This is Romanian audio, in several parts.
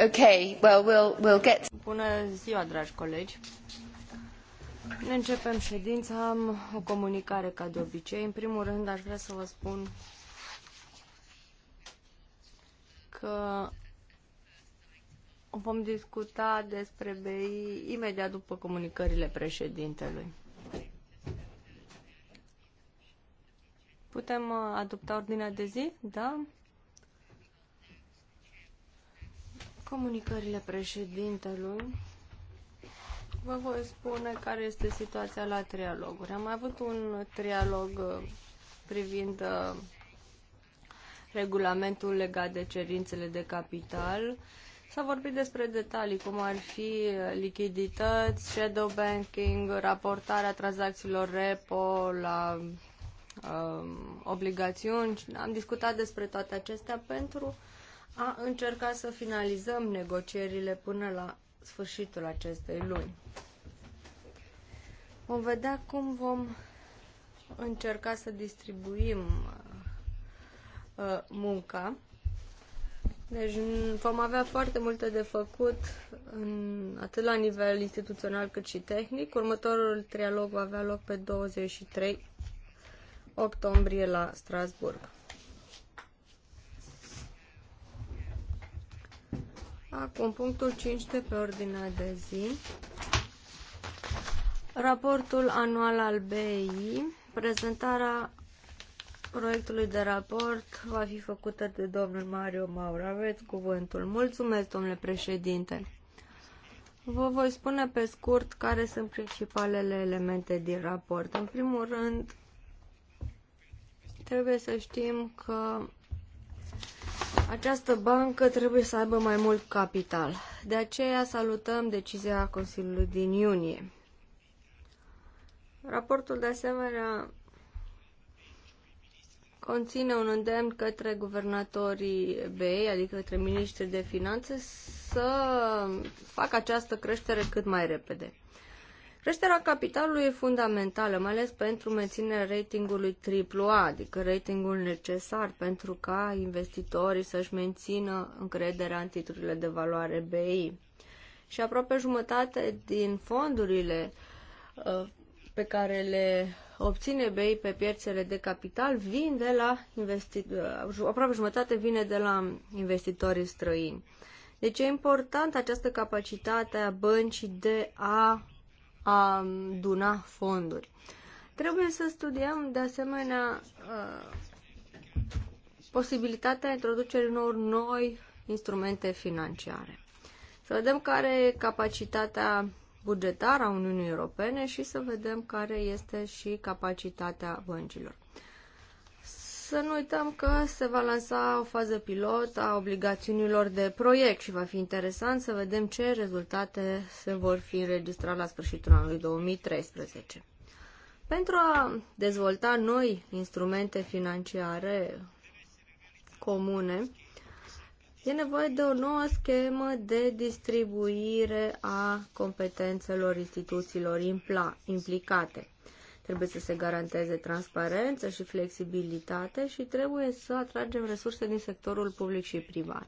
Okay, well, we'll, we'll get... Bună ziua, dragi colegi. Ne începem ședința. Am o comunicare ca de obicei. În primul rând, aș vrea să vă spun că vom discuta despre BI imediat după comunicările președintelui. Putem uh, adopta ordinea de zi? Da? Comunicările președintelui. Vă voi spune care este situația la trialoguri. Am avut un trialog uh, privind uh, regulamentul legat de cerințele de capital. S-a vorbit despre detalii, cum ar fi uh, lichidități, shadow banking, raportarea tranzacțiilor repo la um, obligațiuni. Am discutat despre toate acestea pentru a încercat să finalizăm negocierile până la sfârșitul acestei luni. Vom vedea cum vom încerca să distribuim uh, munca. Deci vom avea foarte multe de făcut în, atât la nivel instituțional cât și tehnic. Următorul trialog va avea loc pe 23 octombrie la Strasburg. Acum, punctul 5 de pe ordinea de zi. Raportul anual al BI, prezentarea proiectului de raport va fi făcută de domnul Mario Maur. Aveți cuvântul. Mulțumesc, domnule președinte. Vă voi spune pe scurt care sunt principalele elemente din raport. În primul rând, trebuie să știm că această bancă trebuie să aibă mai mult capital. De aceea salutăm decizia Consiliului din iunie. Raportul de asemenea conține un îndemn către guvernatorii BEI, adică către ministrii de finanțe, să facă această creștere cât mai repede. Creșterea capitalului e fundamentală, mai ales pentru menținerea ratingului AAA, adică ratingul necesar pentru ca investitorii să-și mențină încrederea în titlurile de valoare BI. Și aproape jumătate din fondurile uh, pe care le obține BI pe piețele de capital vin de la investitori, uh, aproape jumătate vine de la investitorii străini. Deci e importantă această capacitate a băncii de a a duna fonduri. Trebuie să studiem, de asemenea, posibilitatea introducerii unor noi instrumente financiare. Să vedem care e capacitatea bugetară a Uniunii Europene și să vedem care este și capacitatea băncilor. Să nu uităm că se va lansa o fază pilot a obligațiunilor de proiect și va fi interesant să vedem ce rezultate se vor fi înregistrate la sfârșitul anului 2013. Pentru a dezvolta noi instrumente financiare comune, e nevoie de o nouă schemă de distribuire a competențelor instituțiilor implicate. Trebuie să se garanteze transparență și flexibilitate și trebuie să atragem resurse din sectorul public și privat.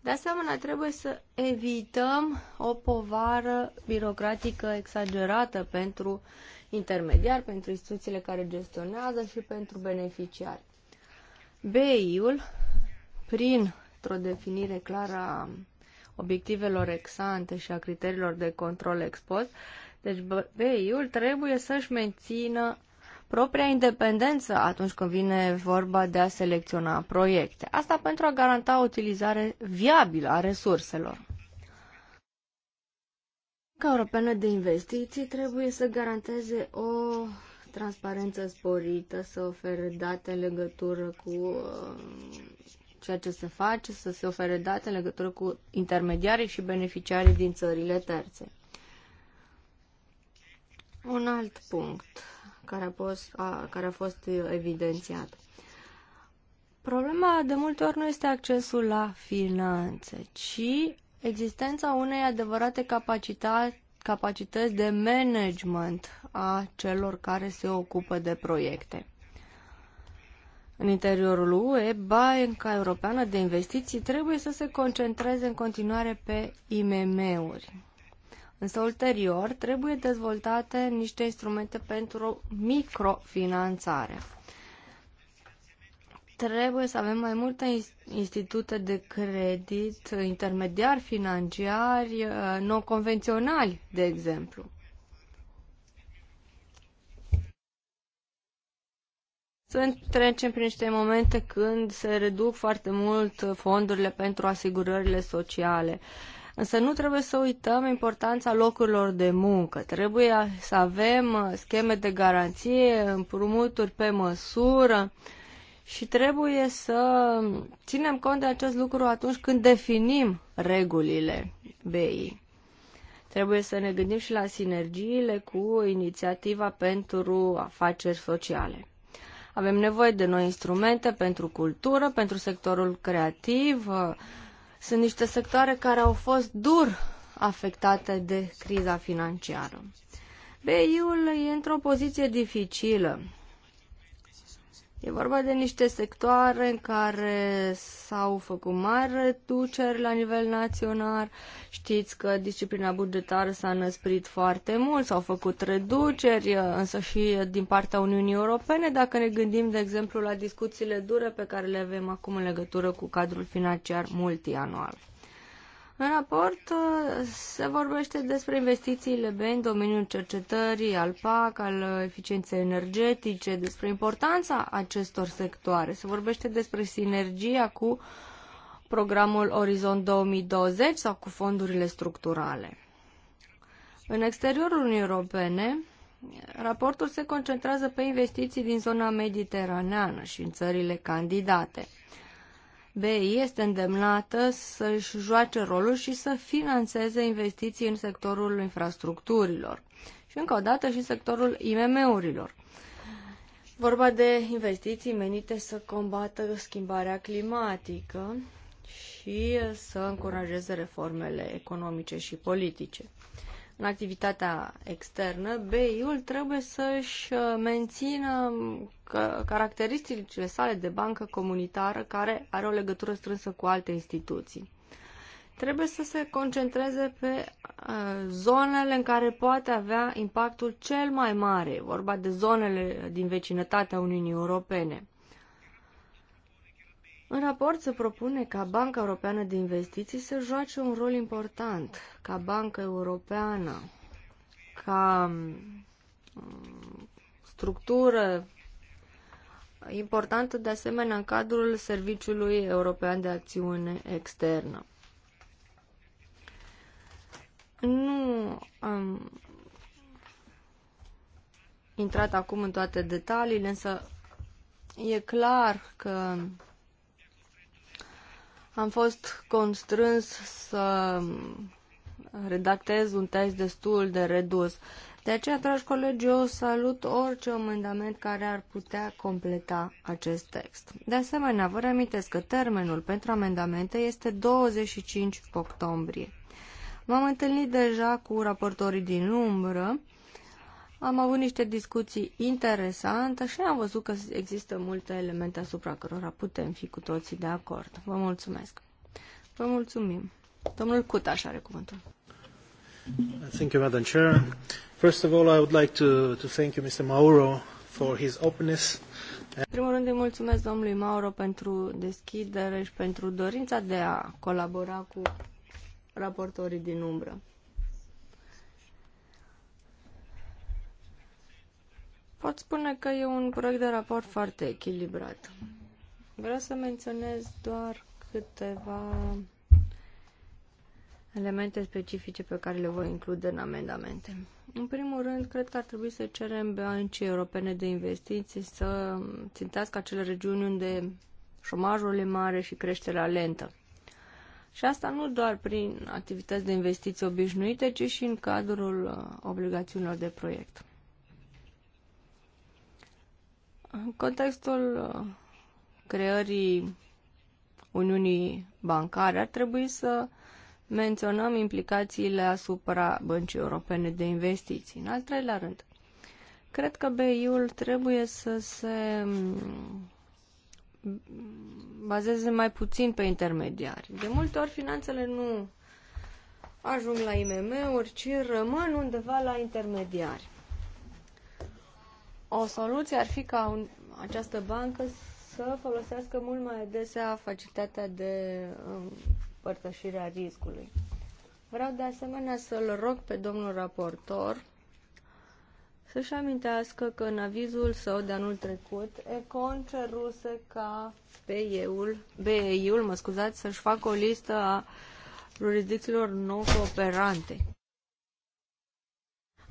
De asemenea, trebuie să evităm o povară birocratică exagerată pentru intermediari, pentru instituțiile care gestionează și pentru beneficiari. bei ul prin o definire clară a obiectivelor ex și a criteriilor de control ex post, deci BEI-ul trebuie să-și mențină propria independență atunci când vine vorba de a selecționa proiecte. Asta pentru a garanta o utilizare viabilă a resurselor. Banca Europeană de Investiții trebuie să garanteze o transparență sporită, să ofere date în legătură cu uh, ceea ce se face, să se ofere date în legătură cu intermediarii și beneficiarii din țările terțe. Un alt punct care a, fost, a, care a fost evidențiat. Problema de multe ori nu este accesul la finanțe, ci existența unei adevărate capacități capacități de management a celor care se ocupă de proiecte. În interiorul UE, Banca Europeană de Investiții trebuie să se concentreze în continuare pe IMM-uri. Însă ulterior trebuie dezvoltate niște instrumente pentru microfinanțare. Trebuie să avem mai multe institute de credit, intermediari financiari, uh, non-convenționali, de exemplu. Sunt trecem prin niște momente când se reduc foarte mult fondurile pentru asigurările sociale. Uh, Însă nu trebuie să uităm importanța locurilor de muncă. Trebuie să avem uh, scheme de garanție, împrumuturi pe măsură și trebuie să ținem cont de acest lucru atunci când definim regulile BI. Trebuie să ne gândim și la sinergiile cu inițiativa pentru afaceri sociale. Avem nevoie de noi instrumente pentru cultură, pentru sectorul creativ, uh, sunt niște sectoare care au fost dur afectate de criza financiară. BI-ul e într-o poziție dificilă E vorba de niște sectoare în care s-au făcut mari reduceri la nivel național. Știți că disciplina bugetară s-a năsprit foarte mult, s-au făcut reduceri, însă și din partea Uniunii Europene, dacă ne gândim, de exemplu, la discuțiile dure pe care le avem acum în legătură cu cadrul financiar multianual. În raport uh, se vorbește despre investițiile B în domeniul cercetării, al PAC, al eficienței energetice, despre importanța acestor sectoare. Se vorbește despre sinergia cu programul Orizont 2020 sau cu fondurile structurale. În exteriorul Uniunii Europene, raportul se concentrează pe investiții din zona mediteraneană și în țările candidate. BEI este îndemnată să-și joace rolul și să financeze investiții în sectorul infrastructurilor și încă o dată și sectorul IMM-urilor. Vorba de investiții menite să combată schimbarea climatică și să încurajeze reformele economice și politice în activitatea externă, bi ul trebuie să-și uh, mențină um, caracteristicile sale de bancă comunitară care are o legătură strânsă cu alte instituții. Trebuie să se concentreze pe uh, zonele în care poate avea impactul cel mai mare, vorba de zonele din vecinătatea Uniunii Europene. În raport se propune ca Banca Europeană de Investiții să joace un rol important, ca Banca Europeană, ca mm, structură importantă de asemenea în cadrul Serviciului European de Acțiune Externă. Nu am intrat acum în toate detaliile, însă e clar că am fost constrâns să redactez un text destul de redus. De aceea, dragi colegi, eu salut orice amendament care ar putea completa acest text. De asemenea, vă reamintesc că termenul pentru amendamente este 25 octombrie. M-am întâlnit deja cu raportorii din umbră am avut niște discuții interesante și am văzut că există multe elemente asupra cărora putem fi cu toții de acord. Vă mulțumesc. Vă mulțumim. Domnul Cutaș are cuvântul. Thank you, Madam Chair. First of all, I would like to, to thank you, Mr. Mauro, for his openness. În primul rând îi mulțumesc domnului Mauro pentru deschidere și pentru dorința de a colabora cu raportorii din umbră. Pot spune că e un proiect de raport foarte echilibrat. Vreau să menționez doar câteva elemente specifice pe care le voi include în amendamente. În primul rând, cred că ar trebui să cerem băncii europene de investiții să țintească acele regiuni unde șomajul e mare și creșterea lentă. Și asta nu doar prin activități de investiții obișnuite, ci și în cadrul uh, obligațiunilor de proiect. În contextul uh, creării Uniunii Bancare ar trebui să menționăm implicațiile asupra Băncii Europene de Investiții. În al treilea rând, cred că BI-ul trebuie să se mm, bazeze mai puțin pe intermediari. De multe ori finanțele nu ajung la IMM-uri, ci rămân undeva la intermediari. O soluție ar fi ca un, această bancă să folosească mult mai adesea facilitatea de împărtășire a riscului. Vreau de asemenea să-l rog pe domnul raportor să-și amintească că în avizul său de anul trecut, e conceruse ca BEI-ul, bei mă scuzați, să-și facă o listă a jurisdicțiilor nou cooperante.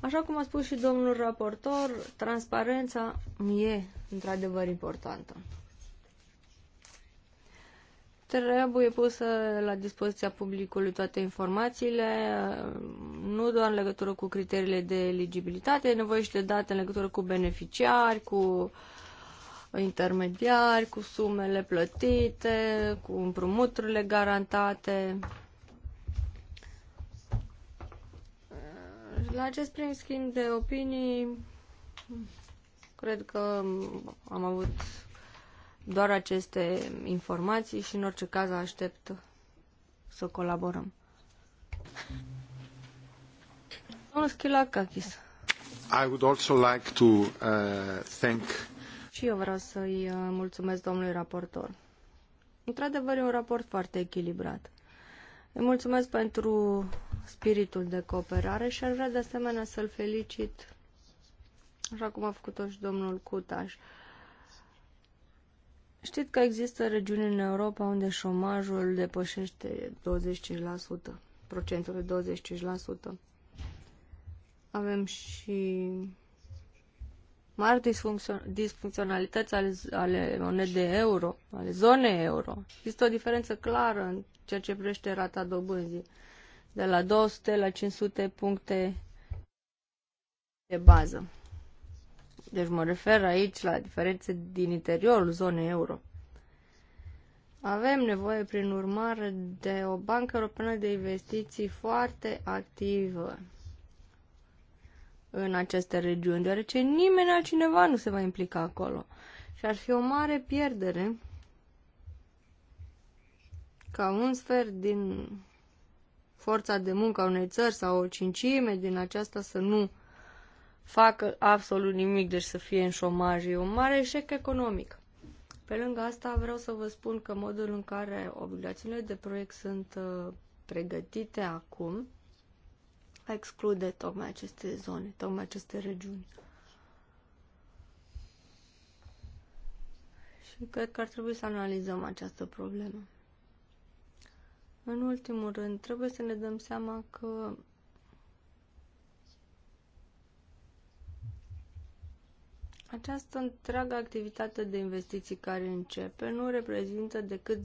Așa cum a spus și domnul raportor, transparența e într-adevăr importantă. Trebuie pusă la dispoziția publicului toate informațiile, nu doar în legătură cu criteriile de eligibilitate, e nevoie și de date în legătură cu beneficiari, cu intermediari, cu sumele plătite, cu împrumuturile garantate, La acest prim schimb de opinii, cred că am avut doar aceste informații și în orice caz aștept să colaborăm. Domnul Schilakakis. I would also like to uh, thank și eu vreau să-i uh, mulțumesc domnului raportor. Într-adevăr, e un raport foarte echilibrat. Îi mulțumesc pentru spiritul de cooperare și ar vrea de asemenea să-l felicit, așa cum a făcut-o și domnul Cutaș. Știți că există regiuni în Europa unde șomajul depășește 25%, procentul de 25%. Avem și mari disfuncțion- disfuncționalități ale, ale monedei euro, ale zonei euro. Există o diferență clară în ceea ce privește rata dobânzii de la 200 la 500 puncte de bază. Deci mă refer aici la diferențe din interiorul zonei euro. Avem nevoie, prin urmare, de o bancă europeană de investiții foarte activă în aceste regiuni, deoarece nimeni altcineva nu se va implica acolo. Și ar fi o mare pierdere ca un sfert din forța de muncă a unei țări sau o cincime din aceasta să nu facă absolut nimic, deci să fie în șomaj. E un mare eșec economic. Pe lângă asta vreau să vă spun că modul în care obligațiunile de proiect sunt uh, pregătite acum exclude tocmai aceste zone, tocmai aceste regiuni. Și cred că ar trebui să analizăm această problemă. În ultimul rând, trebuie să ne dăm seama că Această întreagă activitate de investiții care începe nu reprezintă decât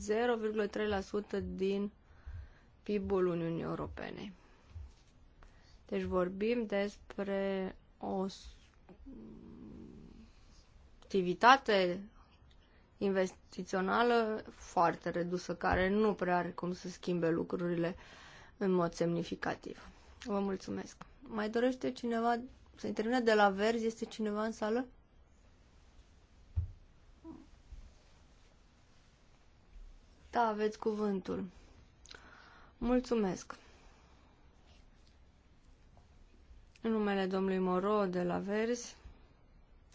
0,3% din PIB-ul Uniunii Europene. Deci vorbim despre o activitate investițională foarte redusă, care nu prea are cum să schimbe lucrurile în mod semnificativ. Vă mulțumesc. Mai dorește cineva să intervine de la Verzi? Este cineva în sală? Da, aveți cuvântul. Mulțumesc. În numele domnului Moro de la Verzi,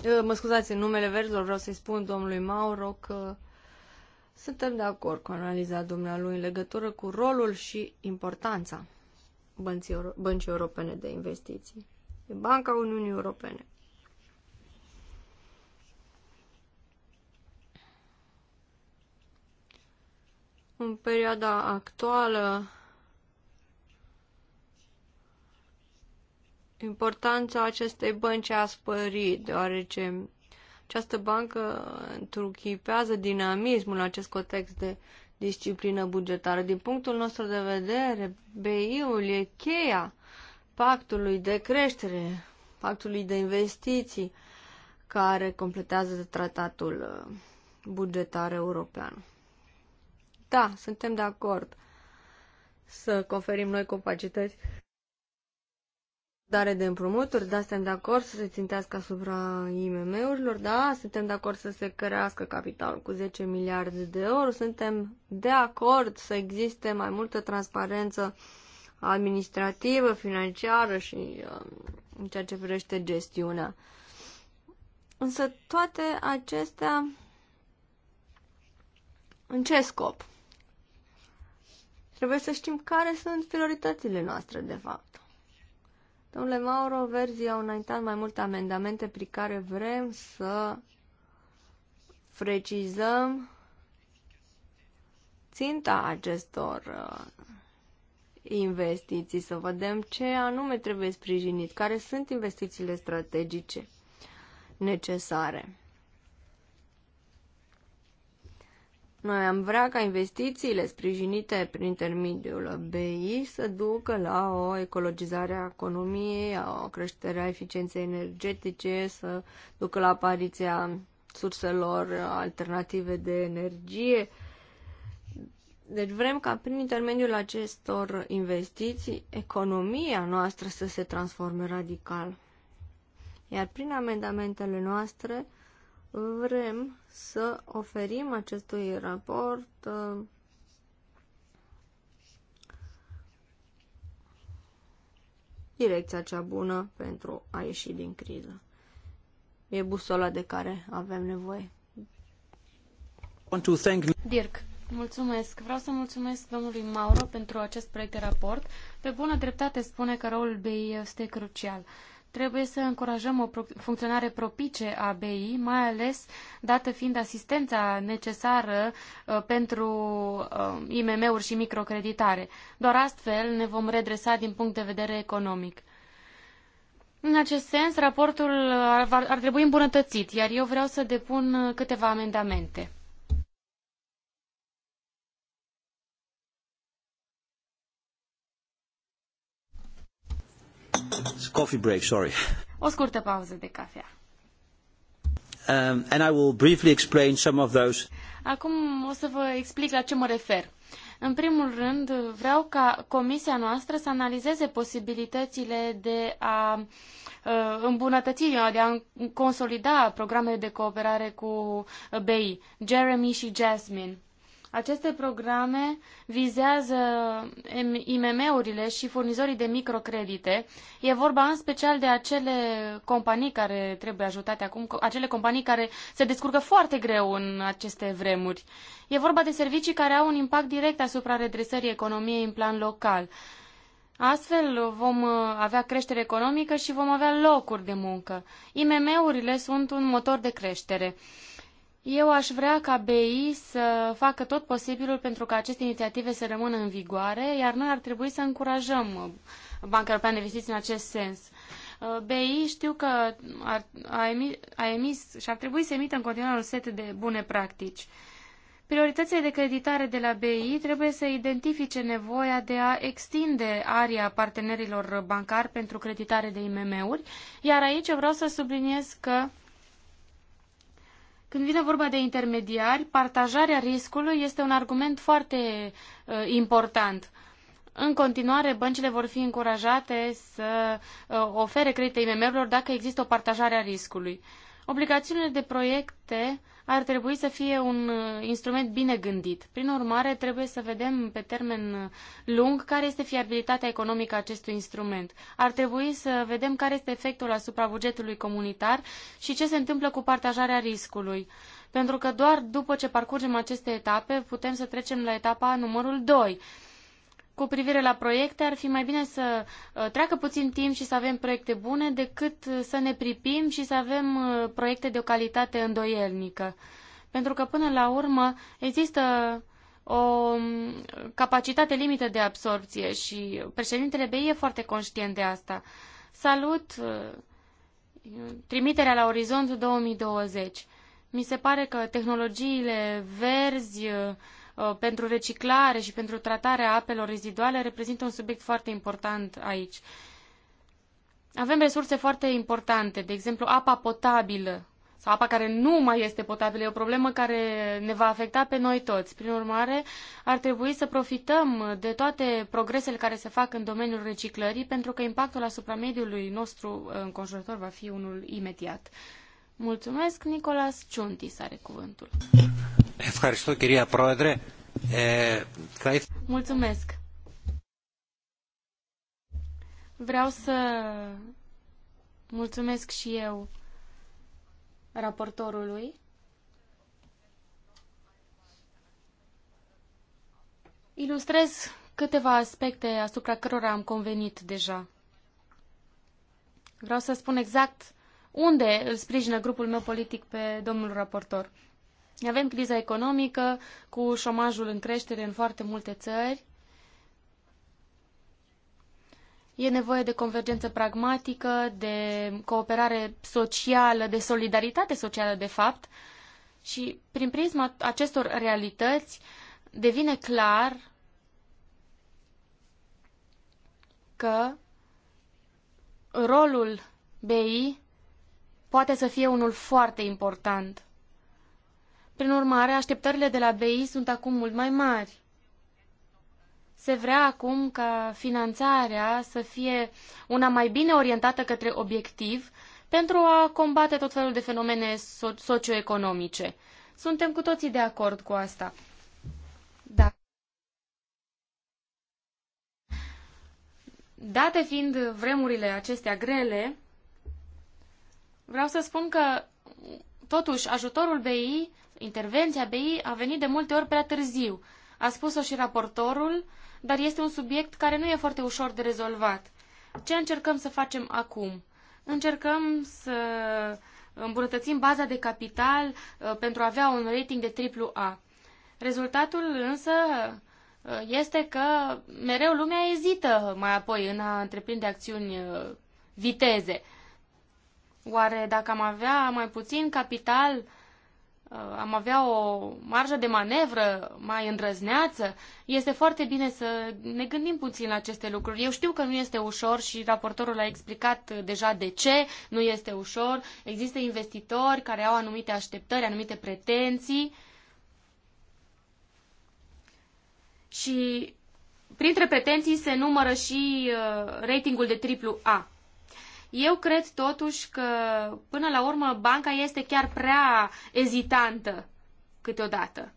Eh, mă scuzați, în numele verzilor vreau să-i spun domnului Mauro că suntem de acord cu analiza dumnealui în legătură cu rolul și importanța Băncii, Euro- Băncii Europene de Investiții, de Banca Uniunii Europene. În perioada actuală Importanța acestei bănci a spărit, deoarece această bancă întruchipează dinamismul în acest context de disciplină bugetară. Din punctul nostru de vedere, BI-ul e cheia pactului de creștere, pactului de investiții, care completează tratatul uh, bugetar european. Da, suntem de acord să conferim noi capacități dare de împrumuturi, da, suntem de acord să se țintească asupra IMM-urilor, da, suntem de acord să se crească capitalul cu 10 miliarde de euro, suntem de acord să existe mai multă transparență administrativă, financiară și um, în ceea ce privește gestiunea. Însă toate acestea în ce scop? Trebuie să știm care sunt prioritățile noastre, de fapt. Domnule Mauro, verzii au înaintat mai multe amendamente prin care vrem să precizăm ținta acestor uh, investiții, să vedem ce anume trebuie sprijinit, care sunt investițiile strategice necesare. Noi am vrea ca investițiile sprijinite prin intermediul BI să ducă la o ecologizare a economiei, o creștere a eficienței energetice, să ducă la apariția surselor alternative de energie. Deci vrem ca prin intermediul acestor investiții economia noastră să se transforme radical. Iar prin amendamentele noastre, vrem să oferim acestui raport uh, direcția cea bună pentru a ieși din criză. E busola de care avem nevoie. Dirk, mulțumesc. Vreau să mulțumesc domnului Mauro pentru acest proiect de raport. Pe bună dreptate spune că rolul BI este crucial. Uh, Trebuie să încurajăm o funcționare propice a BI, mai ales dată fiind asistența necesară uh, pentru uh, IMM-uri și microcreditare. Doar astfel ne vom redresa din punct de vedere economic. În acest sens, raportul uh, ar, ar trebui îmbunătățit, iar eu vreau să depun câteva amendamente. coffee break, sorry. O scurtă pauză de cafea. Um, and I will briefly explain some of those. Acum o să vă explic la ce mă refer. În primul rând, vreau ca comisia noastră să analizeze posibilitățile de a uh, îmbunătăți, de a consolida programele de cooperare cu BI, Jeremy și Jasmine. Aceste programe vizează IMM-urile și furnizorii de microcredite. E vorba în special de acele companii care trebuie ajutate acum, acele companii care se descurcă foarte greu în aceste vremuri. E vorba de servicii care au un impact direct asupra redresării economiei în plan local. Astfel vom uh, avea creștere economică și vom avea locuri de muncă. IMM-urile sunt un motor de creștere. Eu aș vrea ca BI să facă tot posibilul pentru ca aceste inițiative să rămână în vigoare, iar noi ar trebui să încurajăm uh, Banca Europeană de Investiții în acest sens. Uh, BI știu că ar, a, emis, a emis și ar trebui să emită în continuare un set de bune practici. Prioritățile de creditare de la BI trebuie să identifice nevoia de a extinde aria partenerilor bancari pentru creditare de IMM-uri, iar aici vreau să subliniez că când vine vorba de intermediari, partajarea riscului este un argument foarte uh, important. În continuare, băncile vor fi încurajate să uh, ofere credite IMM-urilor dacă există o partajare a riscului. Obligațiunile de proiecte uh, ar trebui să fie un uh, instrument bine gândit. Prin urmare, trebuie să vedem pe termen uh, lung care este fiabilitatea economică a acestui instrument. Ar trebui să vedem care este efectul asupra bugetului comunitar și ce se întâmplă cu partajarea riscului. Pentru că doar după ce parcurgem aceste etape putem să trecem la etapa numărul 2 cu privire la proiecte, ar fi mai bine să uh, treacă puțin timp și să avem proiecte bune decât uh, să ne pripim și să avem uh, proiecte de o calitate îndoielnică. Pentru că, până la urmă, există o um, capacitate limită de absorpție și președintele BI e foarte conștient de asta. Salut trimiterea la Orizont 2020. Mi se pare că tehnologiile verzi, Uh, pentru reciclare și pentru tratarea apelor reziduale reprezintă un subiect foarte important aici. Avem resurse foarte importante, de exemplu apa potabilă sau apa care nu mai este potabilă, e o problemă care ne va afecta pe noi toți. Prin urmare, ar trebui să profităm de toate progresele care se fac în domeniul reciclării, pentru că impactul asupra mediului nostru înconjurător va fi unul imediat. Mulțumesc, Nicolas Ciuntis are cuvântul. Mulțumesc. Vreau să mulțumesc și eu raportorului. Ilustrez câteva aspecte asupra cărora am convenit deja. Vreau să spun exact unde îl sprijină grupul meu politic pe domnul raportor. Avem criza economică cu șomajul în creștere în foarte multe țări. E nevoie de convergență pragmatică, de cooperare socială, de solidaritate socială, de fapt. Și prin prisma acestor realități devine clar că rolul BI poate să fie unul foarte important. Prin urmare, așteptările de la BI sunt acum mult mai mari. Se vrea acum ca finanțarea să fie una mai bine orientată către obiectiv pentru a combate tot felul de fenomene so- socioeconomice. Suntem cu toții de acord cu asta. Da. Date fiind vremurile acestea grele, vreau să spun că, totuși, ajutorul BI intervenția BI a venit de multe ori prea târziu. A spus-o și raportorul, dar este un subiect care nu e foarte ușor de rezolvat. Ce încercăm să facem acum? Încercăm să îmbunătățim baza de capital uh, pentru a avea un rating de A. Rezultatul însă uh, este că mereu lumea ezită mai apoi în a întreprinde acțiuni uh, viteze. Oare dacă am avea mai puțin capital, Uh, am avea o marjă de manevră mai îndrăzneață, este foarte bine să ne gândim puțin la aceste lucruri. Eu știu că nu este ușor și raportorul a explicat deja de ce nu este ușor. Există investitori care au anumite așteptări, anumite pretenții și printre pretenții se numără și uh, ratingul de triplu A. Eu cred totuși că, până la urmă, banca este chiar prea ezitantă câteodată.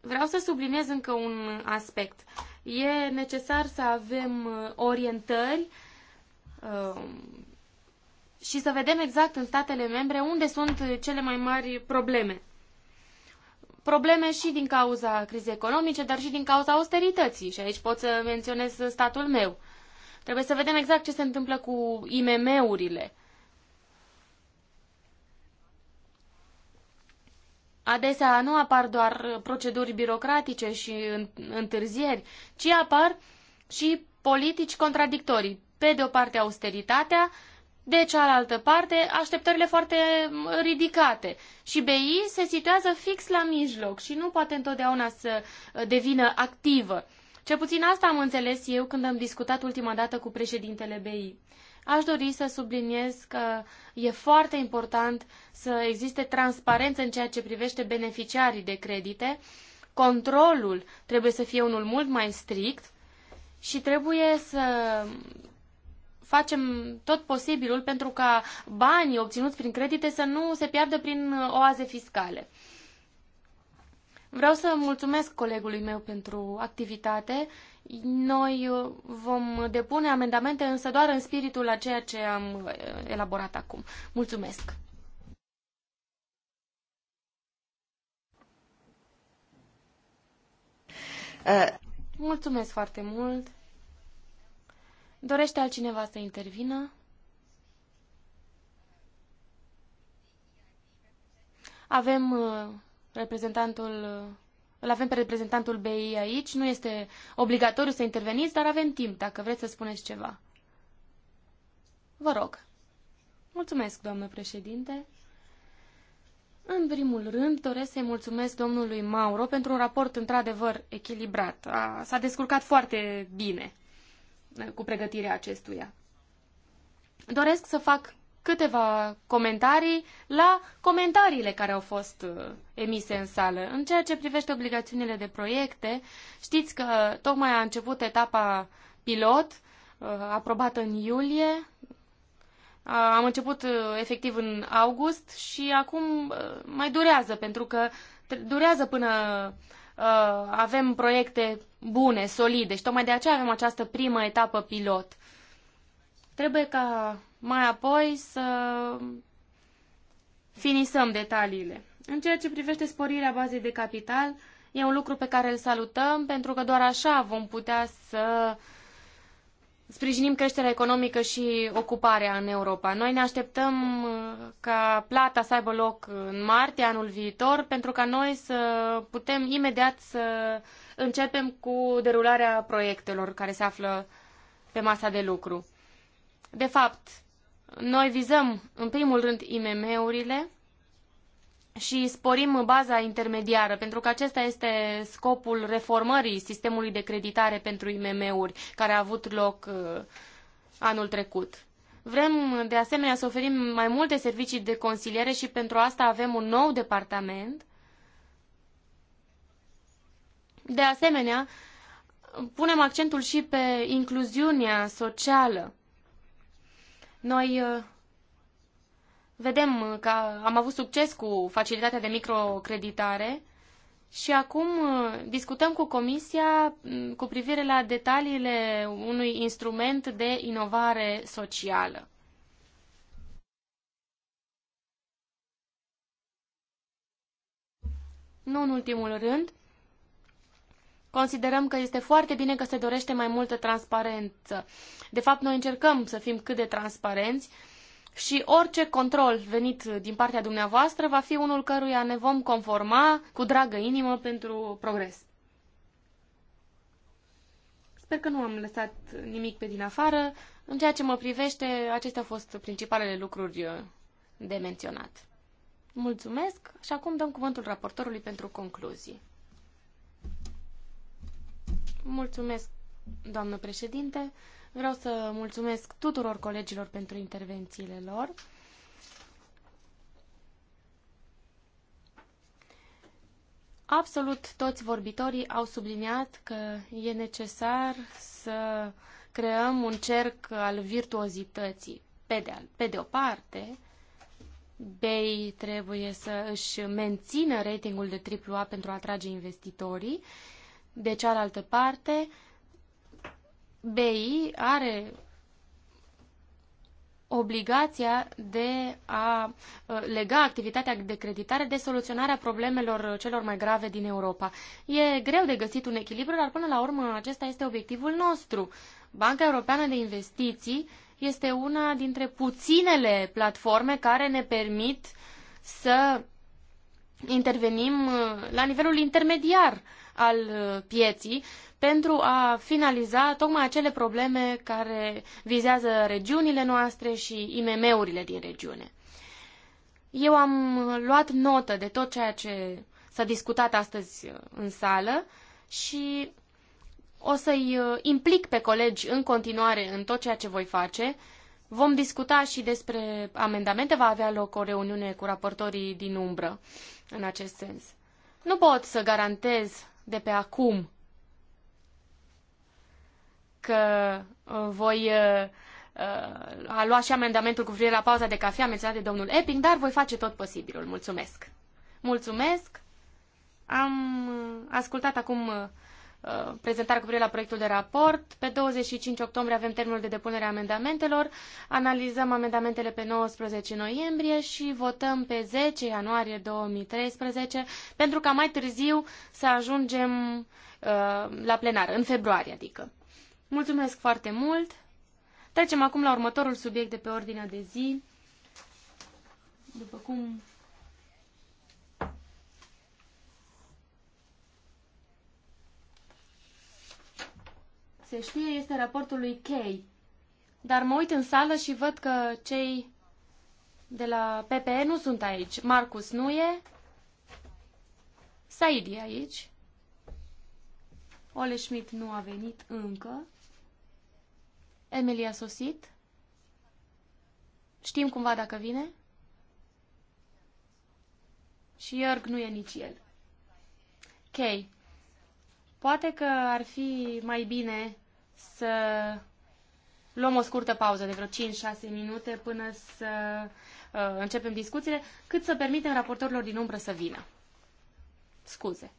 Vreau să subliniez încă un aspect. E necesar să avem uh, orientări um, și să vedem exact în statele membre unde sunt cele mai mari probleme. Probleme și din cauza crizei economice, dar și din cauza austerității. Și aici pot să menționez statul meu. Uh, Trebuie să vedem exact ce se întâmplă cu IMM-urile. Adesea nu apar doar proceduri birocratice și întârzieri, ci apar și politici contradictorii. Pe de o parte austeritatea, de cealaltă parte așteptările foarte ridicate. Și BI se situează fix la mijloc și nu poate întotdeauna să devină activă. Cel puțin asta am înțeles eu când am discutat ultima dată cu președintele BI. Aș dori să subliniez că e foarte important să existe transparență în ceea ce privește beneficiarii de credite. Controlul trebuie să fie unul mult mai strict și trebuie să facem tot posibilul pentru ca banii obținuți prin credite să nu se piardă prin oaze fiscale. Vreau să mulțumesc colegului meu pentru activitate. Noi uh, vom depune amendamente, însă doar în spiritul a ceea ce am uh, elaborat acum. Mulțumesc! Uh. Mulțumesc foarte mult! Dorește altcineva să intervină? Avem uh, reprezentantul îl avem pe reprezentantul BI aici, nu este obligatoriu să interveniți, dar avem timp dacă vreți să spuneți ceva. Vă rog. Mulțumesc, doamnă președinte. În primul rând, doresc să-i mulțumesc domnului Mauro pentru un raport într-adevăr echilibrat. s-a descurcat foarte bine cu pregătirea acestuia. Doresc să fac câteva comentarii la comentariile care au fost uh, emise în sală. În ceea ce privește obligațiunile de proiecte, știți că tocmai a început etapa pilot, uh, aprobată în iulie. Am început uh, efectiv în august și acum mai durează, pentru că durează până avem proiecte bune, solide și tocmai de aceea avem această primă etapă pilot. Trebuie ca mai apoi să finisăm detaliile. În ceea ce privește sporirea bazei de capital, e un lucru pe care îl salutăm, pentru că doar așa vom putea să sprijinim creșterea economică și ocuparea în Europa. Noi ne așteptăm uh, ca plata să aibă loc în martie anul viitor, pentru ca noi să putem imediat să începem cu derularea proiectelor care se află pe masa de lucru. De fapt, noi vizăm în primul rând IMM-urile și sporim baza intermediară, pentru că acesta este scopul reformării sistemului de creditare pentru IMM-uri care a avut loc uh, anul trecut. Vrem, de asemenea, să oferim mai multe servicii de consiliere și pentru asta avem un nou departament. De asemenea, punem accentul și pe incluziunea socială. Noi uh, vedem că am avut succes cu facilitatea de microcreditare și acum uh, discutăm cu Comisia mm, cu privire la detaliile unui instrument de inovare socială. Nu în ultimul rând, Considerăm că este foarte bine că se dorește mai multă transparență. De fapt, noi încercăm să fim cât de transparenți și orice control venit din partea dumneavoastră va fi unul căruia ne vom conforma cu dragă inimă pentru progres. Sper că nu am lăsat nimic pe din afară. În ceea ce mă privește, acestea au fost principalele lucruri de menționat. Mulțumesc și acum dăm cuvântul raportorului pentru concluzii. Mulțumesc, doamnă președinte. Vreau să mulțumesc tuturor colegilor pentru intervențiile lor. Absolut toți vorbitorii au subliniat că e necesar să creăm un cerc al virtuozității. Pe de, pe de o parte, BEI trebuie să își mențină ratingul de AAA pentru a atrage investitorii de cealaltă parte, BI are obligația de a uh, lega activitatea de creditare de soluționarea problemelor celor mai grave din Europa. E greu de găsit un echilibru, dar până la urmă acesta este obiectivul nostru. Banca Europeană de Investiții este una dintre puținele platforme care ne permit să intervenim uh, la nivelul intermediar al uh, pieții pentru a finaliza tocmai acele probleme care vizează regiunile noastre și IMM-urile din regiune. Eu am uh, luat notă de tot ceea ce s-a discutat astăzi uh, în sală și o să-i implic pe colegi în continuare în tot ceea ce voi face. Vom discuta și despre amendamente, va avea loc o reuniune cu raportorii din umbră în acest sens. Nu pot să garantez de pe acum că uh, voi uh, uh, a lua și amendamentul cu privire la pauza de cafea menționat de domnul Epping, dar voi face tot posibilul. Mulțumesc! Mulțumesc! Am ascultat acum Uh, prezentarea cu privire la proiectul de raport. Pe 25 octombrie avem termenul de depunere a amendamentelor, analizăm amendamentele pe 19 noiembrie și votăm pe 10 ianuarie 2013 pentru ca mai târziu să ajungem uh, la plenar, în februarie adică. Mulțumesc foarte mult! Trecem acum la următorul subiect de pe ordinea de zi. După cum se știe este raportul lui Kay. Dar mă uit în sală și văd că cei de la PPE nu sunt aici. Marcus nu e. Said e aici. Ole Schmidt nu a venit încă. Emily a sosit. Știm cumva dacă vine? Și Iorg nu e nici el. Kay, Poate că ar fi mai bine să luăm o scurtă pauză de vreo 5-6 minute până să uh, începem discuțiile, cât să permitem raportorilor din umbră să vină. Scuze.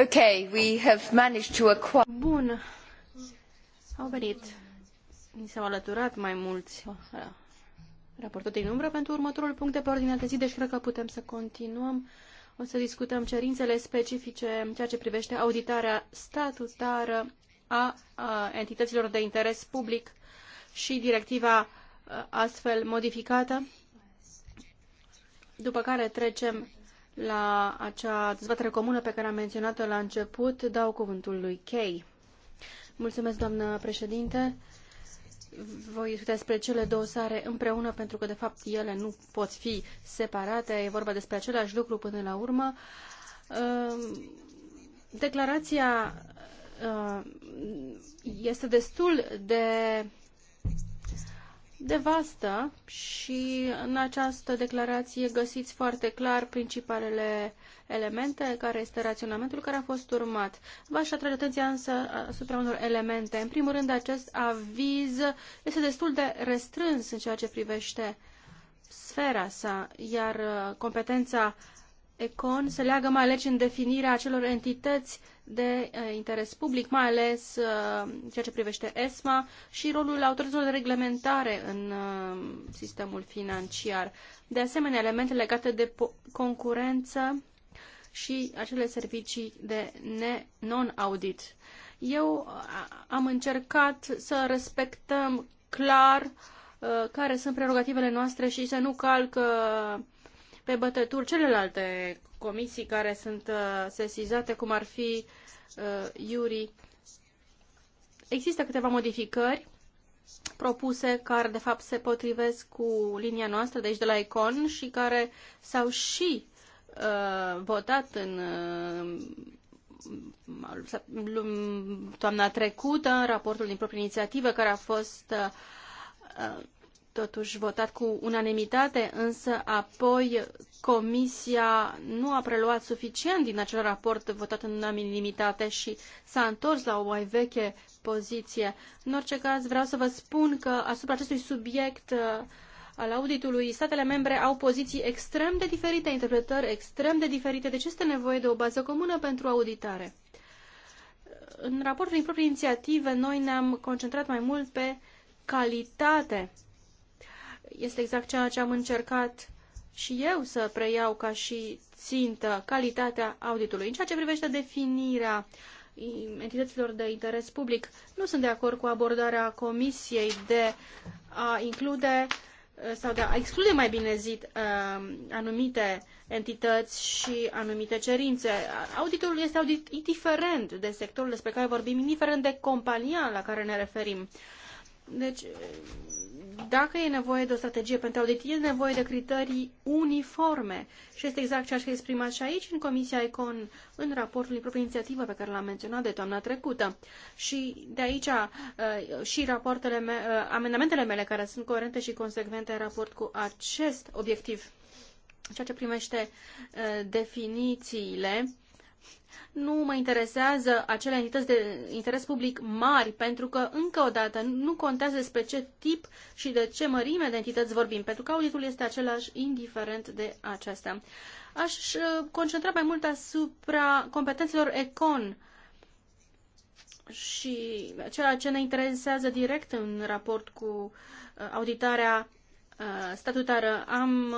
Okay, we have managed to acquire... Bun. Au venit. Mi s-au alăturat mai mulți uh, raportul din umbră pentru următorul punct de pe ordinea de zi, deci cred că putem să continuăm. O să discutăm cerințele specifice în ceea ce privește auditarea statutară a, a entităților de interes public și directiva uh, astfel modificată, după care trecem la acea dezbatere comună pe care am menționat-o la început. Dau cuvântul lui Kay. Mulțumesc, doamnă președinte. Voi discuta despre cele două sare împreună, pentru că, de fapt, ele nu pot fi separate. E vorba despre același lucru până la urmă. Ehm, declarația ehm, este destul de vastă și în această declarație găsiți foarte clar principalele elemente, care este raționamentul care a fost urmat. V-aș atrage atenția însă asupra unor elemente. În primul rând, acest aviz este destul de restrâns în ceea ce privește sfera sa, iar competența Econ se leagă mai ales în definirea acelor entități de eh, interes public, mai ales eh, ceea ce privește ESMA și rolul autorităților de reglementare în eh, sistemul financiar. De asemenea, elemente legate de concurență și acele servicii de non-audit. Eu am încercat să respectăm clar care sunt prerogativele noastre și să nu calc pe bătături celelalte comisii care sunt uh, sesizate, cum ar fi uh, Iuri. Există câteva modificări propuse care de fapt se potrivesc cu linia noastră de aici de la Econ și care s-au și uh, votat în uh, toamna trecută în raportul din proprie inițiativă care a fost uh, uh totuși votat cu unanimitate, însă apoi Comisia nu a preluat suficient din acel raport votat în unanimitate și s-a întors la o mai veche poziție. În orice caz, vreau să vă spun că asupra acestui subiect uh, al auditului, statele membre au poziții extrem de diferite, interpretări extrem de diferite, deci este nevoie de o bază comună pentru auditare. În raportul din proprie inițiative, noi ne-am concentrat mai mult pe calitate este exact ceea ce am încercat și eu să preiau ca și țintă calitatea auditului. În ceea ce privește definirea entităților de interes public, nu sunt de acord cu abordarea Comisiei de a include eh, sau de a exclude mai bine zid eh, anumite entități și anumite cerințe. Auditul este audit indiferent de sectorul despre care vorbim, indiferent de compania la care ne referim. Deci, dacă e nevoie de o strategie pentru audit, e nevoie de criterii uniforme. Și este exact ceea ce a exprimat și aici, în Comisia Econ, în raportul din propria inițiativă pe care l-am menționat de toamna trecută. Și de aici uh, și rapoartele me, uh, amendamentele mele, care sunt coerente și consecvente în raport cu acest obiectiv. Ceea ce primește uh, definițiile, nu mă interesează acele entități de interes public mari, pentru că, încă o dată, nu contează despre ce tip și de ce mărime de entități vorbim, pentru că auditul este același indiferent de aceasta. Aș uh, concentra mai mult asupra competențelor econ și ceea ce ne interesează direct în raport cu uh, auditarea uh, statutară. Am,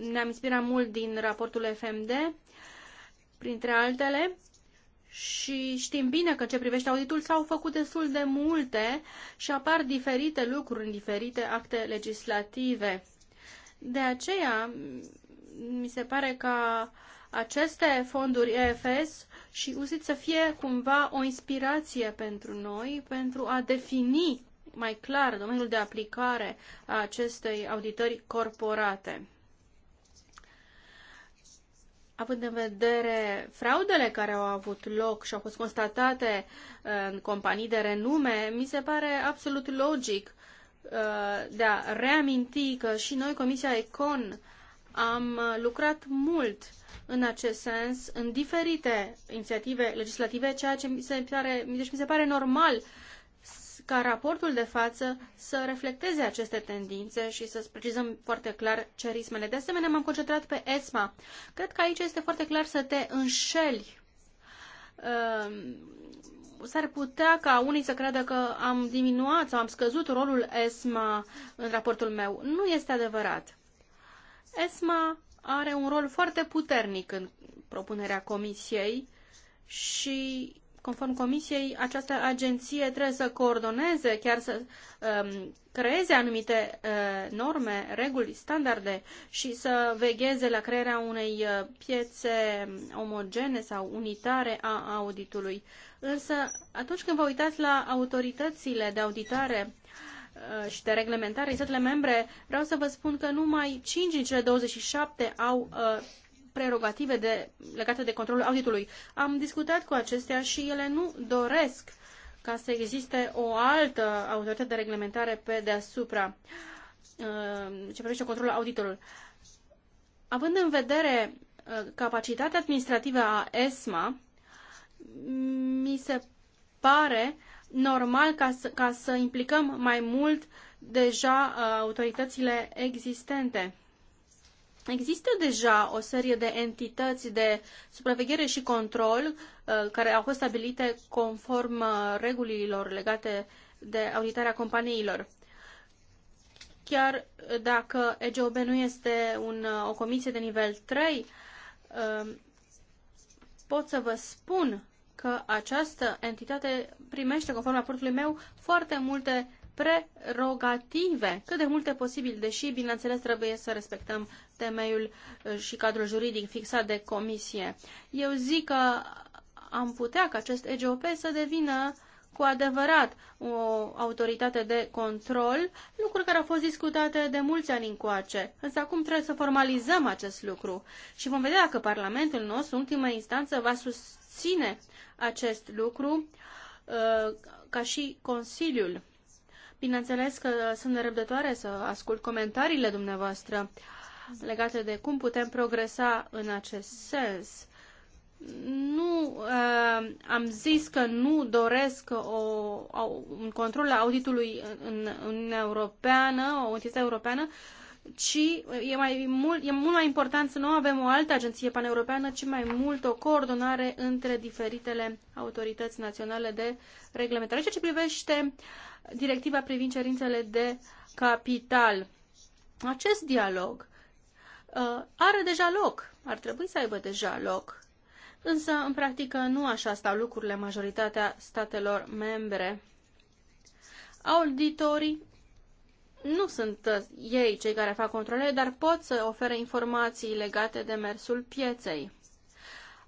ne-am inspirat mult din raportul FMD, printre altele. Și știm bine că ce privește auditul s-au făcut destul de multe și apar diferite lucruri în diferite acte legislative. De aceea, mi se pare că aceste fonduri EFS și USIT să fie cumva o inspirație pentru noi, pentru a defini mai clar domeniul de aplicare a acestei auditări corporate având în vedere fraudele care au avut loc și au fost constatate uh, în companii de renume, mi se pare absolut logic uh, de a reaminti că și noi, Comisia Econ, am uh, lucrat mult în acest sens în diferite inițiative legislative, ceea ce mi se pare, deci mi se pare normal ca raportul de față să reflecteze aceste tendințe și să precizăm foarte clar ce De asemenea, m-am concentrat pe ESMA. Cred că aici este foarte clar să te înșeli. Ehm, s-ar putea ca unii să creadă că am diminuat sau am scăzut rolul ESMA în raportul meu. Nu este adevărat. ESMA are un rol foarte puternic în propunerea comisiei și conform Comisiei, această agenție trebuie să coordoneze, chiar să um, creeze anumite uh, norme, reguli, standarde și să vegheze la crearea unei uh, piețe um, omogene sau unitare a auditului. Însă, atunci când vă uitați la autoritățile de auditare uh, și de reglementare în statele membre, vreau să vă spun că numai 5 din cele 27 au uh, prerogative de, legate de controlul auditului. Am discutat cu acestea și ele nu doresc ca să existe o altă autoritate de reglementare pe deasupra uh, ce privește controlul auditorului. Având în vedere uh, capacitatea administrativă a ESMA, mi se pare normal ca să, ca să implicăm mai mult deja uh, autoritățile existente Există deja o serie de entități de supraveghere și control uh, care au fost stabilite conform uh, regulilor legate de auditarea companiilor. Chiar dacă EGOB nu este un, uh, o comisie de nivel 3, pot să vă spun că această entitate primește, conform raportului meu, foarte multe prerogative, cât de multe posibil, deși, bineînțeles, trebuie să respectăm temeiul uh, și cadrul juridic fixat de comisie. Eu zic că am putea ca acest EGOP să devină cu adevărat o autoritate de control, lucruri care au fost discutate de mulți ani încoace. Însă acum trebuie să formalizăm acest lucru și vom vedea dacă Parlamentul nostru, ultima instanță, va susține acest lucru uh, ca și Consiliul Bineînțeles că sunt nerăbdătoare să ascult comentariile dumneavoastră legate de cum putem progresa în acest sens. Nu uh, am zis că nu doresc o, o, un control al auditului în Uniunea Europeană, o entitate europeană, uh, ci e, mai mult, e mult mai important să nu avem o altă agenție paneuropeană, ci mai mult o coordonare între diferitele autorități naționale de reglementare. Ceea ce privește directiva privind cerințele de capital. Acest dialog uh, are deja loc, ar trebui să aibă deja loc, însă în practică nu așa stau lucrurile majoritatea statelor membre. Auditorii nu sunt uh, ei cei care fac controlele, dar pot să ofere informații legate de mersul pieței.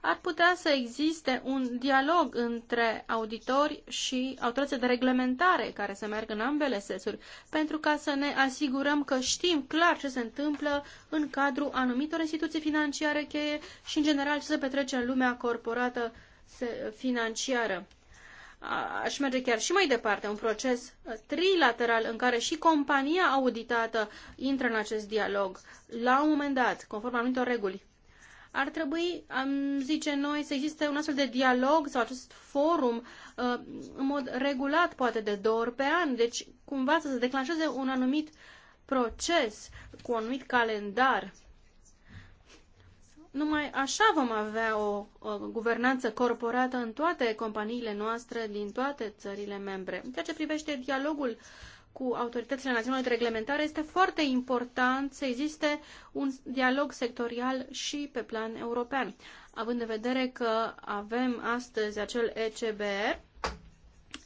Ar putea să existe un dialog între auditori și autoritățile de reglementare care să meargă în ambele sensuri, pentru ca să ne asigurăm că știm clar ce se întâmplă în cadrul anumitor instituții financiare cheie și, în general, ce se petrece în lumea corporată financiară aș merge chiar și mai departe, un proces uh, trilateral în care și compania auditată intră în acest dialog, la un moment dat, conform anumitor reguli. Ar trebui, am zice noi, să existe un astfel de dialog sau acest forum uh, în mod regulat, poate de două ori pe an, deci cumva să se declanșeze un anumit proces cu un anumit calendar numai așa vom avea o, o guvernanță corporată în toate companiile noastre din toate țările membre. În ceea ce privește dialogul cu autoritățile naționale de reglementare, este foarte important să existe un dialog sectorial și pe plan european, având în vedere că avem astăzi acel ECBR,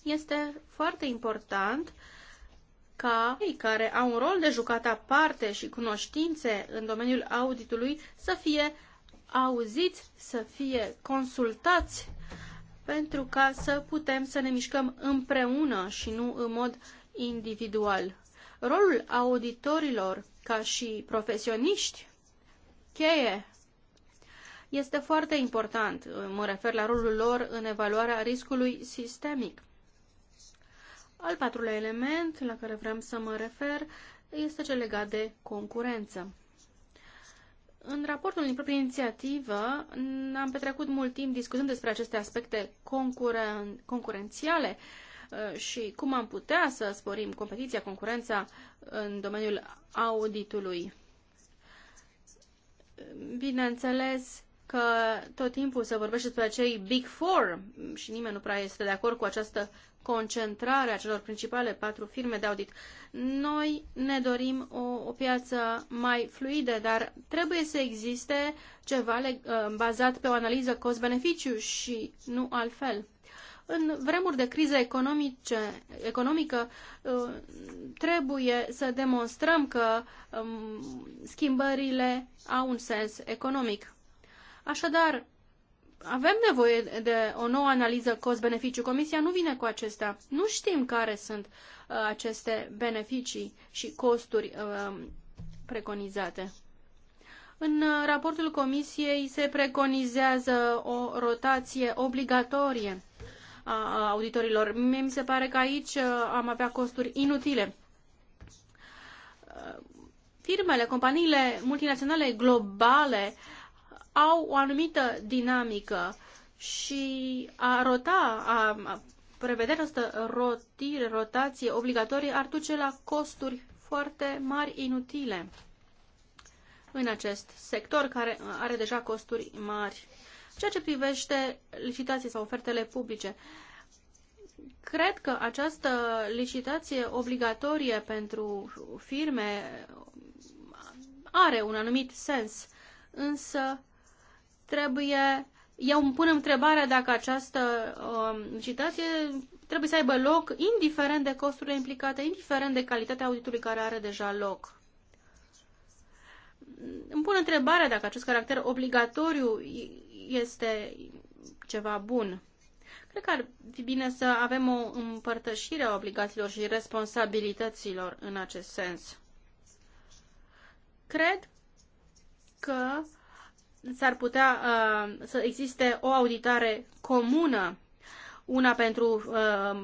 este foarte important ca cei care au un rol de jucat aparte și cunoștințe în domeniul auditului să fie auziți, să fie consultați, pentru ca să putem să ne mișcăm împreună și nu în mod individual. Rolul auditorilor ca și profesioniști cheie este foarte important. Mă refer la rolul lor în evaluarea riscului sistemic. Al patrulea element la care vreau să mă refer este cel legat de concurență. În raportul din proprie inițiativă am petrecut mult timp discutând despre aceste aspecte concuren- concurențiale uh, și cum am putea să sporim competiția, concurența în domeniul auditului. Bineînțeles, că tot timpul se vorbește despre acei Big Four și nimeni nu prea este de acord cu această concentrare a celor principale patru firme de audit. Noi ne dorim o, o piață mai fluidă, dar trebuie să existe ceva leg, uh, bazat pe o analiză cost-beneficiu și nu altfel. În vremuri de criză economice, economică, uh, trebuie să demonstrăm că um, schimbările au un sens economic. Așadar, avem nevoie de o nouă analiză cost-beneficiu. Comisia nu vine cu acestea. Nu știm care sunt uh, aceste beneficii și costuri uh, preconizate. În uh, raportul Comisiei se preconizează o rotație obligatorie a auditorilor. Mie mi se pare că aici am avea costuri inutile. Firmele, companiile multinaționale globale au o anumită dinamică și a rota, a prevedea asta rotire, rotație obligatorie ar duce la costuri foarte mari inutile în acest sector care are deja costuri mari. Ceea ce privește licitații sau ofertele publice, cred că această licitație obligatorie pentru firme are un anumit sens, însă trebuie, eu îmi pun întrebarea dacă această uh, citație trebuie să aibă loc indiferent de costurile implicate, indiferent de calitatea auditului care are deja loc. Îmi pun întrebarea dacă acest caracter obligatoriu este ceva bun. Cred că ar fi bine să avem o împărtășire a obligațiilor și responsabilităților în acest sens. Cred că s-ar putea uh, să existe o auditare comună, una pentru uh,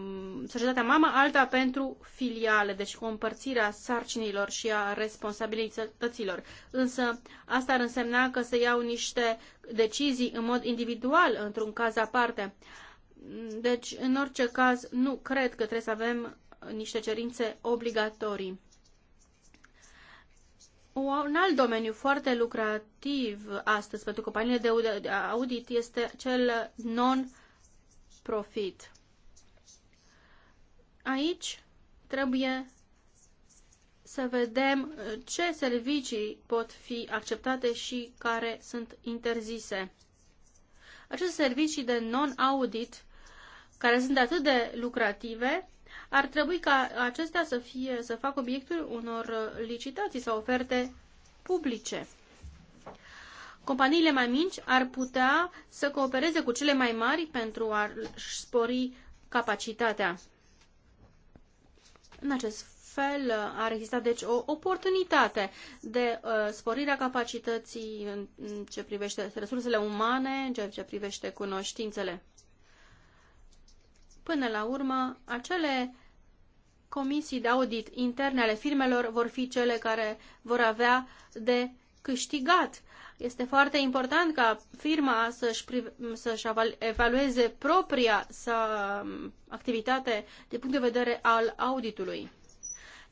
societatea mamă, alta pentru filiale, deci cu împărțirea sarcinilor și a responsabilităților. Însă asta ar însemna că se iau niște decizii în mod individual, într-un caz aparte. Deci, în orice caz, nu cred că trebuie să avem niște cerințe obligatorii. Un alt domeniu foarte lucrativ astăzi pentru companiile de audit este cel non-profit. Aici trebuie să vedem uh, ce servicii pot fi acceptate și care sunt interzise. Aceste servicii de non-audit, care sunt atât de lucrative, ar trebui ca acestea să, fie, să facă obiectul unor uh, licitații sau oferte publice. Companiile mai mici ar putea să coopereze cu cele mai mari pentru a spori capacitatea. În acest fel uh, ar exista deci o oportunitate de uh, sporirea capacității în, în ce privește resursele umane, în ceea ce privește cunoștințele. Până la urmă, acele comisii de audit interne ale firmelor vor fi cele care vor avea de câștigat. Este foarte important ca firma să-și, să-și evalueze propria sa um, activitate din punct de vedere al auditului.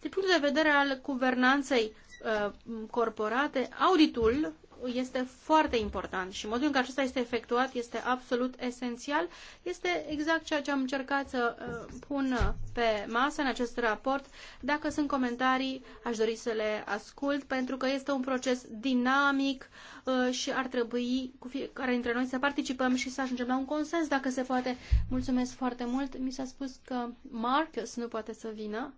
Din punct de vedere al guvernanței uh, corporate, auditul este foarte important și modul în care acesta este efectuat este absolut esențial. Este exact ceea ce am încercat să uh, pun pe masă în acest raport. Dacă sunt comentarii, aș dori să le ascult pentru că este un proces dinamic uh, și ar trebui cu fiecare dintre noi să participăm și să ajungem la un consens dacă se poate. Mulțumesc foarte mult. Mi s-a spus că Marcus nu poate să vină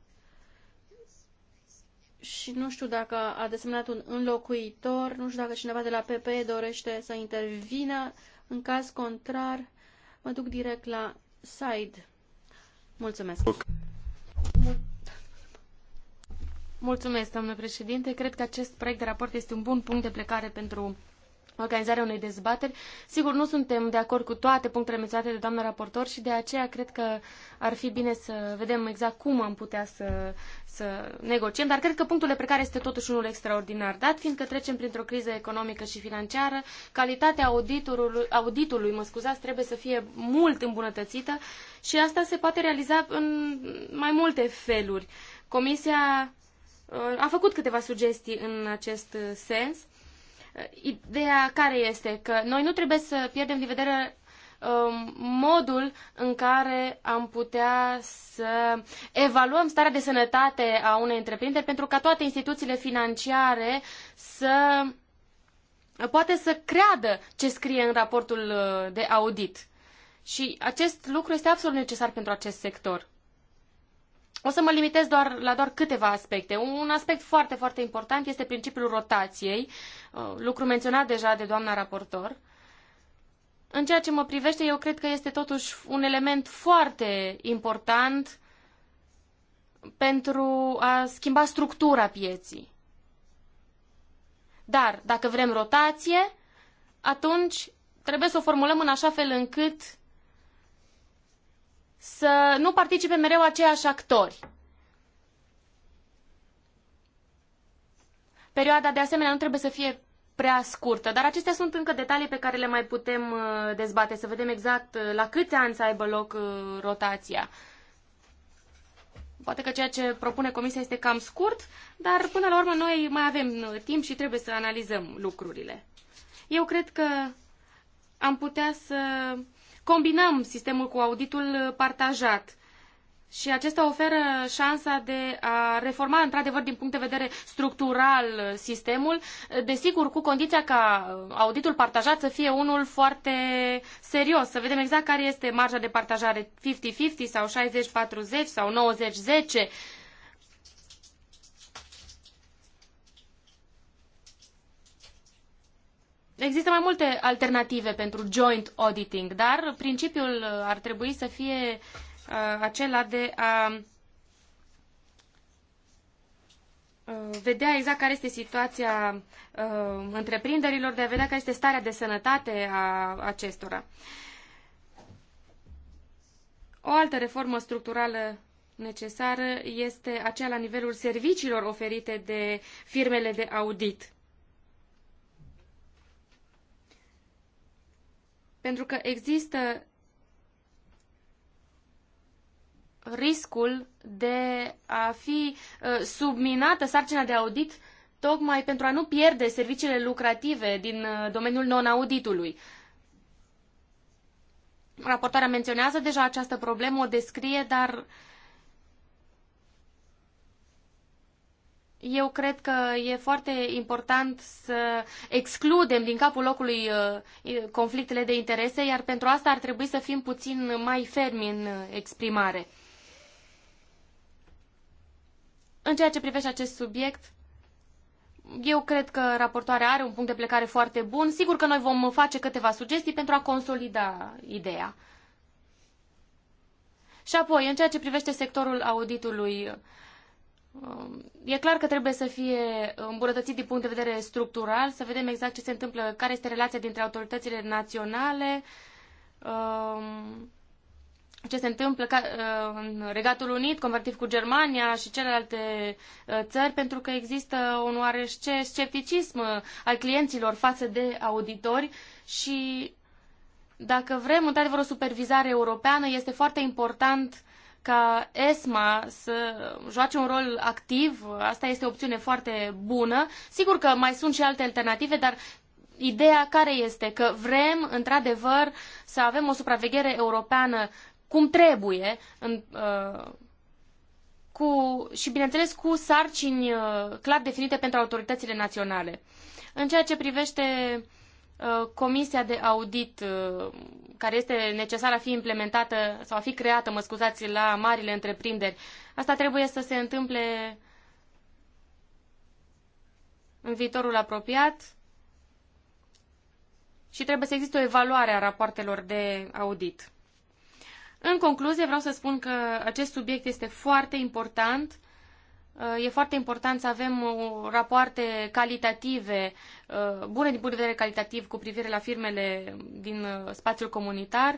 și nu știu dacă a desemnat un înlocuitor, nu știu dacă cineva de la PP dorește să intervină. În caz contrar, mă duc direct la side. Mulțumesc. Mulțumesc, domnule președinte. Cred că acest proiect de raport este un bun punct de plecare pentru organizarea unei dezbateri. Sigur, nu suntem de acord cu toate punctele menționate de doamna raportor și de aceea cred că ar fi bine să vedem exact cum am putea să, să negociem, dar cred că punctul de precare este totuși unul extraordinar. Dat fiindcă trecem printr-o criză economică și financiară, calitatea auditorului, auditului, mă scuzați, trebuie să fie mult îmbunătățită și asta se poate realiza în mai multe feluri. Comisia uh, a făcut câteva sugestii în acest sens Uh, ideea care este? Că noi nu trebuie să pierdem din vedere um, modul în care am putea să evaluăm starea de sănătate a unei întreprinderi pentru ca toate instituțiile financiare să uh, poate să creadă ce scrie în raportul uh, de audit. Și acest lucru este absolut necesar pentru acest sector. O să mă limitez doar la doar câteva aspecte. Un aspect foarte, foarte important este principiul rotației, uh, lucru menționat deja de doamna raportor. În ceea ce mă privește, eu cred că este totuși un element foarte important pentru a schimba structura pieții. Dar, dacă vrem rotație, atunci trebuie să o formulăm în așa fel încât să nu participe mereu aceiași actori. Perioada de asemenea nu trebuie să fie prea scurtă, dar acestea sunt încă detalii pe care le mai putem uh, dezbate, să vedem exact uh, la câte ani să aibă loc uh, rotația. Poate că ceea ce propune Comisia este cam scurt, dar până la urmă noi mai avem timp și trebuie să analizăm lucrurile. Eu cred că am putea să Combinăm sistemul cu auditul partajat și acesta oferă șansa de a reforma, într-adevăr, din punct de vedere structural sistemul, desigur, cu condiția ca auditul partajat să fie unul foarte serios, să vedem exact care este marja de partajare 50-50 sau 60-40 sau 90-10, Există mai multe alternative pentru joint auditing, dar principiul uh, ar trebui să fie uh, acela de a uh, vedea exact care este situația uh, întreprinderilor, de a vedea care este starea de sănătate a acestora. O altă reformă structurală necesară este aceea la nivelul serviciilor oferite de firmele de audit pentru că există riscul de a fi uh, subminată sarcina de audit tocmai pentru a nu pierde serviciile lucrative din uh, domeniul non-auditului. Raportarea menționează deja această problemă, o descrie, dar uh, Eu cred că e foarte important să excludem din capul locului uh, conflictele de interese, iar pentru asta ar trebui să fim puțin mai fermi în uh, exprimare. În ceea ce privește acest subiect, eu cred că raportoarea are un punct de plecare foarte bun. Sigur că noi vom face câteva sugestii pentru a consolida ideea. Și apoi, în ceea ce privește sectorul auditului, Um, e clar că trebuie să fie îmbunătățit din punct de vedere structural, să vedem exact ce se întâmplă, care este relația dintre autoritățile naționale, um, ce se întâmplă uh, în Regatul Unit, comparativ cu Germania și celelalte uh, țări, pentru că există un oarește scepticism al clienților față de auditori și dacă vrem, într-adevăr, o supervizare europeană, este foarte important ca ESMA să joace un rol activ, asta este o opțiune foarte bună. Sigur că mai sunt și alte alternative, dar ideea care este? Că vrem, într-adevăr, să avem o supraveghere europeană cum trebuie, în, uh, cu, și bineînțeles cu sarcini uh, clar definite pentru autoritățile naționale. În ceea ce privește uh, Uh, comisia de audit uh, care este necesară a fi implementată sau a fi creată, mă scuzați, la marile întreprinderi. Asta trebuie să se întâmple în viitorul apropiat și trebuie să existe o evaluare a rapoartelor de audit. În concluzie, vreau să spun că acest subiect este foarte important E foarte important să avem uh, rapoarte calitative, uh, bune din punct de vedere calitativ cu privire la firmele din uh, spațiul comunitar.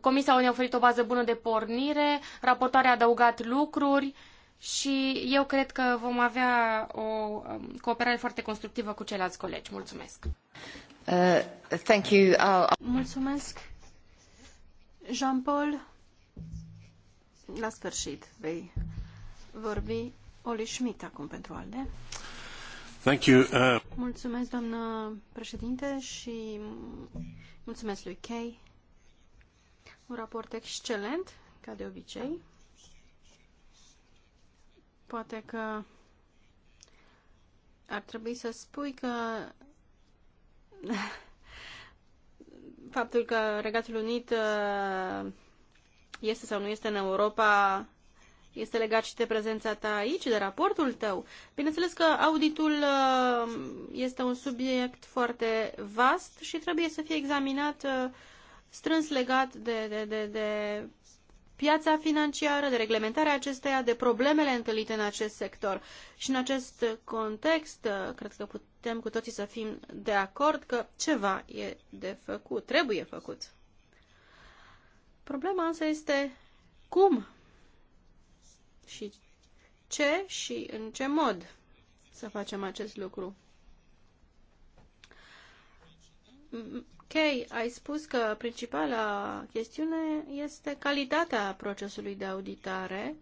Comisia ne-a oferit o bază bună de pornire, raportarea a adăugat lucruri și eu cred că vom avea o um, cooperare foarte constructivă cu ceilalți colegi. Mulțumesc! Uh, thank you. Uh, Mulțumesc! Jean-Paul, la sfârșit vei vorbi Oli Schmidt acum pentru ALDE. Thank you. Uh... Mulțumesc, doamnă președinte, și mulțumesc lui Kay. Un raport excelent, ca de obicei. Poate că ar trebui să spui că faptul că Regatul Unit uh, este sau nu este în Europa este legat și de prezența ta aici, de raportul tău. Bineînțeles că auditul uh, este un subiect foarte vast și trebuie să fie examinat uh, strâns legat de, de, de, de piața financiară, de reglementarea acesteia, de problemele întâlnite în acest sector. Și în acest context, uh, cred că putem cu toții să fim de acord că ceva e de făcut, trebuie făcut. Problema însă este cum și ce și în ce mod să facem acest lucru. Kay, ai spus că principala chestiune este calitatea procesului de auditare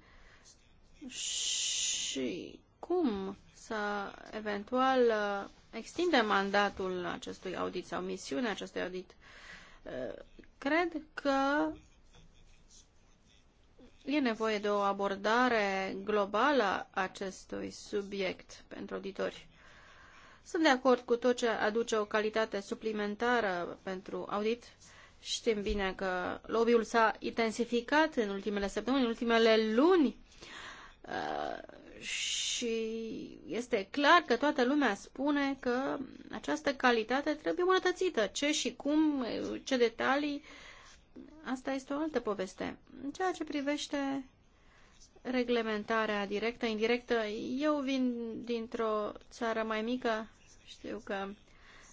și cum să eventual uh, extinde mandatul acestui audit sau misiunea acestui audit. Uh, cred că E nevoie de o abordare globală a acestui subiect pentru auditori. Sunt de acord cu tot ce aduce o calitate suplimentară pentru audit. Știm bine că lobby-ul s-a intensificat în ultimele săptămâni, în ultimele luni uh, și este clar că toată lumea spune că această calitate trebuie îmbunătățită. Ce și cum, ce detalii asta este o altă poveste. În ceea ce privește reglementarea directă, indirectă, eu vin dintr-o țară mai mică, știu că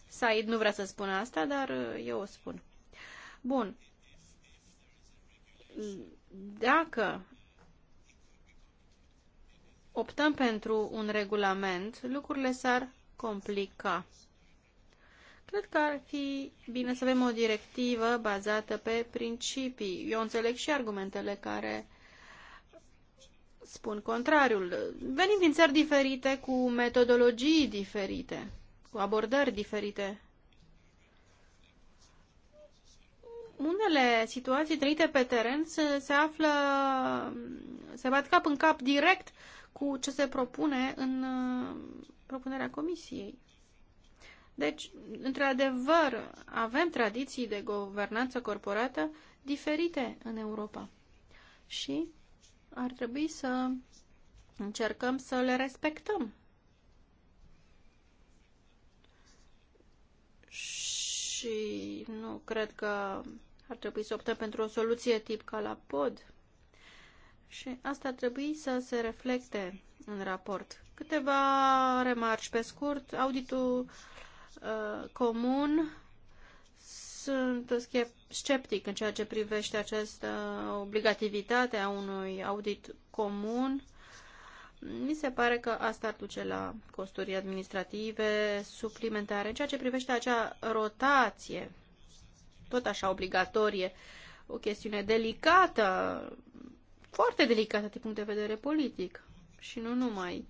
Said nu vrea să spună asta, dar eu o spun. Bun. Dacă optăm pentru un regulament, lucrurile s-ar complica. Cred că ar fi bine să avem o directivă bazată pe principii. Eu înțeleg și argumentele care spun contrariul. Venim din țări diferite, cu metodologii diferite, cu abordări diferite. Unele situații trăite pe teren se, se află, se bat cap în cap direct cu ce se propune în uh, propunerea comisiei. Deci, într-adevăr, avem tradiții de guvernanță corporată diferite în Europa și ar trebui să încercăm să le respectăm. Și nu cred că ar trebui să optăm pentru o soluție tip ca la pod. Și asta ar trebui să se reflecte în raport. Câteva remarci pe scurt. Auditul Uh, comun. Sunt sceptic în ceea ce privește această obligativitate a unui audit comun. Mi se pare că asta ar duce la costuri administrative suplimentare. În ceea ce privește acea rotație, tot așa obligatorie, o chestiune delicată, foarte delicată din punct de vedere politic și nu numai.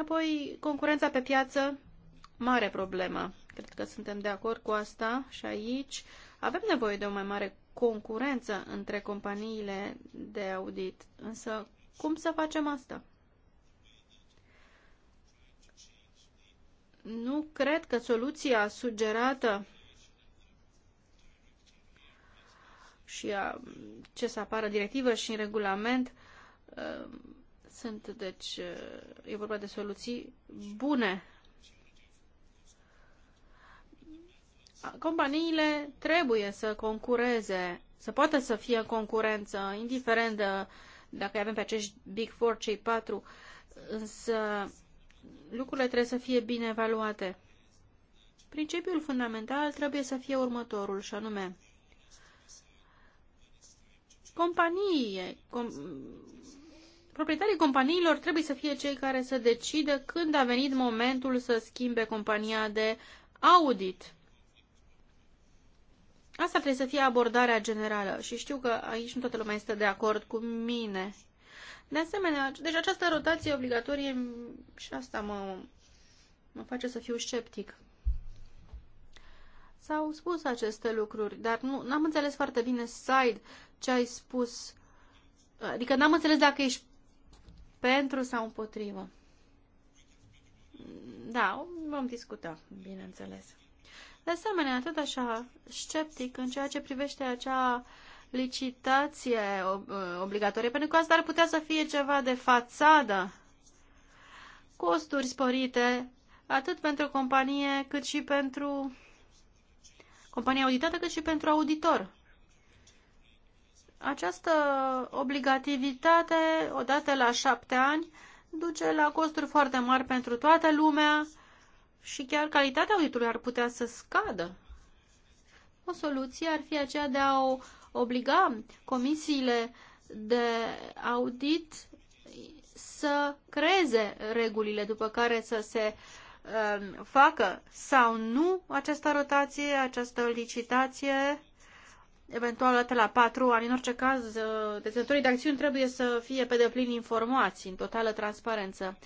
Apoi, concurența pe piață mare problemă. Cred că suntem de acord cu asta și aici avem nevoie de o mai mare concurență între companiile de audit. Însă, cum să facem asta? Nu cred că soluția sugerată și a, ce să apară directivă și în regulament ă, sunt, deci, ă, e vorba de soluții bune companiile trebuie să concureze, să poată să fie concurență, indiferent de, dacă avem pe acești Big Four, cei patru, însă lucrurile trebuie să fie bine evaluate. Principiul fundamental trebuie să fie următorul, și anume, companiile, com, proprietarii companiilor trebuie să fie cei care să decidă când a venit momentul să schimbe compania de audit Asta trebuie să fie abordarea generală și știu că aici nu toată lumea este de acord cu mine. De asemenea, deci această rotație obligatorie și asta mă, mă face să fiu sceptic. S-au spus aceste lucruri, dar nu am înțeles foarte bine, Side, ce ai spus. Adică n-am înțeles dacă ești pentru sau împotrivă. Da, vom discuta, bineînțeles. De asemenea, tot așa sceptic în ceea ce privește acea licitație obligatorie, pentru că asta ar putea să fie ceva de fațadă. Costuri sporite, atât pentru companie, cât și pentru compania auditată, cât și pentru auditor. Această obligativitate, odată la șapte ani, duce la costuri foarte mari pentru toată lumea, și chiar calitatea auditului ar putea să scadă. O soluție ar fi aceea de a obliga comisiile de audit să creeze regulile după care să se um, facă sau nu această rotație, această licitație, eventual la patru ani. În orice caz, uh, deținătorii de acțiuni trebuie să fie pe deplin informați, în totală transparență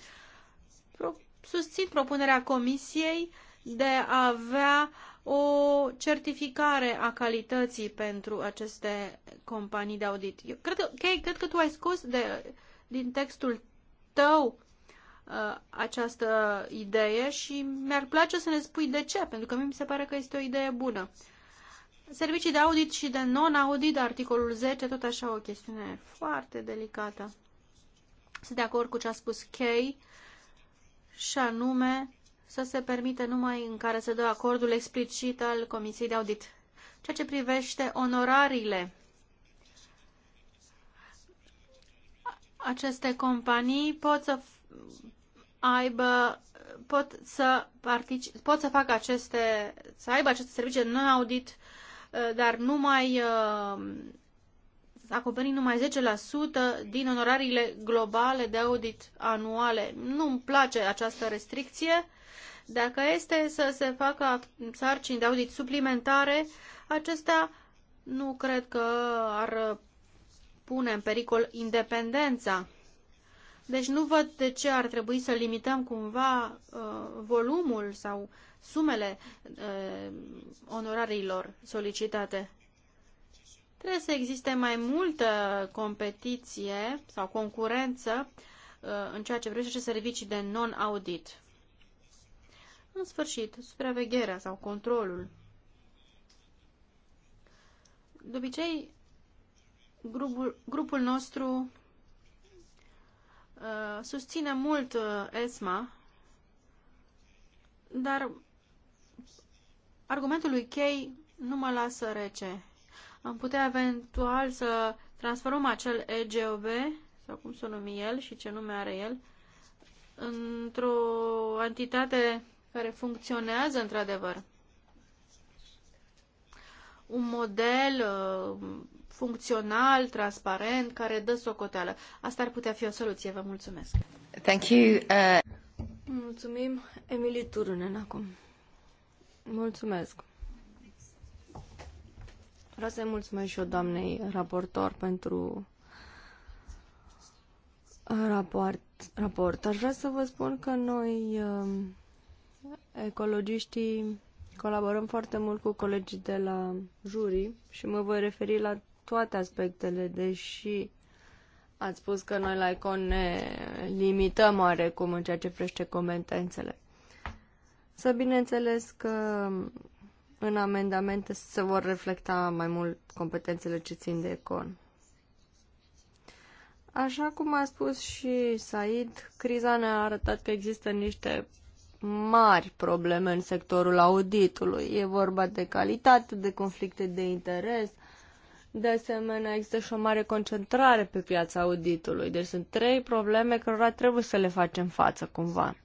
susțin propunerea Comisiei de a avea o certificare a calității pentru aceste companii de audit. Eu cred, că, okay, cred că tu ai scos de, din textul tău uh, această idee și mi-ar place să ne spui de ce, pentru că mi se pare că este o idee bună. Servicii de audit și de non-audit, articolul 10, tot așa o chestiune foarte delicată. Sunt de acord cu ce a spus Kay și anume să se permite numai în care se dă acordul explicit al Comisiei de Audit. Ceea ce privește onorariile, aceste companii pot să aibă pot să, partici pot să facă aceste, să aibă aceste servicii de audit uh, dar numai uh, acoperi numai 10% din onorariile globale de audit anuale. Nu îmi place această restricție. Dacă este să se facă sarcini de audit suplimentare, acestea nu cred că ar pune în pericol independența. Deci nu văd de ce ar trebui să limităm cumva uh, volumul sau sumele uh, onorariilor solicitate. Trebuie să existe mai multă competiție sau concurență uh, în ceea ce privește servicii de non-audit. În sfârșit, supravegherea sau controlul. De obicei, grupul, grupul nostru uh, susține mult uh, ESMA, dar argumentul lui Kay nu mă lasă rece. Am putea eventual să transformăm acel EGOB, sau cum să numi el și ce nume are el, într-o entitate care funcționează într-adevăr. Un model uh, funcțional, transparent, care dă socoteală. Asta ar putea fi o soluție. Vă mulțumesc. Thank you. Uh... Mulțumim, Emilie Turunen, acum. Mulțumesc. Vreau să mulțumesc și eu doamnei raportor pentru raport. raport. Aș vrea să vă spun că noi, um, ecologiștii, colaborăm foarte mult cu colegii de la juri și mă voi referi la toate aspectele, deși ați spus că noi la ICON ne limităm oarecum în ceea ce prește competențele. Să bineînțeles că în amendamente se vor reflecta mai mult competențele ce țin de econ. Așa cum a spus și Said, criza ne-a arătat că există niște mari probleme în sectorul auditului. E vorba de calitate, de conflicte de interes. De asemenea, există și o mare concentrare pe piața auditului. Deci sunt trei probleme cărora trebuie să le facem față cumva.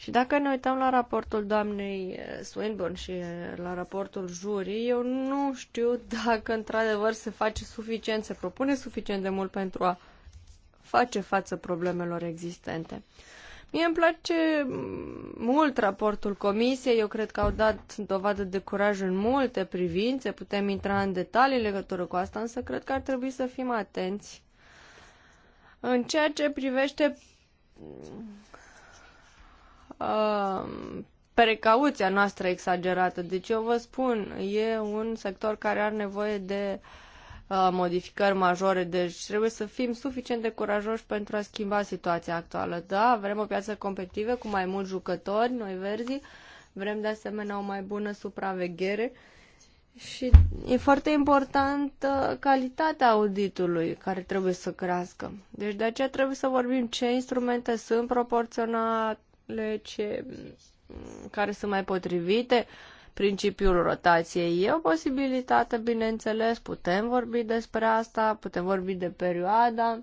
Și dacă ne uităm la raportul doamnei eh, Swinburne și eh, la raportul jurii, eu nu știu dacă într-adevăr se face suficient, se propune suficient de mult pentru a face față problemelor existente. Mie îmi place mm, mult raportul comisiei, eu cred că au dat dovadă de curaj în multe privințe, putem intra în detalii în legătură cu asta, însă cred că ar trebui să fim atenți în ceea ce privește Uh, precauția noastră exagerată. Deci eu vă spun, e un sector care are nevoie de uh, modificări majore, deci trebuie să fim suficient de curajoși pentru a schimba situația actuală. Da, vrem o piață competitivă cu mai mulți jucători, noi verzi, vrem de asemenea o mai bună supraveghere și e foarte important uh, calitatea auditului care trebuie să crească. Deci de aceea trebuie să vorbim ce instrumente sunt proporționate, le ce care sunt mai potrivite, principiul rotației e o posibilitate, bineînțeles, putem vorbi despre asta, putem vorbi de perioada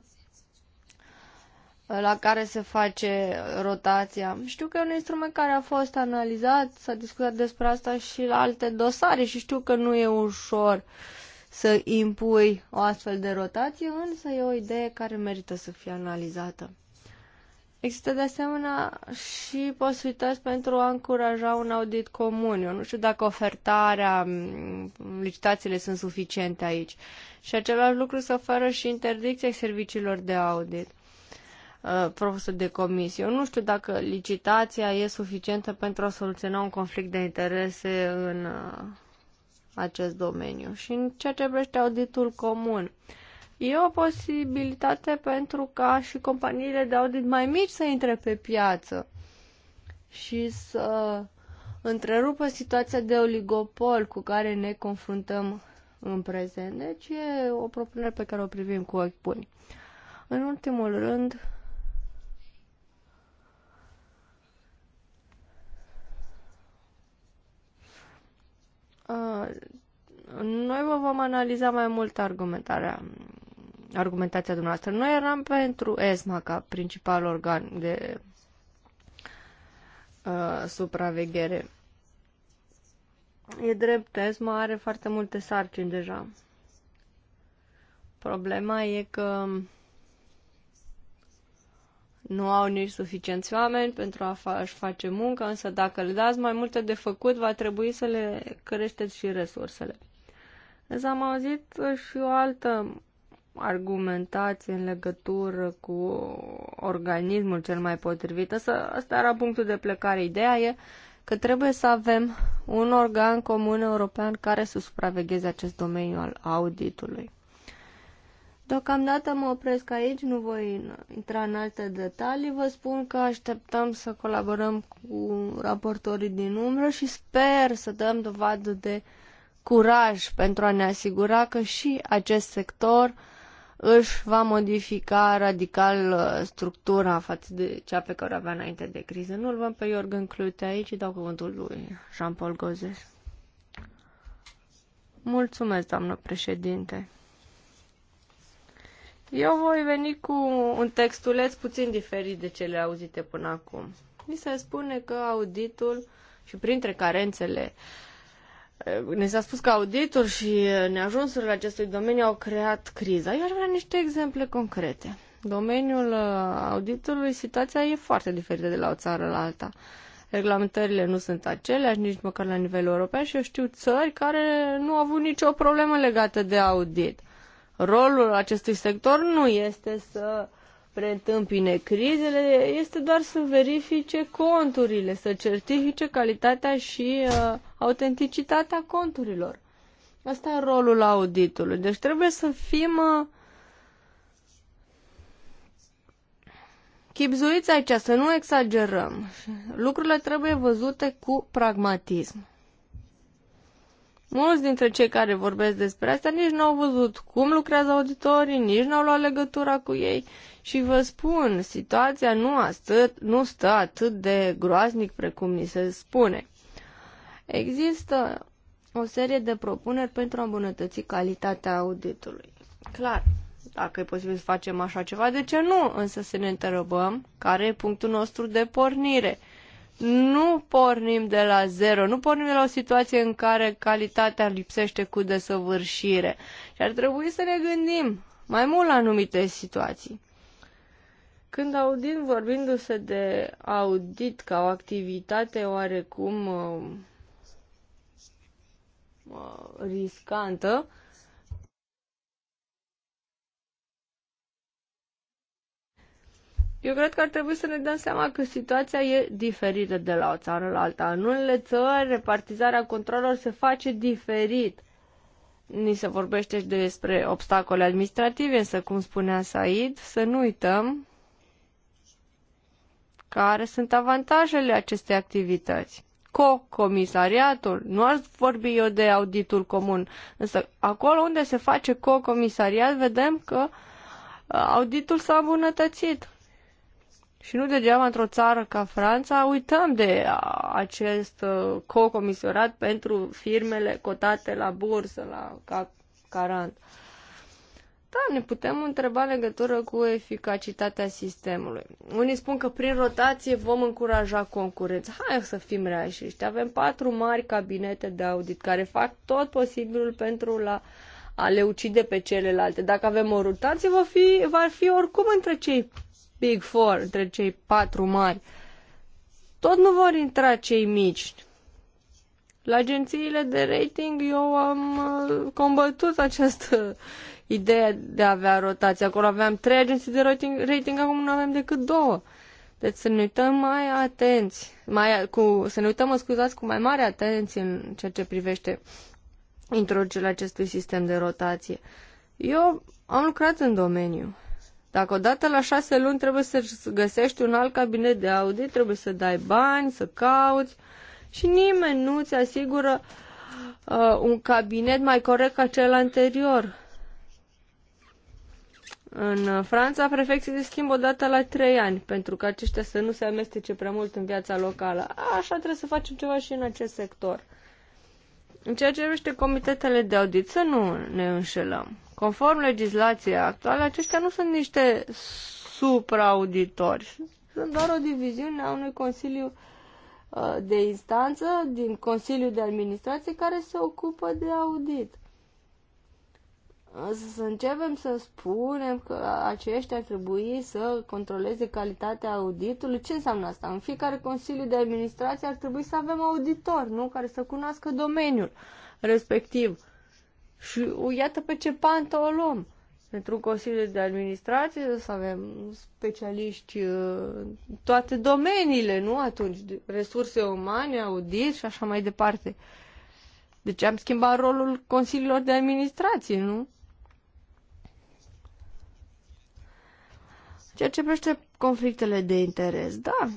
la care se face rotația. Știu că e un instrument care a fost analizat, s-a discutat despre asta și la alte dosare și știu că nu e ușor să impui o astfel de rotație, însă e o idee care merită să fie analizată. Există de asemenea și posibilități pentru a încuraja un audit comun. Eu nu știu dacă ofertarea, licitațiile sunt suficiente aici. Și același lucru se oferă și interdicția serviciilor de audit uh, propusă de comisie. Eu nu știu dacă licitația e suficientă pentru a soluționa un conflict de interese în uh, acest domeniu. Și în ceea ce privește auditul comun. Uh, E o posibilitate pentru ca și companiile de audit mai mici să intre pe piață și să întrerupă situația de oligopol cu care ne confruntăm în prezent. Deci e o propunere pe care o privim cu ochi buni. În ultimul rând, noi vă vom analiza mai mult argumentarea argumentația dumneavoastră. Noi eram pentru ESMA ca principal organ de uh, supraveghere. E drept, ESMA are foarte multe sarcini deja. Problema e că nu au nici suficienți oameni pentru a fa- face muncă, însă dacă le dați mai multe de făcut, va trebui să le creșteți și resursele. Însă am auzit și o altă argumentați în legătură cu organismul cel mai potrivit. Asta, asta era punctul de plecare. Ideea e că trebuie să avem un organ comun european care să supravegheze acest domeniu al auditului. Deocamdată mă opresc aici, nu voi intra în alte detalii. Vă spun că așteptăm să colaborăm cu raportorii din umbră și sper să dăm dovadă de curaj pentru a ne asigura că și acest sector își va modifica radical uh, structura față de cea pe care o avea înainte de criză. Nu-l văd pe Iorgen Clute aici, dau cuvântul lui Jean-Paul Gozes. Mulțumesc, doamnă președinte. Eu voi veni cu un textuleț puțin diferit de cele auzite până acum. Mi se spune că auditul și printre carențele uh, Eh, ne s-a spus că auditul și eh, neajunsurile acestui domeniu au creat criza. Eu aș vrea niște exemple concrete. Domeniul eh, auditului, situația e foarte diferită de la o țară la alta. Reglementările nu sunt aceleași, nici măcar la nivel european și eu știu țări care nu au avut nicio problemă legată de audit. Rolul acestui sector nu este să preîntâmpine crizele este doar să verifice conturile, să certifice calitatea și uh, autenticitatea conturilor. Asta e rolul auditului. Deci trebuie să fim uh, chipzuiți aici, să nu exagerăm. Lucrurile trebuie văzute cu pragmatism. Mulți dintre cei care vorbesc despre asta nici nu au văzut cum lucrează auditorii, nici nu au luat legătura cu ei și vă spun, situația nu, a stă, nu stă atât de groaznic precum ni se spune. Există o serie de propuneri pentru a îmbunătăți calitatea auditului. Clar, dacă e posibil să facem așa ceva, de ce nu? Însă să ne întrebăm care e punctul nostru de pornire – nu pornim de la zero, nu pornim de la o situație în care calitatea lipsește cu desăvârșire. Și ar trebui să ne gândim mai mult la anumite situații. Când audim, vorbindu-se de audit ca o activitate oarecum uh, uh, riscantă, Eu cred că ar trebui să ne dăm seama că situația e diferită de la o țară la alta. În unele țări, repartizarea controlelor se face diferit. Ni se vorbește și despre obstacole administrative, însă, cum spunea Said, să nu uităm care sunt avantajele acestei activități. Co-comisariatul, nu aș vorbi eu de auditul comun, însă acolo unde se face co-comisariat, vedem că uh, auditul s-a îmbunătățit. Și nu degeaba într-o țară ca Franța uităm de acest uh, co-comisiorat pentru firmele cotate la bursă, la CAC Da, ne putem întreba legătură cu eficacitatea sistemului. Unii spun că prin rotație vom încuraja concurența. Hai să fim reașiști. Avem patru mari cabinete de audit care fac tot posibilul pentru la a le ucide pe celelalte. Dacă avem o rotație, va fi, va fi oricum între cei Big Four, între cei patru mari, tot nu vor intra cei mici. La agențiile de rating eu am uh, combătut această idee de a avea rotație. Acolo aveam trei agenții de rating, rating acum nu avem decât două. Deci să ne uităm mai atenți, mai, cu, să ne uităm, mă scuzați, cu mai mare atenție în ceea ce privește introducerea acestui sistem de rotație. Eu am lucrat în domeniu dacă odată la șase luni trebuie să găsești un alt cabinet de audit, trebuie să dai bani, să cauți și nimeni nu ți asigură uh, un cabinet mai corect ca cel anterior. În Franța, prefecții se schimbă odată la trei ani, pentru că aceștia să nu se amestece prea mult în viața locală. Așa trebuie să facem ceva și în acest sector. În ceea ce privește comitetele de audit, să nu ne înșelăm. Conform legislației actuale, aceștia nu sunt niște supraauditori, sunt doar o diviziune a unui consiliu uh, de instanță din Consiliul de Administrație care se ocupă de audit. Însă să începem să spunem că aceștia ar trebui să controleze calitatea auditului. Ce înseamnă asta? În fiecare Consiliu de Administrație ar trebui să avem auditor, nu? Care să cunoască domeniul respectiv și iată pe ce pantă o luăm. Pentru un consiliu de administrație să avem specialiști uh, în toate domeniile, nu atunci, resurse umane, audit și așa mai departe. Deci am schimbat rolul consiliilor de administrație, nu? Ceea ce prește conflictele de interes, da,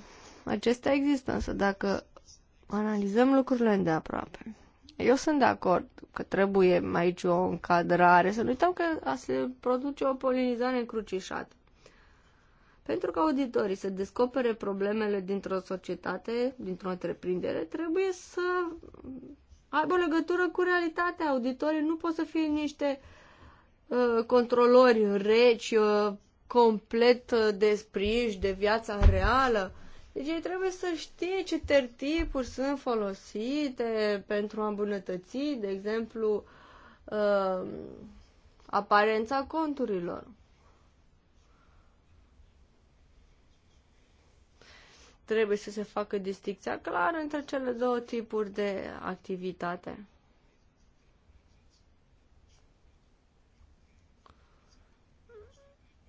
acestea există, însă dacă analizăm lucrurile îndeaproape, eu sunt de acord că trebuie aici o încadrare, să nu uităm că se produce o polinizare încrucișată. Pentru că auditorii să descopere problemele dintr-o societate, dintr-o întreprindere, trebuie să aibă o legătură cu realitatea. Auditorii nu pot să fie niște uh, controlori reci, uh, complet uh, desprinși de viața reală. Uh, deci ei trebuie să știe ce tertipuri sunt folosite pentru a îmbunătăți, de exemplu, uh, aparența conturilor. Trebuie să se facă distinția clară între cele două tipuri de activitate.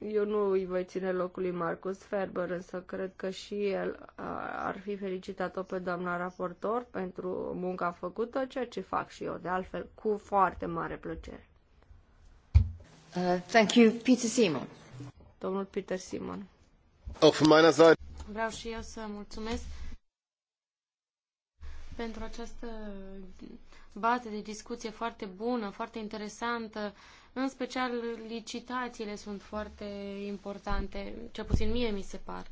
Eu nu îi voi ține locul lui Marcus Ferber, însă cred că și el ar fi felicitat-o pe doamna raportor pentru munca făcută, ceea ce fac și eu, de altfel, cu foarte mare plăcere. Uh, thank you, Peter Simon. Domnul Peter Simon. Vreau și eu să mulțumesc pentru această bază de discuție foarte bună, foarte interesantă. Uh, în special, licitațiile sunt foarte importante, cel puțin mie mi se par.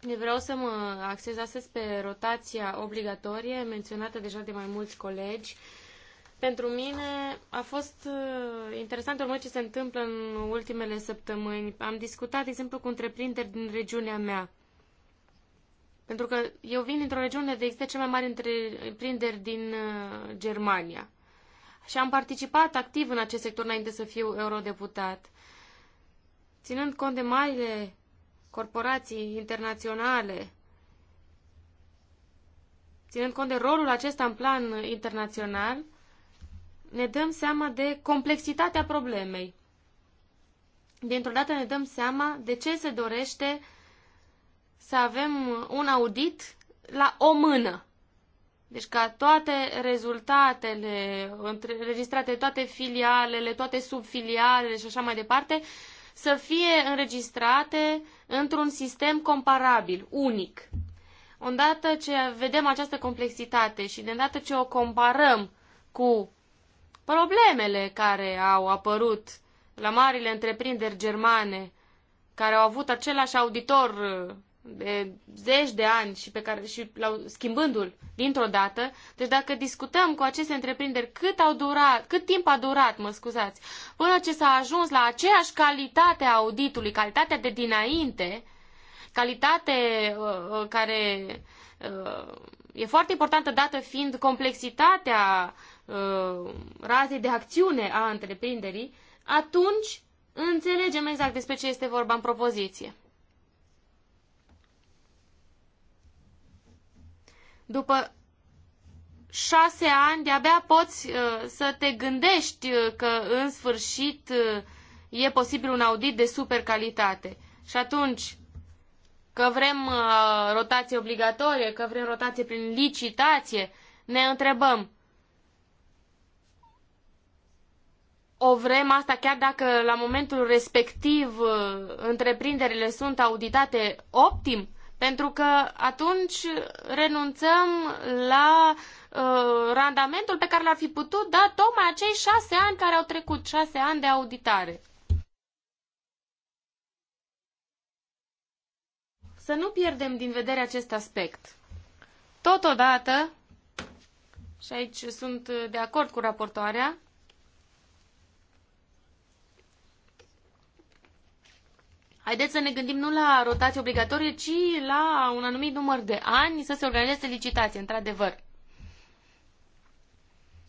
Vreau să mă axez astăzi pe rotația obligatorie, menționată deja de mai mulți colegi. Pentru mine a fost uh, interesant urmă ce se întâmplă în ultimele săptămâni. Am discutat, de exemplu, cu întreprinderi din regiunea mea. Pentru că eu vin dintr-o regiune de există cea mai mare întreprinderi din uh, Germania și am participat activ în acest sector înainte să fiu eurodeputat. Ținând cont de marile corporații internaționale, ținând cont de rolul acesta în plan internațional, ne dăm seama de complexitatea problemei. Dintr-o dată ne dăm seama de ce se dorește să avem un audit la o mână. Deci ca toate rezultatele înregistrate, toate filialele, toate subfilialele și așa mai departe, să fie înregistrate într-un sistem comparabil, unic. Odată ce vedem această complexitate și de îndată ce o comparăm cu problemele care au apărut la marile întreprinderi germane, care au avut același auditor de zeci de ani și, pe care, și la, schimbându-l dintr-o dată. Deci dacă discutăm cu aceste întreprinderi cât, au durat, cât timp a durat, mă scuzați, până ce s-a ajuns la aceeași calitate a auditului, calitatea de dinainte, calitate uh, uh, care uh, e foarte importantă dată fiind complexitatea uh, razei de acțiune a întreprinderii, atunci înțelegem exact despre ce este vorba în propoziție. după șase ani de-abia poți uh, să te gândești uh, că în sfârșit uh, e posibil un audit de super calitate. Și atunci, că vrem rotație obligatorie, că vrem rotație prin licitație, ne întrebăm, o vrem asta chiar dacă la momentul respectiv întreprinderile sunt auditate optim? Pentru că atunci renunțăm la uh, randamentul pe care l-ar fi putut da tocmai acei șase ani care au trecut, șase ani de auditare. Să nu pierdem din vedere acest aspect. Totodată, și aici sunt de acord cu raportoarea, Haideți să ne gândim nu la rotație obligatorie, ci la un anumit număr de ani să se organizeze licitație, într-adevăr.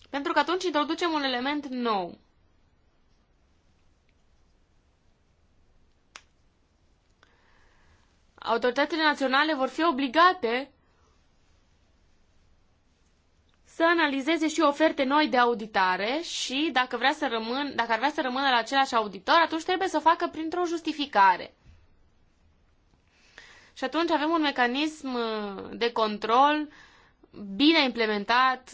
Pentru că atunci introducem un element nou. Autoritățile naționale vor fi obligate să analizeze și oferte noi de auditare și dacă, vrea să rămân, dacă ar vrea să rămână la același auditor, atunci trebuie să o facă printr-o justificare. Și atunci avem un mecanism uh, de control bine implementat,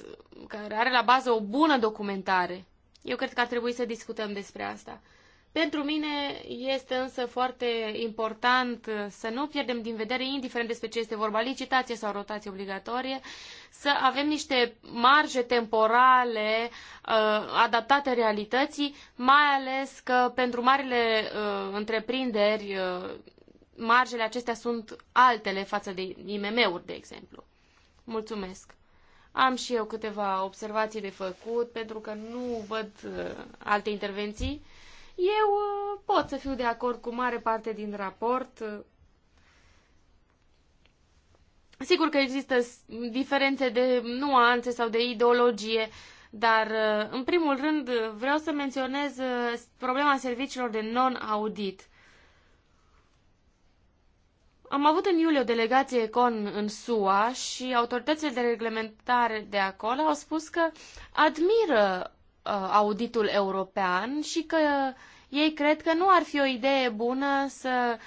care are la bază o bună documentare. Eu cred că ar trebui să discutăm despre asta. Pentru mine este însă foarte important să nu pierdem din vedere, indiferent despre ce este vorba, licitație sau rotație obligatorie, să avem niște marje temporale uh, adaptate realității, mai ales că pentru marile uh, întreprinderi uh, marjele acestea sunt altele față de IMM-uri, de exemplu. Mulțumesc! Am și eu câteva observații de făcut, pentru că nu văd uh, alte intervenții. Eu uh, pot să fiu de acord cu mare parte din raport. Sigur că există diferențe de nuanțe sau de ideologie, dar uh, în primul rând vreau să menționez uh, problema serviciilor de non-audit. Am avut în iulie o delegație Econ în SUA și autoritățile de reglementare de acolo au spus că admiră Uh, auditul european și că ei cred că nu ar fi o idee bună să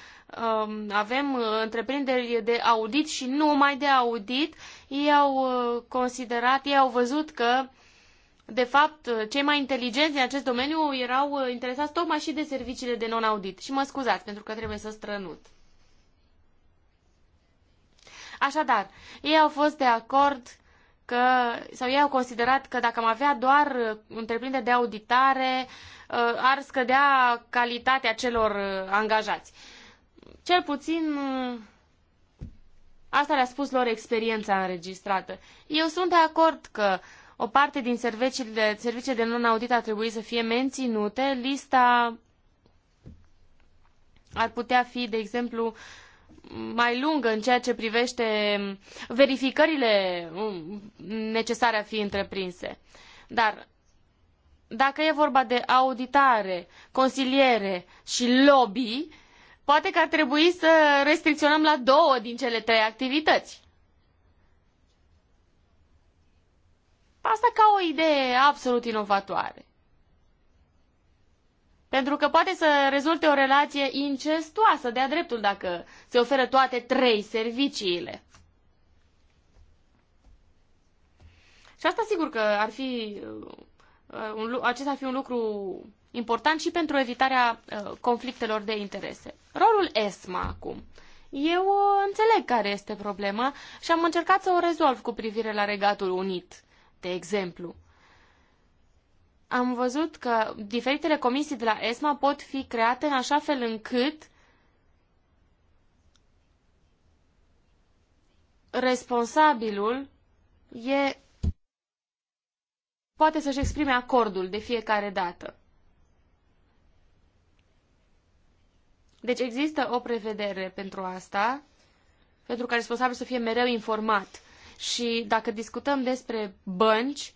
um, avem întreprinderi de audit și numai de audit. Ei au uh, considerat, ei au văzut că de fapt, cei mai inteligenți în acest domeniu erau interesați tocmai și de serviciile de non-audit. Și mă scuzați, pentru că trebuie să strănut. Așadar, ei au fost de acord că, sau ei au considerat că dacă am avea doar uh, întreprinderi de auditare, uh, ar scădea calitatea celor uh, angajați. Cel puțin asta le-a spus lor experiența înregistrată. Eu sunt de acord că o parte din serviciile, serviciile de non-audit ar trebui să fie menținute. Lista ar putea fi, de exemplu, uh, mai lungă în ceea ce privește verificările um, necesare a fi întreprinse. Dar dacă e vorba de auditare, consiliere și lobby, poate că ar trebui să restricționăm la două din cele trei activități. Asta ca o idee absolut inovatoare. Pentru că poate să rezulte o relație incestuoasă de-a dreptul dacă se oferă toate trei serviciile. Și asta sigur că ar fi, uh, acesta ar fi un lucru important și pentru evitarea uh, conflictelor de interese. Rolul ESMA acum. Eu uh, înțeleg care este problema și am încercat să o rezolv cu privire la Regatul Unit, de exemplu am văzut că diferitele comisii de la ESMA pot fi create în așa fel încât responsabilul e poate să-și exprime acordul de fiecare dată. Deci există o prevedere pentru asta, pentru ca responsabilul să fie mereu informat. Și dacă discutăm despre bănci,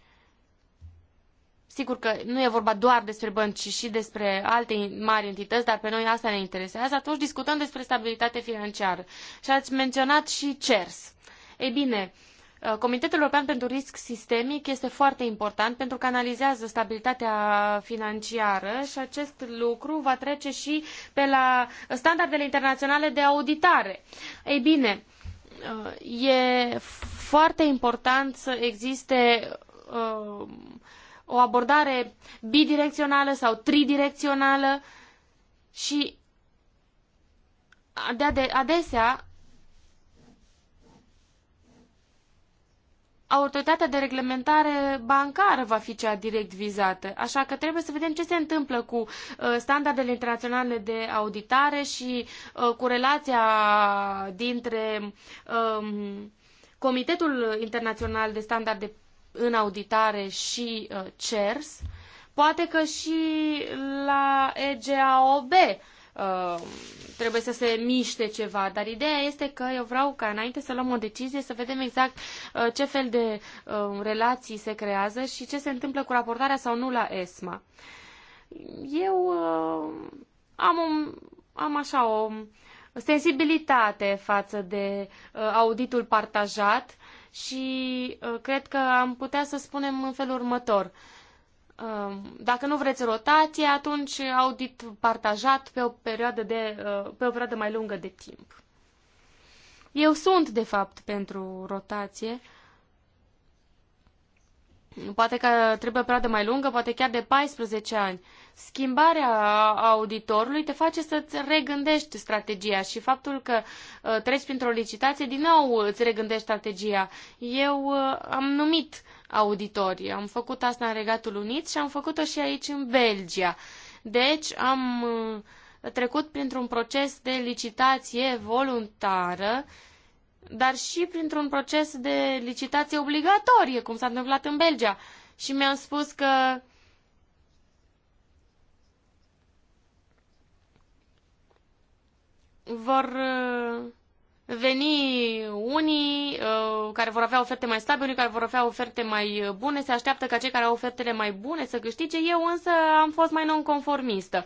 Sigur că nu e vorba doar despre bănci, ci și despre alte mari entități, dar pe noi asta ne interesează. Atunci discutăm despre stabilitate financiară. Și ați menționat și CERS. Ei bine, uh, Comitetul European pentru Risc Sistemic este foarte important pentru că analizează stabilitatea financiară și acest lucru va trece și pe la standardele internaționale de auditare. Ei bine, uh, e foarte important să existe uh, o abordare bidirecțională sau tridirecțională și adesea autoritatea de reglementare bancară va fi cea direct vizată. Așa că trebuie să vedem ce se întâmplă cu uh, standardele internaționale de auditare și uh, cu relația dintre um, Comitetul Internațional de Standarde în auditare și uh, CERS, poate că și la EGAOB uh, trebuie să se miște ceva, dar ideea este că eu vreau ca înainte să luăm o decizie să vedem exact uh, ce fel de relații se creează și ce se întâmplă cu raportarea sau nu la ESMA. Eu am, o, am așa o sensibilitate față de auditul partajat și uh, cred că am putea să spunem în felul următor. Uh, dacă nu vreți rotație, atunci audit partajat pe o perioadă, de, uh, pe o perioadă mai lungă de timp. Eu sunt, de fapt, pentru rotație. Poate că trebuie o perioadă mai lungă, poate chiar de 14 ani schimbarea auditorului te face să-ți regândești strategia și faptul că uh, treci printr-o licitație, din nou îți regândești strategia. Eu uh, am numit auditorii, am făcut asta în Regatul Unit și am făcut-o și aici în Belgia. Deci am uh, trecut printr-un proces de licitație voluntară dar și printr-un proces de licitație obligatorie, cum s-a întâmplat în Belgia. Și mi-am spus că vor uh, veni unii uh, care vor avea oferte mai slabe, unii care vor avea oferte mai uh, bune, se așteaptă ca cei care au ofertele mai bune să câștige, eu însă am fost mai nonconformistă.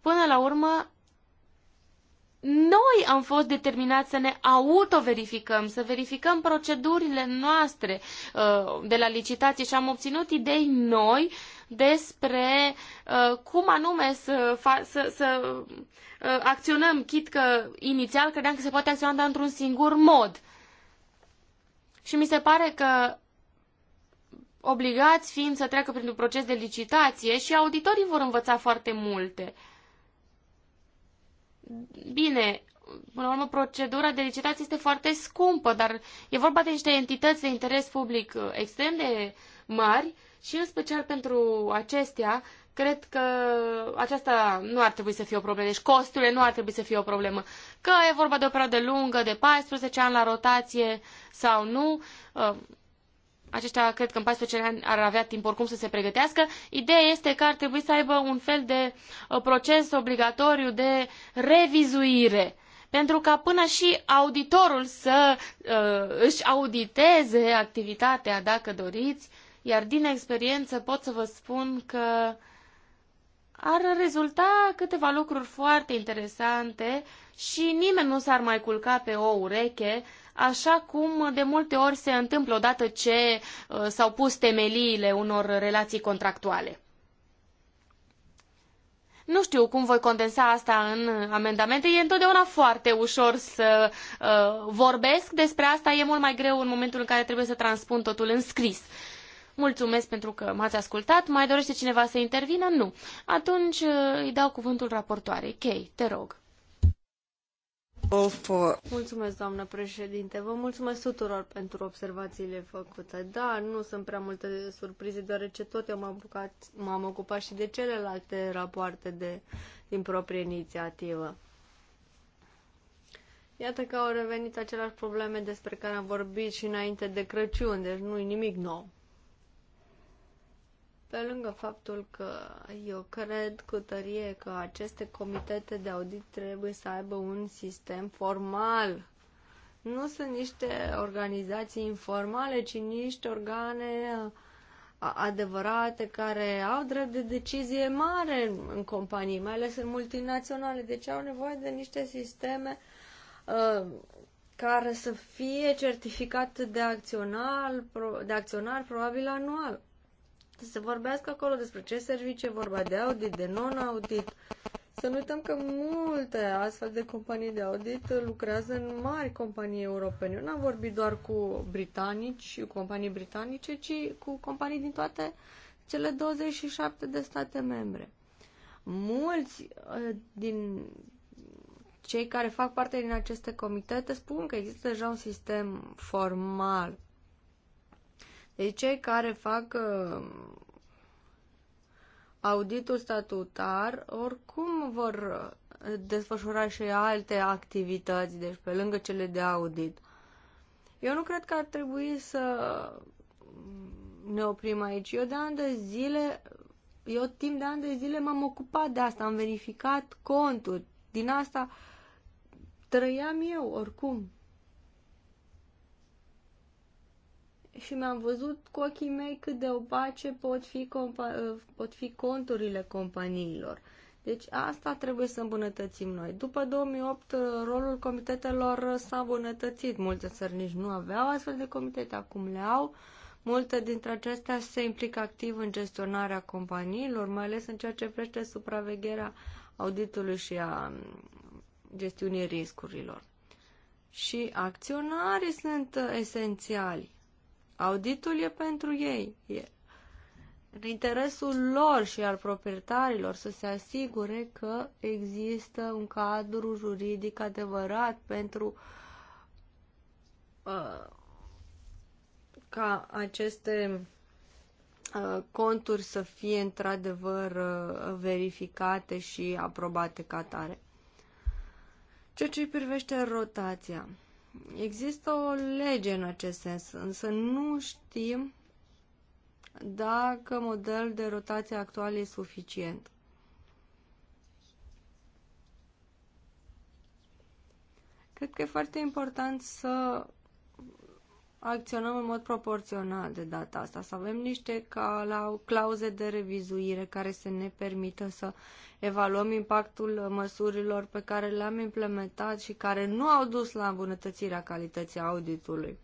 Până la urmă, noi am fost determinați să ne autoverificăm, să verificăm procedurile noastre uh, de la licitație și am obținut idei noi uh, despre uh, cum anume să, să, să uh, acționăm, chit că inițial credeam că se poate acționa doar într-un singur mod. Și mi se pare că obligați fiind să treacă prin un proces de licitație și auditorii vor învăța foarte multe. Bine, până la urmă, procedura de licitație este foarte scumpă, dar e vorba de niște entități de interes public uh, extrem de mari și în special pentru acestea, cred că aceasta nu ar trebui să fie o problemă. Deci costurile nu ar trebui să fie o problemă. Că e vorba de o perioadă lungă, de 14 ani la rotație sau nu, uh, aceștia cred că în 14 ani ar avea timp oricum să se pregătească. Ideea este că ar trebui să aibă un fel de uh, proces obligatoriu de revizuire pentru ca până și auditorul să uh, își auditeze activitatea, dacă doriți, uh, iar din experiență pot să vă spun că ar rezulta câteva lucruri foarte interesante și nimeni nu s-ar mai culca pe o ureche, așa cum de multe ori se întâmplă odată ce uh, s-au pus temeliile unor relații contractuale. Nu știu cum voi condensa asta în amendamente. E întotdeauna foarte ușor să uh, vorbesc despre asta. E mult mai greu în momentul în care trebuie să transpun totul în scris. Uh, Mulțumesc pentru că m-ați ascultat. Mai dorește cineva să intervină? Nu. Atunci uh, îi dau cuvântul raportoarei. Chei, te rog. Of. Mulțumesc, doamnă președinte. Vă mulțumesc tuturor pentru observațiile făcute. Da, nu sunt prea multe surprize, deoarece tot eu m-am, bucat, m-am ocupat și de celelalte rapoarte de, din proprie inițiativă. Iată că au revenit aceleași probleme despre care am vorbit și înainte de Crăciun, deci nu i nimic nou. Pe lângă faptul că eu cred cu tărie că aceste comitete de audit trebuie să aibă un sistem formal. Nu sunt niște organizații informale, ci niște organe adevărate care au drept de decizie mare în companii, mai ales în multinaționale. Deci au nevoie de niște sisteme uh, care să fie certificate de acționar, de acționar probabil anual. Să se vorbească acolo despre ce servicii e vorba de audit, de non-audit. Să nu uităm că multe astfel de companii de audit lucrează în mari companii europene. Eu n-am vorbit doar cu britanici, cu companii britanice, ci cu companii din toate cele 27 de state membre. Mulți uh, din cei care fac parte din aceste comitete spun că există deja un sistem formal deci cei care fac ă, auditul statutar oricum vor ă, desfășura și alte activități, deci pe lângă cele de audit. Eu nu cred că ar trebui să ne oprim aici. Eu de ani de zile, eu timp de ani de zile m-am ocupat de asta, am verificat conturi. Din asta trăiam eu oricum. și mi-am văzut cu ochii mei cât de opace pot fi, pot fi conturile companiilor. Deci asta trebuie să îmbunătățim noi. După 2008, rolul comitetelor s-a îmbunătățit. Multe țări nici nu aveau astfel de comitete, acum le au. Multe dintre acestea se implică activ în gestionarea companiilor, mai ales în ceea ce privește supravegherea auditului și a mm, gestiunii riscurilor. Și acționarii sunt uh, esențiali. Auditul e pentru ei. E în interesul lor și al proprietarilor să se asigure că există un cadru juridic adevărat pentru uh, ca aceste uh, conturi să fie într-adevăr uh, verificate și aprobate ca tare. Ceea ce privește rotația. Există o lege în acest sens, însă nu știm dacă modelul de rotație actual e suficient. Cred că e foarte important să acționăm în mod proporțional de data asta, să avem niște ca la clauze de revizuire care să ne permită să evaluăm impactul măsurilor pe care le-am implementat și care nu au dus la îmbunătățirea calității auditului.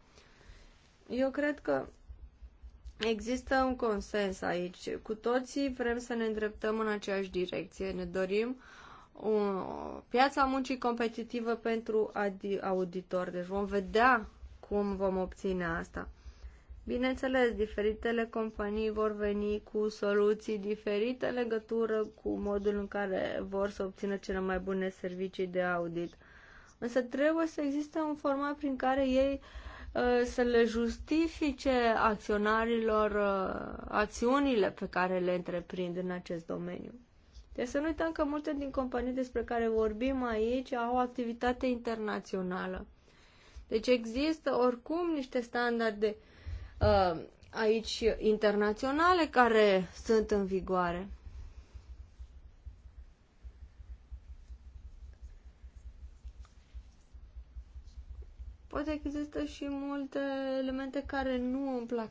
Eu cred că există un consens aici. Cu toții vrem să ne îndreptăm în aceeași direcție. Ne dorim o piața muncii competitivă pentru auditor. Deci vom vedea cum vom obține asta. Bineînțeles, diferitele companii vor veni cu soluții diferite în legătură cu modul în care vor să obțină cele mai bune servicii de audit. Însă trebuie să existe un format prin care ei uh, să le justifice acționarilor uh, acțiunile pe care le întreprind în acest domeniu. Deci să nu uităm că multe din companii despre care vorbim aici au activitate internațională. Deci există oricum niște standarde uh, aici internaționale care sunt în vigoare. Poate există și multe elemente care nu îmi plac.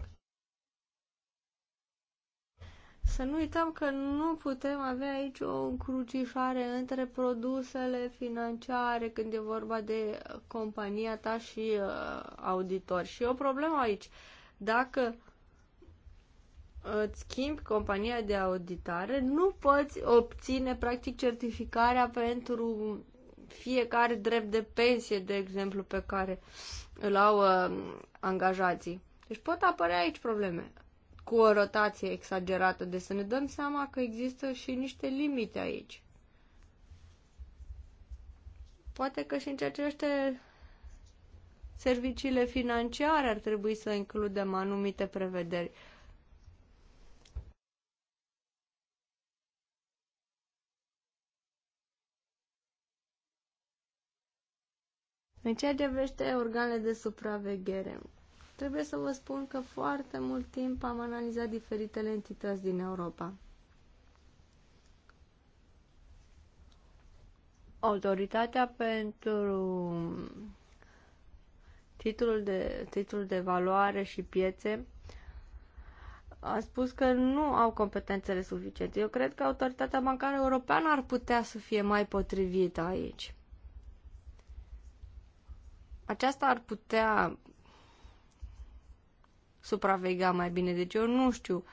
Să nu uităm că nu putem avea aici o încrucișare între produsele financiare când e vorba de compania ta și uh, auditor. Și e o problemă aici. Dacă uh, îți schimbi compania de auditare, nu poți obține practic certificarea pentru fiecare drept de pensie, de exemplu, pe care îl au uh, angajații. Deci pot apărea aici probleme cu o rotație exagerată. de deci să ne dăm seama că există și niște limite aici. Poate că și în ceea ce este serviciile financiare ar trebui să includem anumite prevederi. În ceea ce vește organele de supraveghere, Trebuie să vă spun că foarte mult timp am analizat diferitele entități din Europa. Autoritatea pentru titlul de, titlul de valoare și piețe a spus că nu au competențele suficiente. Eu cred că autoritatea bancară europeană ar putea să fie mai potrivită aici. Aceasta ar putea supraveghea mai bine. Deci eu nu știu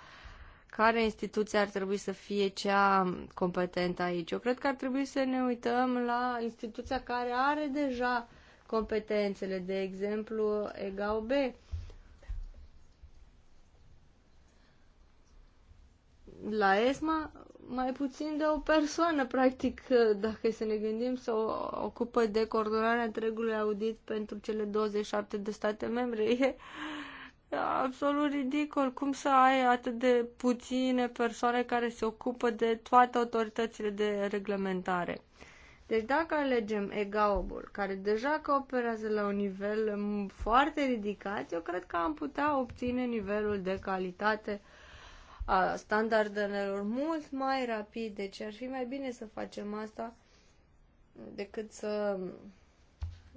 care instituție ar trebui să fie cea competentă aici. Eu cred că ar trebui să ne uităm la instituția care are deja competențele, de exemplu B. La ESMA mai puțin de o persoană, practic, dacă să ne gândim, să o ocupă de coordonarea întregului audit pentru cele 27 de state membre. E absolut ridicol cum să ai atât de puține persoane care se ocupă de toate autoritățile de reglementare. Deci dacă alegem EGAOB-ul, care deja cooperează la un nivel foarte ridicat, eu cred că am putea obține nivelul de calitate a standardelor mult mai rapid. Deci ar fi mai bine să facem asta decât să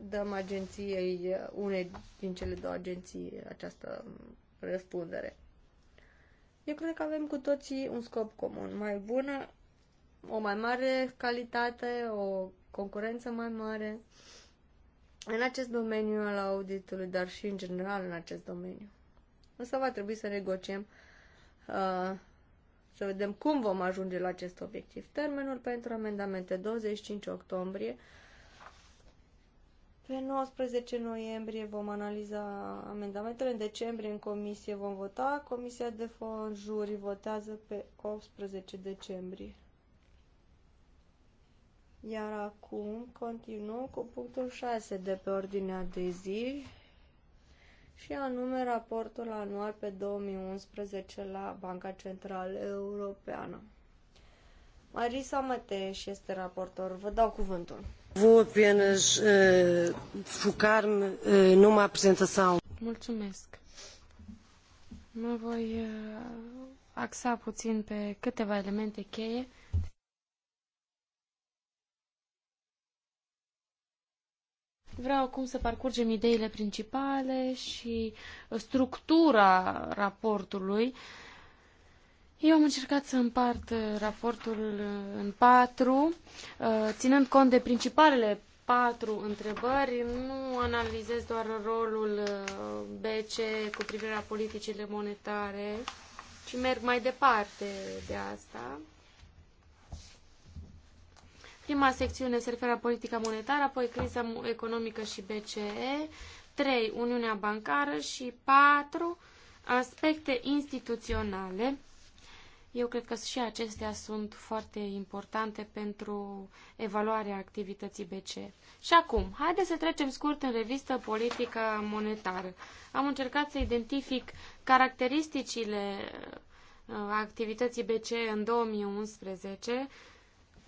dăm agenției, unei din cele două agenții, această răspundere. Eu cred că avem cu toții un scop comun, mai bună, o mai mare calitate, o concurență mai mare în acest domeniu al auditului, dar și în general în acest domeniu. Însă va trebui să negociem, uh, să vedem cum vom ajunge la acest obiectiv. Termenul pentru amendamente 25 octombrie pe 19 noiembrie vom analiza amendamentele, în decembrie în comisie vom vota, comisia de fond jurii votează pe 18 decembrie. Iar acum continuăm cu punctul 6 de pe ordinea de zi și anume raportul anual pe 2011 la Banca Centrală Europeană. Marisa Mateș este raportor. Vă dau cuvântul. Vou apenas uh, focar-me uh, numa apresentação. Mulțumesc. Mă voi uh, axa puțin pe câteva elemente cheie. Vreau acum să parcurgem ideile principale și structura raportului. Uh, eu am încercat să împart uh, raportul uh, în patru, uh, ținând cont de principalele patru întrebări. Nu analizez doar rolul BCE cu privire la politicile monetare, ci merg mai departe de asta. Prima secțiune se referă la politica monetară, apoi criza economică și BCE, 3. Uniunea bancară și 4. Aspecte instituționale eu cred că și acestea sunt foarte importante pentru evaluarea activității BC. Și acum, haideți să trecem scurt în revistă politică monetară. Am încercat să identific caracteristicile uh, activității BCE în 2011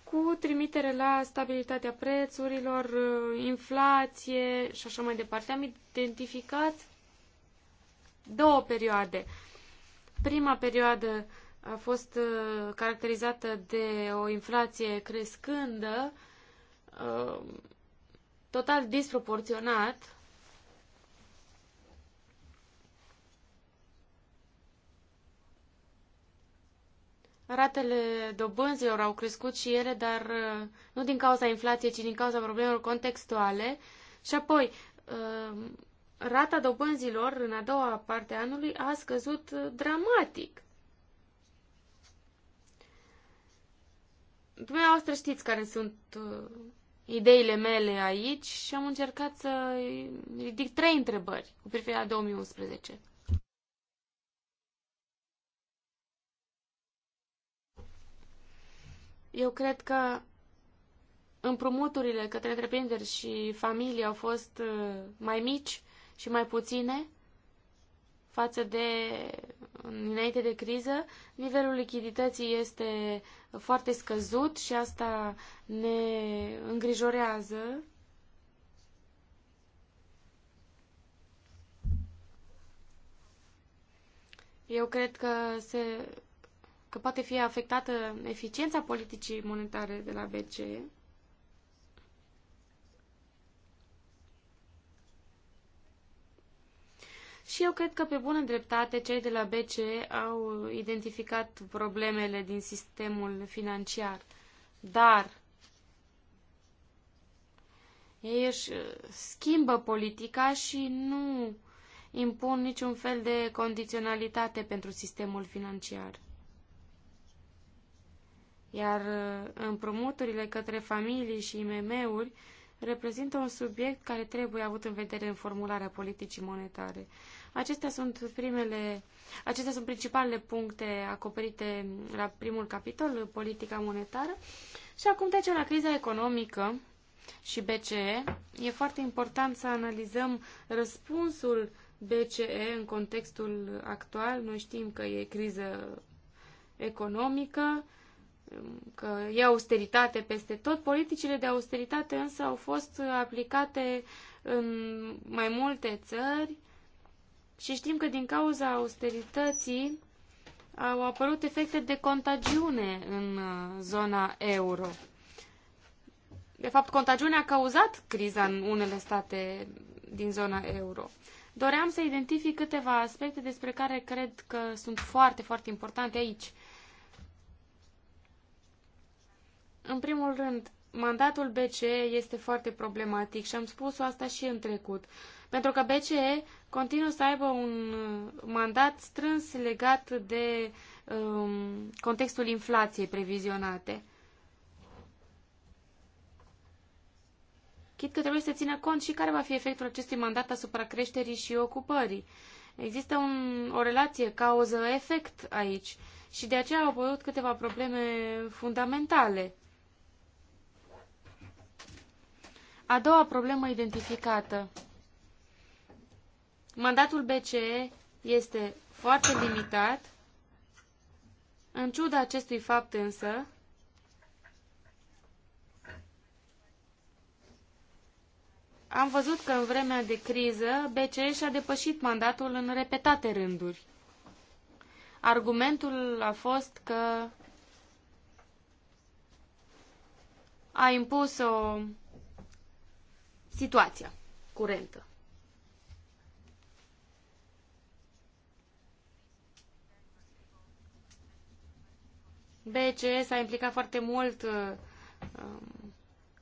cu trimitere la stabilitatea prețurilor, uh, inflație și așa mai departe. Am identificat două perioade. Prima perioadă a fost uh, caracterizată de o inflație crescândă, uh, total disproporționat. Ratele dobânzilor au crescut și ele, dar uh, nu din cauza inflației, ci din cauza problemelor contextuale. Și apoi, rata dobânzilor în a doua parte a anului a scăzut dramatic. Dumneavoastră știți care sunt uh, ideile mele aici și am încercat să ridic trei întrebări cu privire la 2011. Eu cred că împrumuturile către întreprinderi și familie au fost uh, mai mici și mai puține față de înainte de criză, nivelul lichidității este foarte scăzut și asta ne îngrijorează. Eu cred că, se, că poate fi afectată eficiența politicii monetare de la BCE. Și eu cred că pe bună dreptate cei de la BCE au identificat problemele din sistemul financiar. Dar ei își uh, schimbă politica și nu impun niciun fel de condiționalitate pentru sistemul financiar. Iar uh, împrumuturile către familii și IMM-uri reprezintă un subiect care trebuie avut în vedere în formularea politicii monetare. Acestea sunt primele, acestea sunt principalele puncte acoperite la primul capitol, politica monetară. Și acum trecem la criza economică și BCE. E foarte important să analizăm răspunsul BCE în contextul actual. Noi știm că e criză economică, că e austeritate peste tot. Politicile de austeritate însă au fost aplicate în mai multe țări și știm că din cauza austerității au apărut efecte de contagiune în uh, zona euro. De fapt, contagiunea a cauzat criza în unele state din zona euro. Doream să identific câteva aspecte despre care cred că sunt foarte, foarte importante aici. În primul rând, mandatul BCE este foarte problematic și am spus-o asta și în trecut. Pentru că BCE continuă să aibă un mandat strâns legat de um, contextul inflației previzionate. Chit că trebuie să țină cont și care va fi efectul acestui mandat asupra creșterii și ocupării. Există un, o relație cauză-efect aici și de aceea au apărut câteva probleme fundamentale. A doua problemă identificată Mandatul BCE este foarte limitat. În ciuda acestui fapt însă, am văzut că în vremea de criză BCE și-a depășit mandatul în repetate rânduri. Argumentul a fost că a impus o situație curentă. BCE s-a implicat foarte mult uh, um,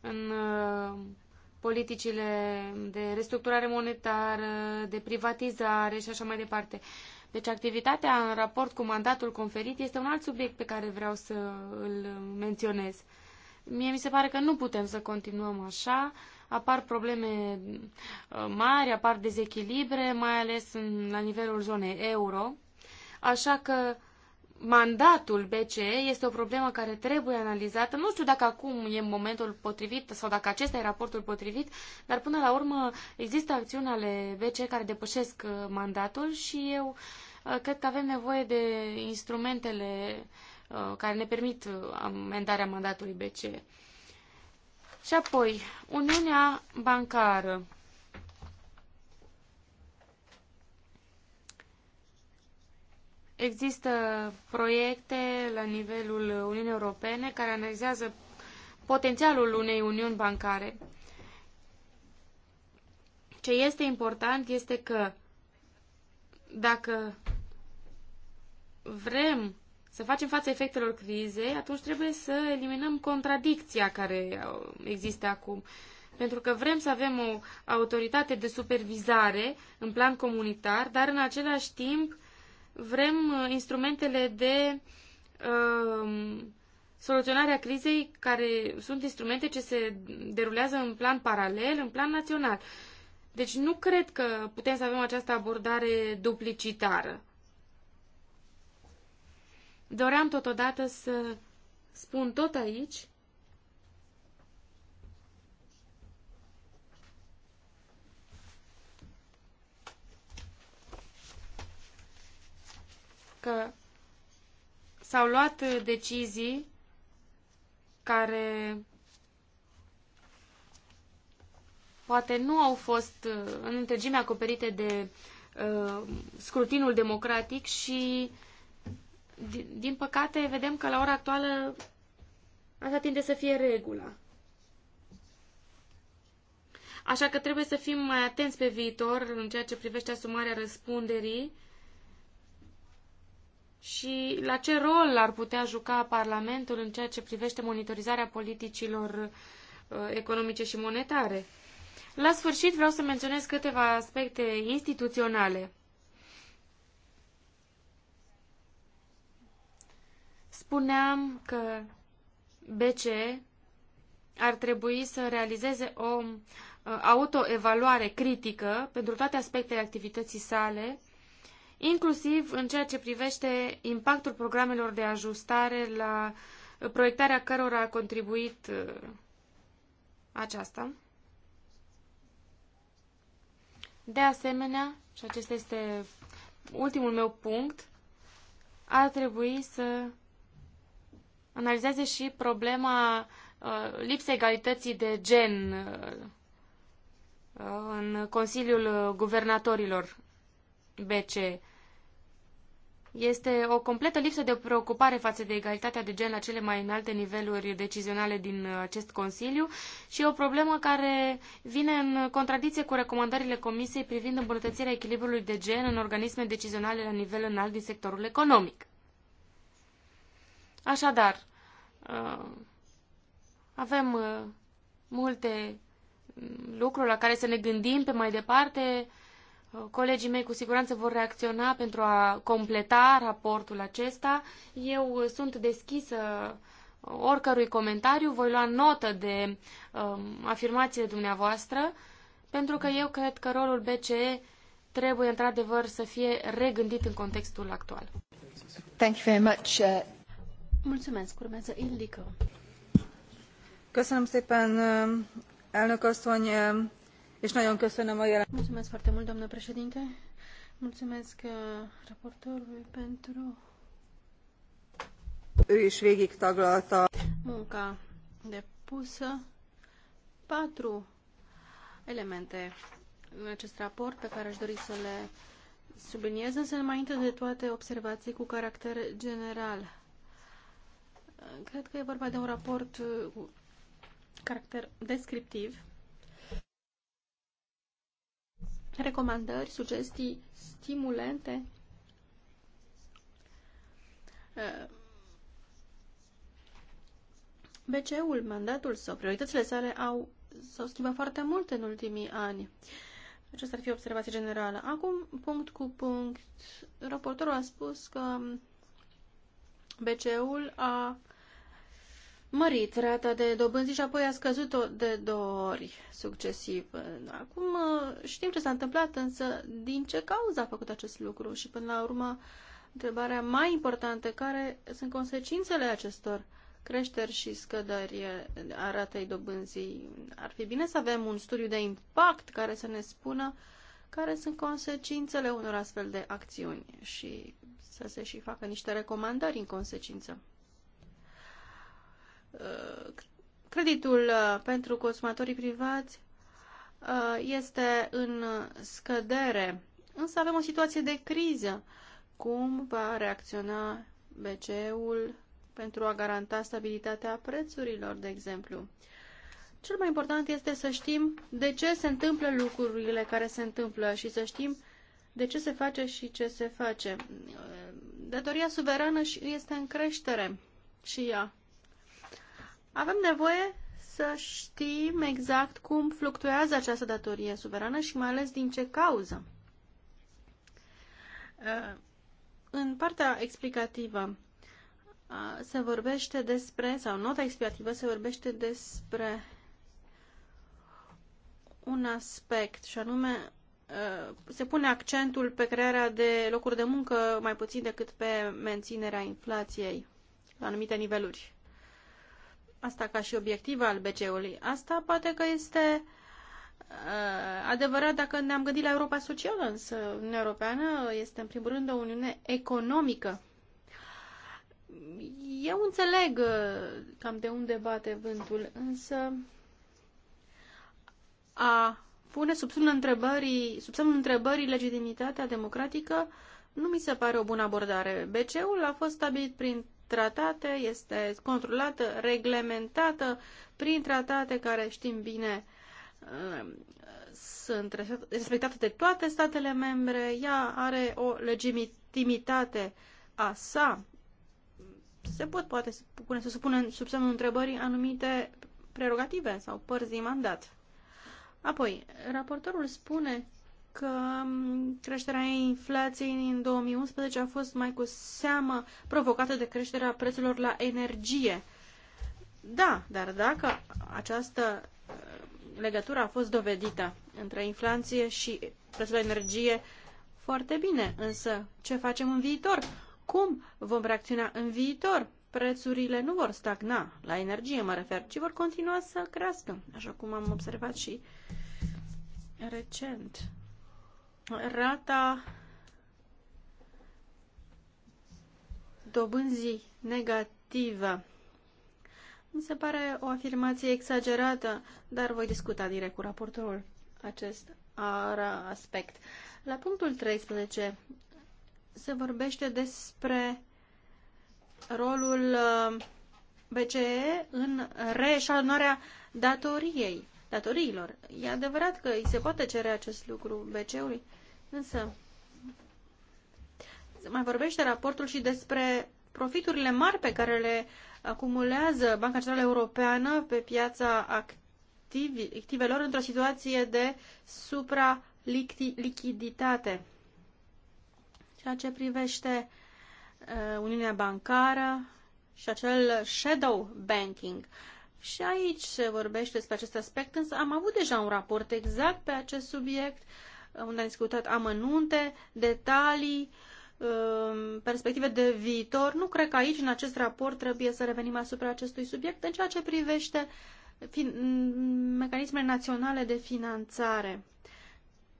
în uh, politicile de restructurare monetară, de privatizare și așa mai departe. Deci activitatea în raport cu mandatul conferit este un alt subiect pe care vreau să îl menționez. Mie mi se pare că nu putem să continuăm așa. Apar probleme uh, mari, apar dezechilibre, mai ales în, la nivelul zonei euro. Așa că mandatul BCE este o problemă care trebuie analizată. Nu știu dacă acum e momentul potrivit sau dacă acesta e raportul potrivit, dar până la urmă există acțiuni ale BCE care depășesc uh, mandatul și eu uh, cred că avem nevoie de instrumentele uh, care ne permit amendarea mandatului BCE. Și apoi, Uniunea Bancară. Există proiecte la nivelul Uniunii Europene care analizează potențialul unei uniuni bancare. Ce este important este că dacă vrem să facem față efectelor crizei, atunci trebuie să eliminăm contradicția care există acum. Pentru că vrem să avem o autoritate de supervizare în plan comunitar, dar în același timp vrem uh, instrumentele de uh, soluționare a crizei, care sunt instrumente ce se derulează în plan paralel, în plan național. Deci nu cred că putem să avem această abordare duplicitară. Doream totodată să spun tot aici că s-au luat decizii care poate nu au fost uh, în întregime acoperite de uh, scrutinul democratic și, din, din păcate, vedem că la ora actuală asta tinde să fie regula. Așa că trebuie să fim mai atenți pe viitor în ceea ce privește asumarea răspunderii uh, și la ce rol ar putea juca Parlamentul în ceea ce privește monitorizarea politicilor uh, economice și monetare. La sfârșit vreau să menționez câteva aspecte instituționale. Spuneam că BCE ar trebui să realizeze o uh, autoevaluare critică pentru toate aspectele activității sale inclusiv în ceea ce privește impactul programelor de ajustare la proiectarea cărora a contribuit uh, aceasta. De asemenea, și acesta este ultimul meu punct, ar trebui să analizeze și problema uh, lipsei egalității de gen uh, în Consiliul Guvernatorilor BCE este o completă lipsă de preocupare față de egalitatea de gen la cele mai înalte niveluri decizionale din uh, acest Consiliu și o problemă care vine în contradicție cu recomandările Comisiei privind îmbunătățirea echilibrului de gen în organisme decizionale la nivel înalt din sectorul economic. Așadar, uh, avem uh, multe lucruri la care să ne gândim pe mai departe, Colegii mei cu siguranță vor reacționa pentru a completa raportul acesta. Eu sunt deschisă oricărui comentariu, voi lua notă de um, afirmațiile dumneavoastră, pentru că eu cred că rolul BCE trebuie într-adevăr să fie regândit în contextul actual. Thank you very much. Uh, Mulțumesc. Urmează Ildică. Köszönöm um, elnök asszony. Um, deci, Mulțumesc foarte mult, doamnă Mulțumesc uh, raportorului pentru... Ő is végig taglalta. Munca depusă. Patru elemente în acest raport pe care aș dori să le subliniez, însă înainte de toate observații cu caracter general. Cred că e vorba de un raport cu caracter descriptiv recomandări, sugestii stimulente eh, BCE-ul, mandatul sau prioritățile sale au, s-au schimbat foarte mult în ultimii ani. Aceasta ar fi observație generală. Acum, punct cu punct, raportorul a spus că BCE-ul a mărit rata de dobânzi și apoi a scăzut-o de două ori succesiv. Acum uh, știm ce s-a întâmplat, însă din ce cauză a făcut acest lucru și până la urmă întrebarea mai importantă, care sunt consecințele acestor creșteri și scădări a ratei dobânzii. Ar fi bine să avem un studiu de impact care să ne spună care sunt consecințele unor astfel de acțiuni și să se și facă niște recomandări în consecință. Uh, creditul uh, pentru consumatorii privați uh, este în scădere, însă avem o situație de criză. Cum va reacționa BCE-ul pentru a garanta stabilitatea prețurilor, de exemplu? Cel mai important este să știm de ce se întâmplă lucrurile care se întâmplă și să știm de ce se face și ce se face. Datoria suverană este în creștere și ea. Avem nevoie să știm exact cum fluctuează această datorie suverană și mai ales din ce cauză. Uh, în partea explicativă uh, se vorbește despre, sau nota explicativă se vorbește despre un aspect și anume uh, se pune accentul pe crearea de locuri de muncă mai puțin decât pe menținerea inflației la anumite niveluri asta ca și obiectiv al BCE-ului. Asta poate că este uh, adevărat dacă ne-am gândit la Europa Socială, însă Uniunea Europeană este în primul rând o Uniune economică. Eu înțeleg uh, cam de unde bate vântul, însă a pune sub semnul întrebării, sub semnul întrebării legitimitatea democratică nu mi se pare o bună abordare. BCE-ul a fost stabilit prin tratate, este controlată, reglementată prin tratate care, știm bine, um, sunt respectate de toate statele membre, ea are o legitimitate a sa. Se pot, poate, pune, să supune sub semnul întrebării anumite prerogative sau părți din mandat. Apoi, raportorul spune că mm, creșterea inflației în 2011 a fost mai cu seamă provocată de creșterea prețurilor la energie. Da, dar dacă această mm, legătură a fost dovedită între inflație și prețul la energie, foarte bine, însă ce facem în viitor? Cum vom reacționa în viitor? Prețurile nu vor stagna, la energie mă refer, ci vor continua să crească, așa cum am observat și recent rata dobânzii negativă. Mi se pare o afirmație exagerată, dar voi discuta direct cu raportorul acest aspect. La punctul 13 se vorbește despre rolul uh, BCE în reeșalonarea datoriei datoriilor. E adevărat că îi se poate cere acest lucru BC-ului, însă mai vorbește raportul și despre profiturile mari pe care le acumulează Banca Centrală Europeană pe piața activelor într-o situație de supralichiditate. Ceea ce privește uh, Uniunea Bancară și acel shadow banking. Uh, și aici se vorbește despre acest aspect, însă am avut deja un raport exact pe acest subiect, unde am discutat amănunte, detalii, um, perspective de viitor. Nu cred că aici, în acest raport, trebuie să revenim asupra acestui subiect în ceea ce privește mecanismele naționale de finanțare.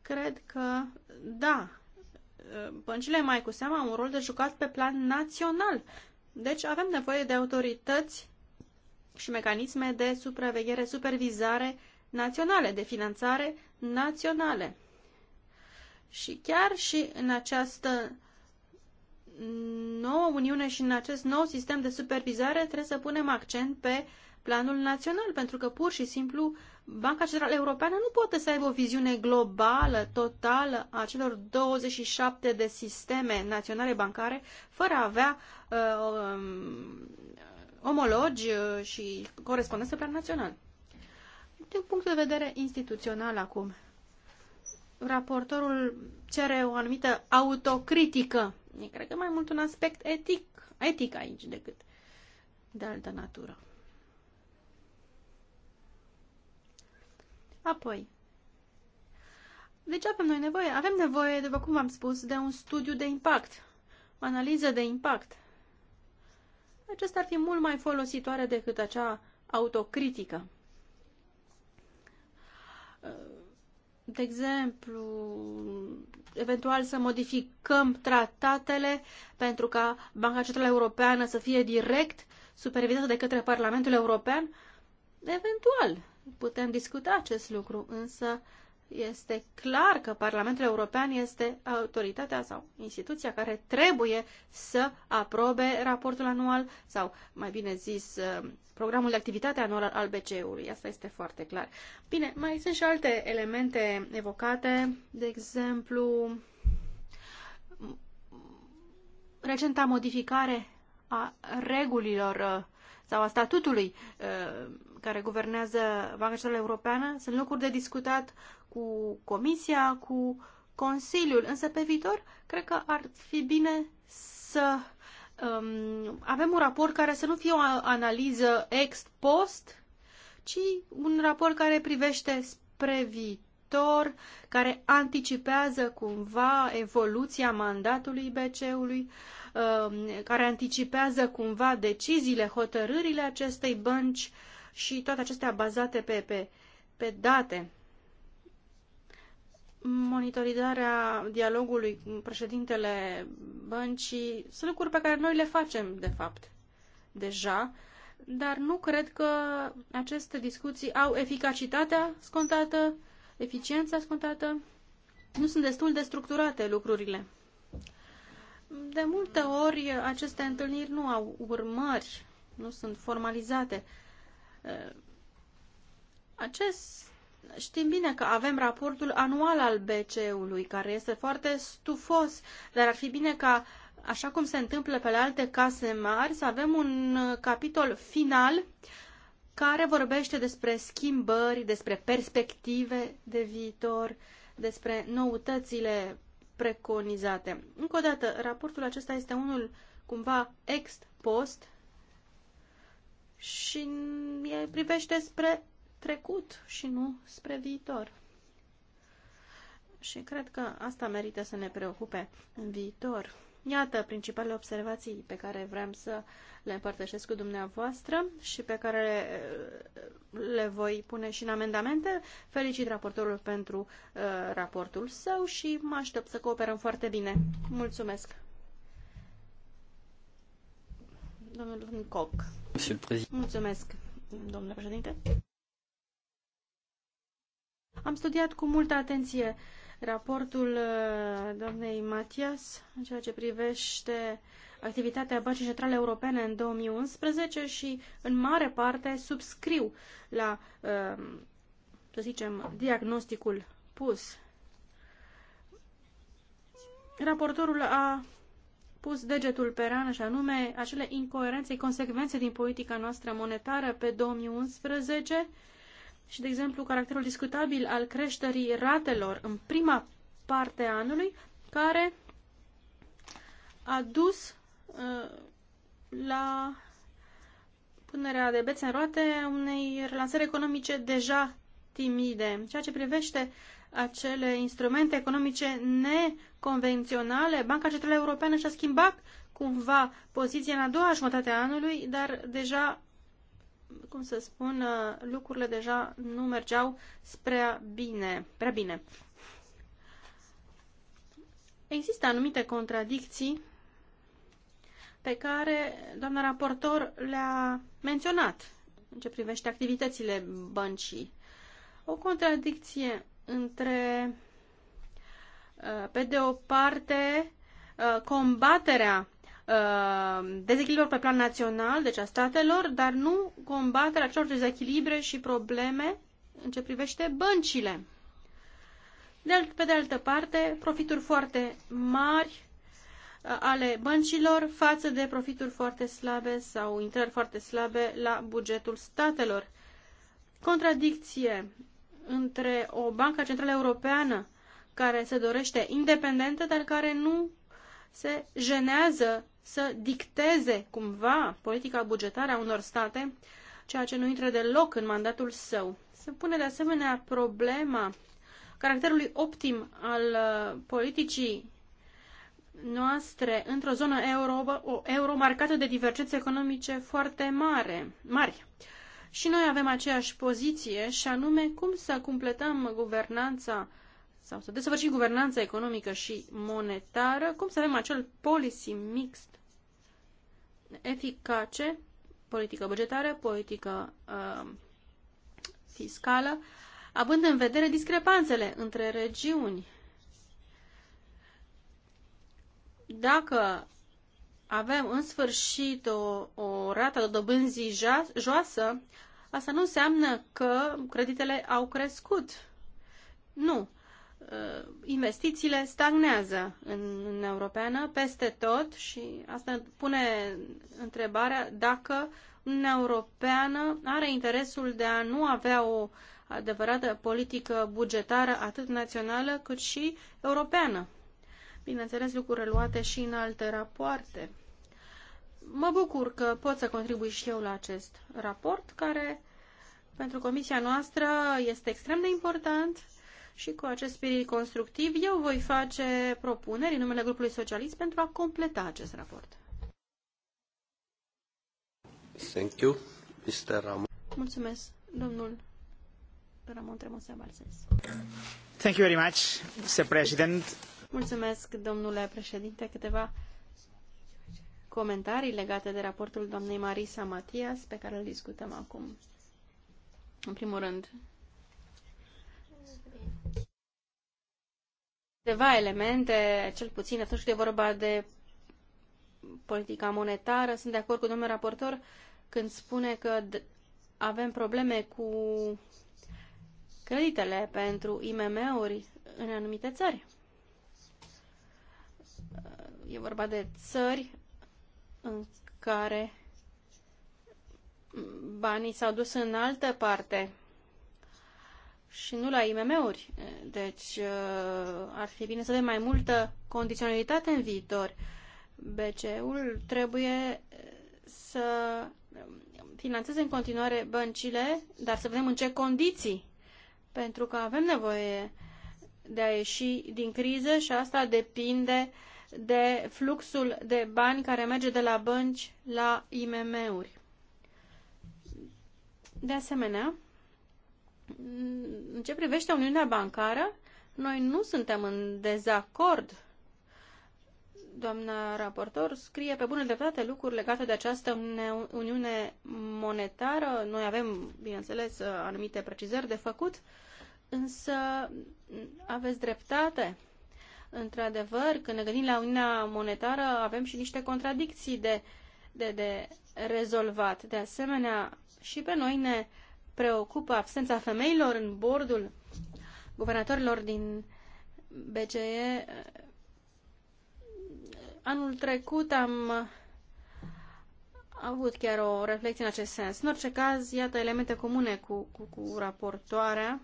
Cred că, da, băncile mai cu seama au un rol de jucat pe plan național. Deci avem nevoie de autorități și mecanisme de supraveghere, supervizare naționale, de finanțare naționale. Și chiar și în această nouă Uniune și în acest nou sistem de supervizare trebuie să punem accent pe planul național, pentru că pur și simplu Banca Centrală Europeană nu poate să aibă o viziune globală, totală a celor 27 de sisteme naționale bancare fără a avea uh, um, omologi uh, și corespondență pe plan național. Din punct de vedere instituțional acum, raportorul cere o anumită autocritică. E, cred că mai mult un aspect etic, etic aici decât de altă natură. Apoi, ce avem noi nevoie, avem nevoie, după cum am spus, de un studiu de impact, o analiză de impact. Acesta ar fi mult mai folositoare decât acea autocritică. De exemplu, eventual să modificăm tratatele pentru ca Banca Centrală Europeană să fie direct supervizată de către Parlamentul European. Eventual, putem discuta acest lucru, însă uh, este clar că Parlamentul European este autoritatea sau instituția care trebuie să aprobe raportul anual sau, mai bine zis, uh, programul de activitate anual al BCE-ului. Asta este foarte clar. Bine, mai sunt și alte elemente evocate, de exemplu, recenta modificare a regulilor uh, sau a statutului uh, care guvernează Banca Centrală Europeană. Sunt lucruri de discutat cu Comisia, cu Consiliul, însă pe viitor cred că ar fi bine să um, avem un raport care să nu fie o analiză ex post, ci un raport care privește spre viitor, care anticipează cumva evoluția mandatului bce ului um, care anticipează cumva deciziile, hotărârile acestei bănci și toate acestea bazate pe, pe, pe date monitorizarea dialogului cu președintele băncii sunt lucruri pe care noi le facem, de fapt, deja, dar nu cred că aceste discuții au eficacitatea scontată, eficiența scontată. Nu sunt destul de structurate lucrurile. De multe ori aceste întâlniri nu au urmări, nu sunt formalizate. Acest Știm bine că avem raportul anual al BCE-ului, care este foarte stufos, dar ar fi bine ca, așa cum se întâmplă pe la alte case mari, să avem un uh, capitol final care vorbește despre schimbări, despre perspective de viitor, despre noutățile preconizate. Încă o dată, raportul acesta este unul cumva ex post și privește spre trecut și nu spre viitor. Și cred că asta merită să ne preocupe în viitor. Iată principalele observații pe care vrem să le împărtășesc cu dumneavoastră și pe care eh, le voi pune și în amendamente. Felicit raportorul pentru uh, raportul său și mă aștept să cooperăm foarte bine. Mulțumesc! Domnul Coc. Mulțumesc, domnule președinte. Am studiat cu multă atenție raportul uh, doamnei Matias în ceea ce privește activitatea Băncii Centrale Europene în 2011 și în mare parte subscriu la, uh, să zicem, diagnosticul pus. Raportorul a pus degetul pe rană și anume acele incoerențe, consecvențe din politica noastră monetară pe 2011 și, de exemplu, caracterul discutabil al creșterii ratelor în prima parte a anului, care a dus uh, la punerea de bețe în roate unei relansări economice deja timide. Ceea ce privește acele instrumente economice neconvenționale, Banca Centrală Europeană și-a schimbat cumva poziția în a doua jumătate a anului, dar deja cum să spun, uh, lucrurile deja nu mergeau spre bine, prea bine. Există anumite contradicții pe care doamna raportor le-a menționat în ce privește activitățile băncii. O contradicție între, uh, pe de o parte, uh, combaterea Uh, dezechilibru pe plan național, deci a statelor, dar nu combaterea acelor dezechilibre și probleme în ce privește băncile. De alt, pe de altă parte, profituri foarte mari uh, ale băncilor față de profituri foarte slabe sau intrări foarte slabe la bugetul statelor. Contradicție între o bancă centrală europeană care se dorește independentă, dar care nu se jenează să dicteze cumva politica bugetară a unor state, ceea ce nu intră deloc în mandatul său. Se pune de asemenea problema caracterului optim al uh, politicii noastre într-o zonă euro, o euro marcată de divergențe economice foarte mare, mari. Și noi avem aceeași poziție și anume cum să completăm guvernanța sau să desăvârșim guvernanța economică și monetară, cum să avem acel policy mix eficace, politică bugetară, politică uh, fiscală, având în vedere discrepanțele între regiuni. Dacă avem în sfârșit o, o rată de dobânzii joasă, asta nu înseamnă că creditele au crescut. Nu. Uh, investițiile stagnează în Uniunea Europeană peste tot și asta pune întrebarea dacă Uniunea Europeană are interesul de a nu avea o adevărată politică bugetară atât națională cât și europeană. Bineînțeles, lucruri luate și în alte rapoarte. Mă bucur că pot să contribui și eu la acest raport, care pentru comisia noastră este extrem de important și cu acest spirit constructiv eu voi face propuneri în numele grupului socialist pentru a completa acest raport. Thank you, Mr. Ramon. Mulțumesc, domnul Ramon Tremosa Balses. Thank you very much, Mr. President. Mulțumesc, domnule președinte. Câteva comentarii legate de raportul doamnei Marisa Matias pe care îl discutăm acum. În primul rând, câteva elemente, cel puțin atunci când e vorba de politica monetară. Sunt de acord cu domnul raportor când spune că avem probleme cu creditele pentru IMM-uri în anumite țări. E vorba de țări în care banii s-au dus în altă parte și nu la IMM-uri. Deci uh, ar fi bine să avem mai multă condiționalitate în viitor. BCE-ul trebuie uh, să finanțeze în continuare băncile, dar să vedem în ce condiții. Pentru că avem nevoie de a ieși din criză și asta depinde de fluxul de bani care merge de la bănci la IMM-uri. De asemenea, în ce privește Uniunea Bancară, noi nu suntem în dezacord. Doamna raportor scrie pe bună dreptate lucruri legate de această Uniune Monetară. Noi avem, bineînțeles, anumite precizări de făcut, însă aveți dreptate. Într-adevăr, când ne gândim la Uniunea Monetară, avem și niște contradicții de, de, de rezolvat. De asemenea, și pe noi ne preocupă absența femeilor în bordul guvernatorilor din BCE. Anul trecut am avut chiar o reflexie în acest sens. În orice caz, iată elemente comune cu, cu, cu raportoarea,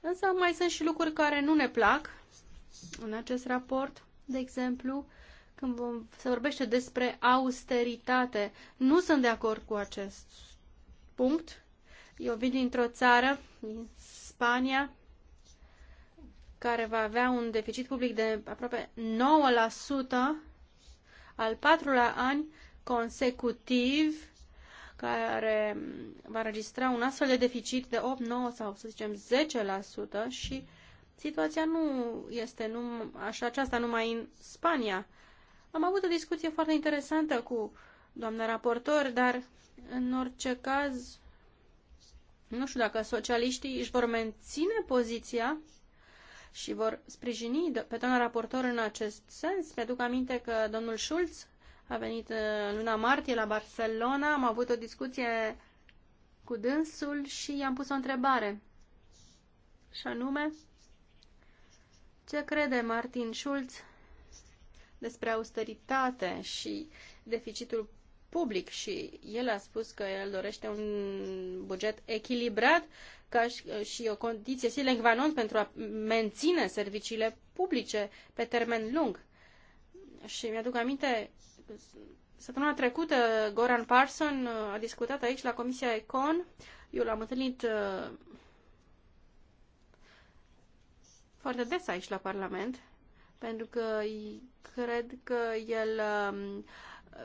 însă mai sunt și lucruri care nu ne plac în acest raport. De exemplu, când vom, se vorbește despre austeritate, nu sunt de acord cu acest punct. Eu vin dintr-o țară, din Spania, care va avea un deficit public de aproape 9% al patrulea an consecutiv care va registra un astfel de deficit de 8, 9 sau să zicem 10% și situația nu este num, așa aceasta numai în Spania. Am avut o discuție foarte interesantă cu doamna raportor, dar în orice caz nu știu dacă socialiștii își vor menține poziția și vor sprijini pe doamna raportor în acest sens. Mi-aduc aminte că domnul Schulz a venit uh, în luna martie la Barcelona, am avut o discuție cu dânsul și i-am pus o întrebare. Și anume, ce crede Martin Schulz despre austeritate și deficitul public și el a spus că el dorește un buget echilibrat ca și o condiție sine qua non pentru a menține serviciile publice pe termen lung. Și mi-aduc aminte, săptămâna trecută Goran Parson uh, a discutat aici la Comisia Econ, eu l-am întâlnit uh, foarte des aici la Parlament, pentru că cred că el um,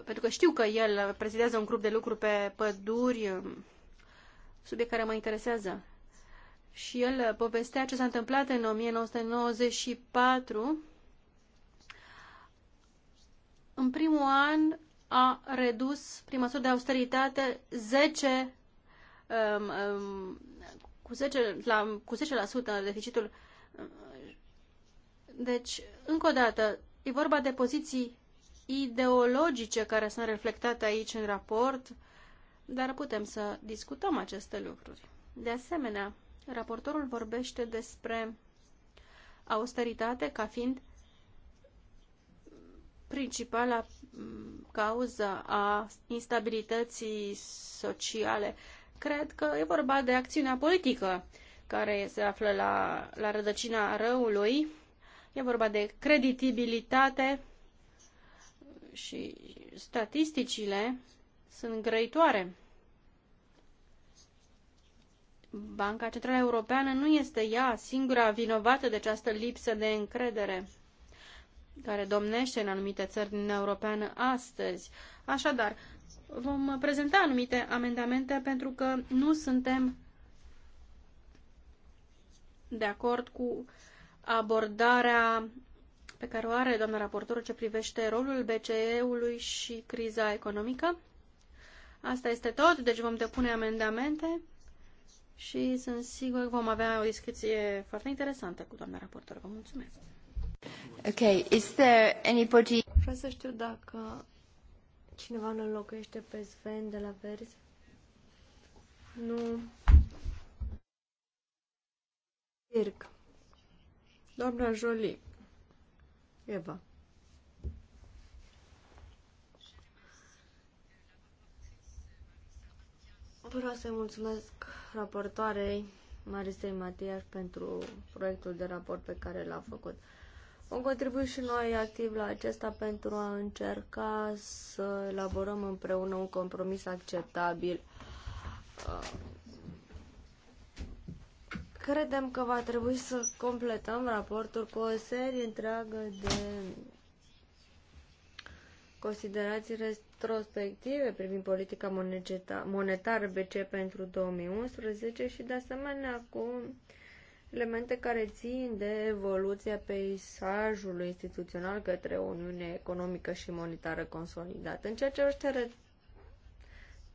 pentru că știu că el prezidează un grup de lucru pe păduri, um, subiect care mă interesează. Și el povestea ce s-a întâmplat în 1994. În primul an a redus, prin măsuri de austeritate, 10, um, um, cu, 10 la, cu 10% deficitul. Deci, încă o dată, e vorba de poziții ideologice care sunt reflectate aici în raport, dar putem să discutăm aceste lucruri. De asemenea, raportorul vorbește despre austeritate ca fiind principala cauză a instabilității sociale. Cred că e vorba de acțiunea politică care se află la, la rădăcina răului. E vorba de creditibilitate și statisticile sunt grăitoare. Banca Centrală Europeană nu este ea singura vinovată de această lipsă de încredere care domnește în anumite țări din Europeană astăzi. Așadar, vom prezenta anumite amendamente pentru că nu suntem de acord cu abordarea pe care o are doamna raportor ce privește rolul BCE-ului și criza economică. Asta este tot, deci vom depune amendamente și sunt sigur că vom avea o discuție foarte interesantă cu doamna raportor. Vă mulțumesc. Ok, is there anybody... Vreau să știu dacă cineva nu înlocuiește pe Sven de la Verzi. Nu. Irg. Doamna Jolie. Eva. Vreau să-i mulțumesc raportoarei Marisei Matias pentru proiectul de raport pe care l-a făcut. Vom contribui și noi activ la acesta pentru a încerca să elaborăm împreună un compromis acceptabil uh, Credem că va trebui să completăm raportul cu o serie întreagă de considerații retrospective privind politica monetară BC pentru 2011 și de asemenea cu elemente care țin de evoluția peisajului instituțional către o uniune economică și monetară consolidată. În ceea ce este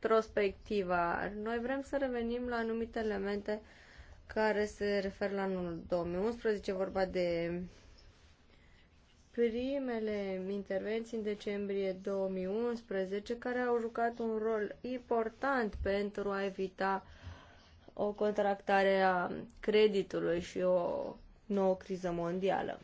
retrospectiva, noi vrem să revenim la anumite elemente care se referă la anul 2011, vorba de primele intervenții în decembrie 2011 care au jucat un rol important pentru a evita o contractare a creditului și o nouă criză mondială.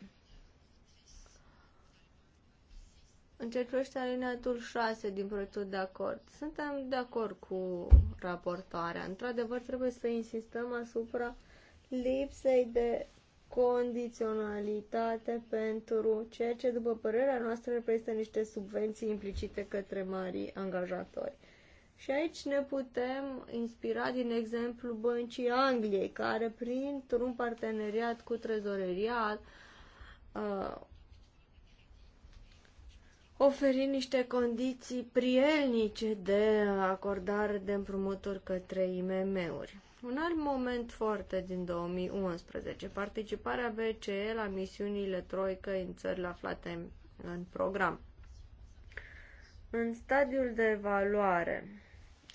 Încercăște alineatul 6 din proiectul de acord, suntem de acord cu raportoarea. Într-adevăr, trebuie să insistăm asupra lipsei de condiționalitate pentru ceea ce, după părerea noastră, reprezintă niște subvenții implicite către mari angajatori. Și aici ne putem inspira din exemplu băncii Angliei, care printr-un parteneriat cu trezoreria uh, oferi niște condiții prielnice de acordare de împrumuturi către IMM-uri. Un alt moment foarte din 2011, participarea BCE la misiunile troică în țări aflate în program. În stadiul de evaluare,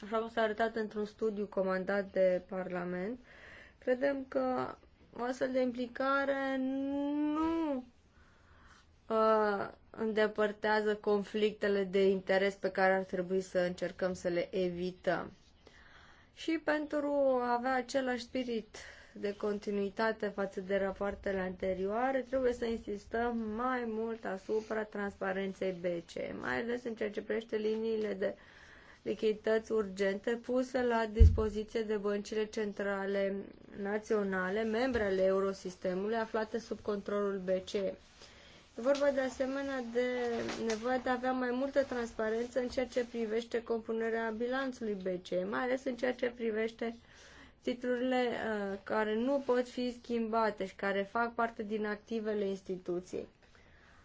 așa cum s-a arătat într-un studiu comandat de Parlament, credem că o astfel de implicare nu Uh, îndepărtează conflictele de interes pe care ar trebui să încercăm să le evităm. Și pentru a avea același spirit de continuitate față de rapoartele anterioare, trebuie să insistăm mai mult asupra transparenței BC, mai ales în ceea ce privește liniile de lichidități urgente puse la dispoziție de băncile centrale naționale, membre ale eurosistemului, aflate sub controlul BCE vorba de asemenea de nevoia de a avea mai multă transparență în ceea ce privește compunerea bilanțului BCE, mai ales în ceea ce privește titlurile uh, care nu pot fi schimbate și care fac parte din activele instituției.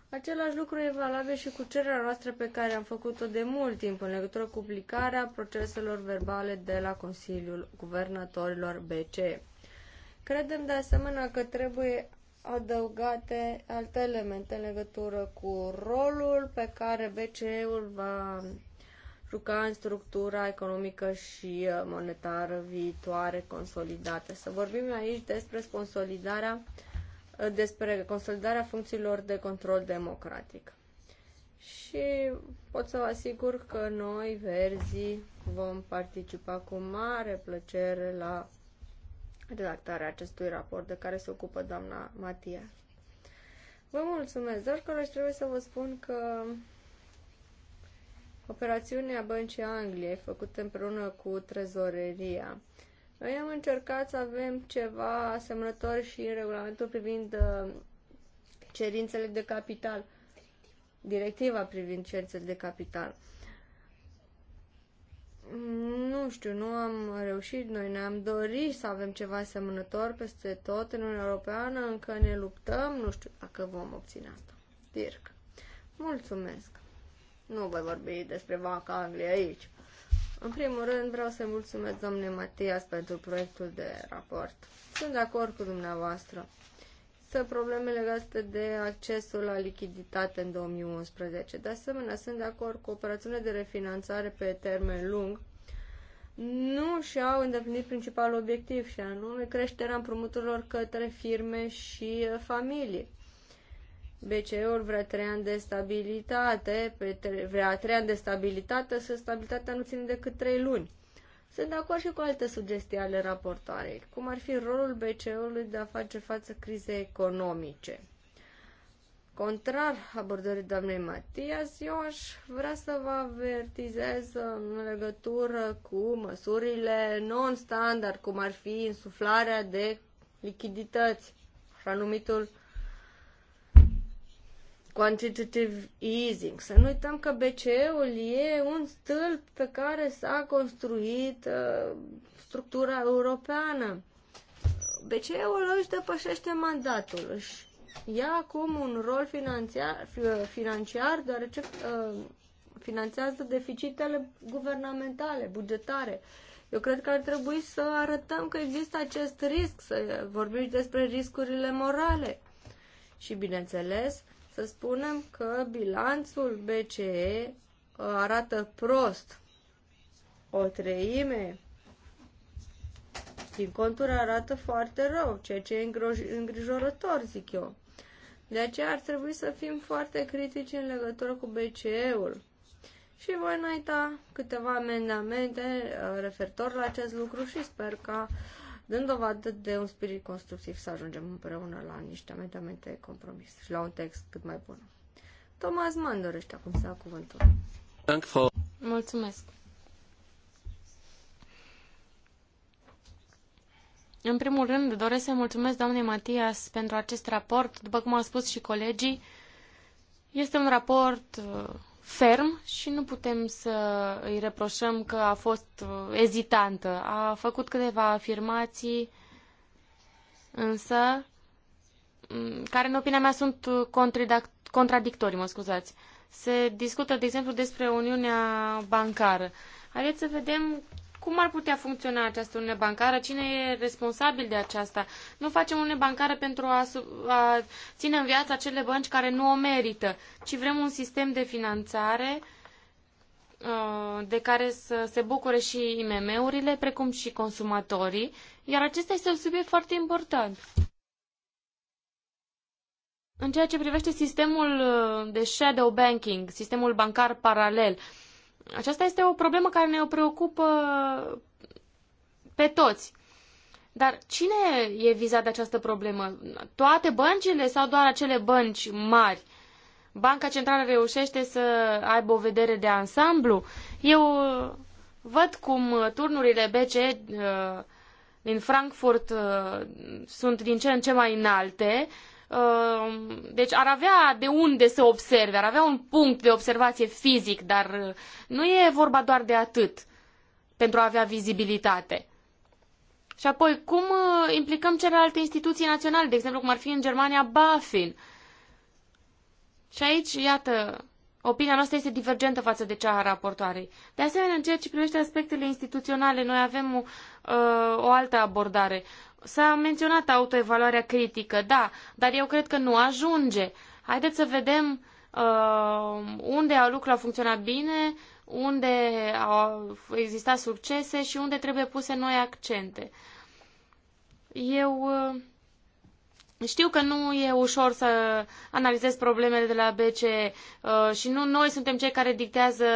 Același lucru e valabil și cu cererea noastră pe care am făcut-o de mult timp în legătură cu publicarea proceselor verbale de la Consiliul Guvernatorilor BCE. Credem de asemenea că trebuie adăugate alte elemente în legătură cu rolul pe care BCE-ul va juca în structura economică și uh, monetară viitoare consolidată. Să vorbim aici despre consolidarea, uh, despre consolidarea funcțiilor de control democratic. Și pot să vă asigur că noi, verzii, vom participa cu mare plăcere la redactarea acestui raport de care se ocupă doamna Matia. Vă mulțumesc, doar că trebuie să vă spun că operațiunea Băncii Angliei, făcută împreună cu trezoreria, noi am încercat să avem ceva asemănător și în regulamentul privind uh, cerințele de capital, directiva privind cerințele de capital nu știu, nu am reușit, noi ne-am dorit să avem ceva asemănător peste tot în Uniunea Europeană, încă ne luptăm, nu știu dacă vom obține asta. Dirk, mulțumesc. Nu voi vorbi despre vaca Anglia aici. În primul rând vreau să mulțumesc domnule Matias pentru proiectul de raport. Sunt de acord cu dumneavoastră. Sunt probleme legate de accesul la lichiditate în 2011. De asemenea, sunt de acord cu operațiunile de refinanțare pe termen lung nu și-au îndeplinit principalul obiectiv și anume creșterea împrumuturilor către firme și familii. BCE-ul vrea trei ani de stabilitate, pe tre- vrea trei ani de stabilitate, să stabilitatea nu ține decât trei luni. Sunt de acord și cu alte sugestii ale raportoarei, cum ar fi rolul BCE-ului de a face față crizei economice. Contrar abordării doamnei Matias, eu aș vrea să vă avertizez în legătură cu măsurile non-standard, cum ar fi insuflarea de lichidități, așa numitul quantitative easing. Să nu uităm că BCE-ul e un stâlp pe care s-a construit uh, structura europeană. BCE-ul își depășește mandatul, își ia acum un rol financiar, financiar deoarece uh, finanțează deficitele guvernamentale, bugetare. Eu cred că ar trebui să arătăm că există acest risc, să vorbim despre riscurile morale. Și bineînțeles, uh, să spunem că bilanțul BCE uh, arată prost. O treime din conturi arată foarte rău, ceea ce e îngrijorător, zic eu. De aceea ar trebui să fim foarte critici în legătură cu BCE-ul. Și voi înainta câteva amendamente uh, referitor la acest lucru și sper ca dând dovadă de un spirit constructiv să ajungem împreună la niște amendamente de compromis și la un text cât mai bun. Thomas Mann dorește acum să ia cuvântul. Mulțumesc. În primul rând, doresc să mulțumesc doamnei Matias pentru acest raport. După cum au spus și colegii, este un raport uh, ferm și nu putem să îi reproșăm că a fost uh, ezitantă. A făcut câteva afirmații, însă, mm, care în opinia mea sunt uh, contradictorii, mă scuzați. Se discută, de exemplu, despre Uniunea Bancară. Haideți să vedem cum ar putea funcționa această uniune bancară? Cine e responsabil de aceasta? Nu facem uniune bancară pentru a, a ține în viață acele bănci care nu o merită, ci vrem un sistem de finanțare uh, de care să se bucure și IMM-urile, precum și consumatorii, iar acesta este un subiect foarte important. În ceea ce privește sistemul uh, de shadow banking, sistemul bancar paralel, uh, aceasta este o problemă care ne preocupă pe toți. Dar cine e vizat de această problemă? Toate băncile sau doar acele bănci mari? Banca Centrală reușește să aibă o vedere de ansamblu? Eu văd cum turnurile BCE uh, din Frankfurt uh, sunt din ce în ce mai înalte, Ehm, deci ar avea de unde să observe, ar avea un punct de observație fizic, dar uh, nu e vorba doar de atât pentru a avea vizibilitate. Și apoi, cum uh, implicăm celelalte instituții naționale, de exemplu, cum ar fi în Germania BaFin? Și aici, iată, opinia noastră este divergentă față de cea a raportoarei. De asemenea, în ceea ce privește aspectele instituționale, noi avem uh, o altă abordare. S-a menționat autoevaluarea critică, da, dar eu cred că nu ajunge. Haideți să vedem uh, unde lucrurile au funcționat bine, unde au existat succese și unde trebuie puse noi accente. Eu uh, știu că nu e ușor să analizez problemele de la BCE uh, și nu noi suntem cei care dictează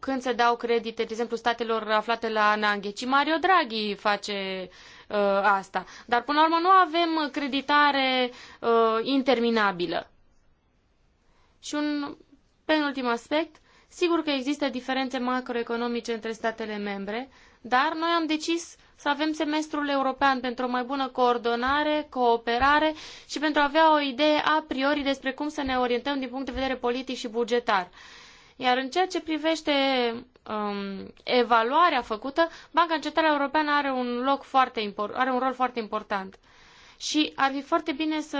când se dau credite, de exemplu, statelor aflate la Nanghe, ci Mario Draghi face uh, asta. Dar până la urmă nu avem creditare uh, interminabilă. Și un penultim aspect, sigur că există diferențe macroeconomice între statele membre, dar noi am decis să avem semestrul european pentru o mai bună coordonare, cooperare și pentru a avea o idee a priori despre cum să ne orientăm din punct de vedere politic și bugetar. Uh, iar în ceea ce privește um, evaluarea făcută, Banca Centrală Europeană are un, loc foarte impor- are un rol foarte important. Și ar fi foarte bine să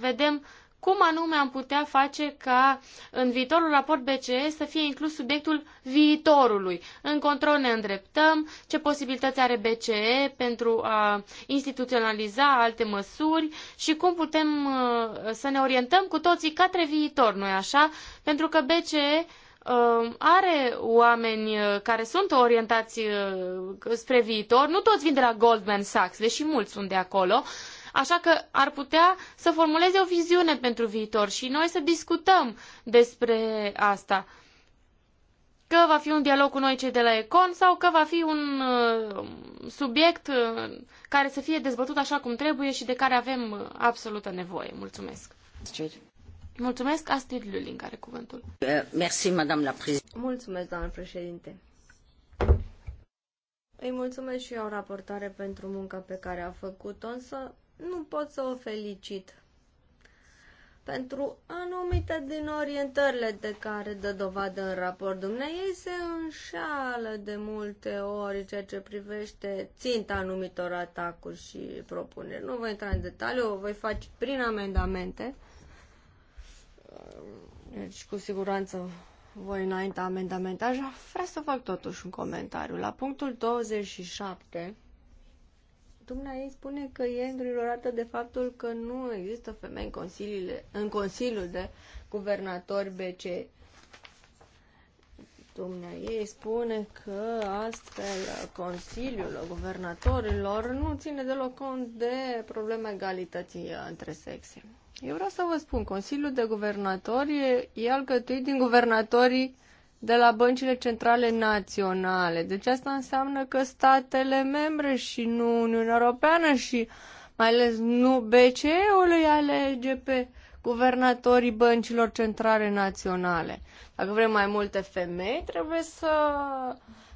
vedem cum anume am putea face ca în viitorul raport BCE să fie inclus subiectul viitorului. În control ne îndreptăm, ce posibilități are BCE pentru a instituționaliza alte măsuri și cum putem uh, să ne orientăm cu toții către viitor, nu așa? Pentru că BCE uh, are oameni uh, care sunt orientați spre viitor, nu toți vin de la Goldman Sachs, deși mulți sunt de acolo, Așa că ar putea să formuleze o viziune pentru viitor și noi să discutăm despre asta. Că va fi un dialog cu noi cei de la Econ sau că va fi un uh, subiect uh, care să fie dezbătut așa cum trebuie și de care avem uh, absolută nevoie. Mulțumesc! Astrid. Mulțumesc, Astrid Luling are cuvântul. Uh, merci, madame la Mulțumesc, doamnă președinte. Îi mulțumesc și eu, raportare, pentru munca pe care a făcut-o, însă nu pot să o felicit pentru anumite din orientările de care dă dovadă în raport ei se înșală de multe ori ceea ce privește ținta anumitor atacuri și propuneri. Nu voi intra în detaliu, o voi face prin amendamente. Deci, cu siguranță voi înainta amendamente. Aș vrea să fac totuși un comentariu. La punctul 27, Dumnea ei spune că e îngrijorată de faptul că nu există femei în, consiliile, în Consiliul de Guvernatori BC. Dumnea ei spune că astfel Consiliul Guvernatorilor nu ține deloc cont de problema egalității între sexe. Eu vreau să vă spun, Consiliul de Guvernatori e, e alcătuit din guvernatorii de la băncile centrale naționale. Deci asta înseamnă că statele membre și nu Uniunea Europeană și mai ales nu BCE-ul îi alege pe guvernatorii băncilor centrale naționale. Dacă vrem mai multe femei, trebuie să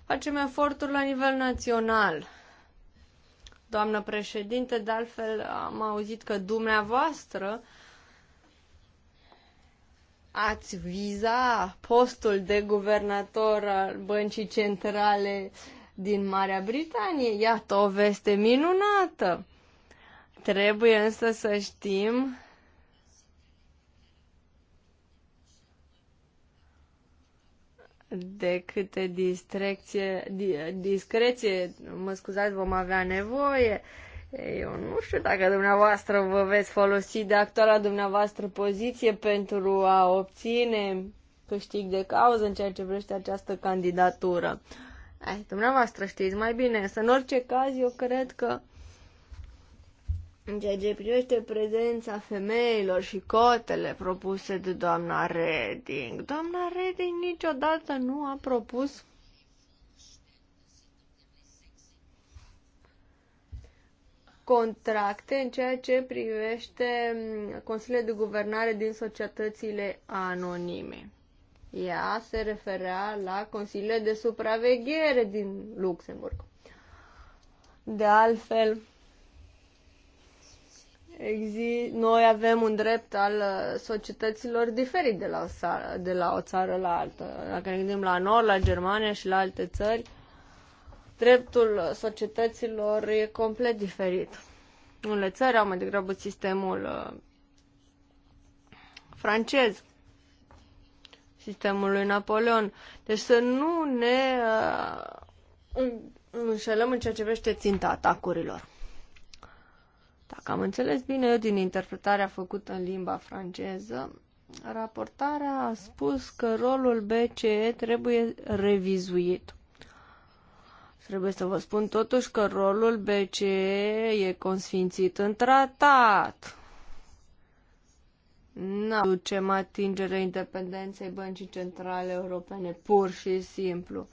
facem eforturi la nivel național. Doamnă președinte, de altfel am auzit că dumneavoastră uh, ați viza postul de guvernator al băncii centrale din Marea Britanie. Iată o veste minunată. Trebuie însă să știm de câte distrecție, discreție, mă scuzați, vom avea nevoie. Uh, eu nu știu dacă dumneavoastră vă veți folosi de actuala dumneavoastră poziție pentru a obține câștig de cauză în ceea ce vrește această candidatură. Ai, dumneavoastră știți mai bine, însă în orice caz eu cred că în ceea ce privește prezența femeilor și cotele propuse de doamna Reding, doamna Reding niciodată nu a propus contracte în ceea ce privește mm, consiliile de guvernare din societățile anonime. Ea se referea la consiliile de supraveghere din Luxemburg. De altfel, exi- noi avem un drept al uh, societăților diferit de la o, țară, de la o țară la alta. Dacă ne gândim la Nord, la Germania și la alte țări, dreptul societăților e complet diferit. Unele țări au mai degrabă sistemul uh, francez, sistemul lui Napoleon. Deci să nu ne uh, înșelăm în ceea ce vește ținta atacurilor. Dacă am înțeles bine eu din interpretarea făcută în limba franceză, raportarea a spus că rolul BCE trebuie revizuit. Trebuie să vă spun totuși că rolul BCE e consfințit în tratat. Nu ducem atingere independenței Băncii Centrale Europene, pur și simplu.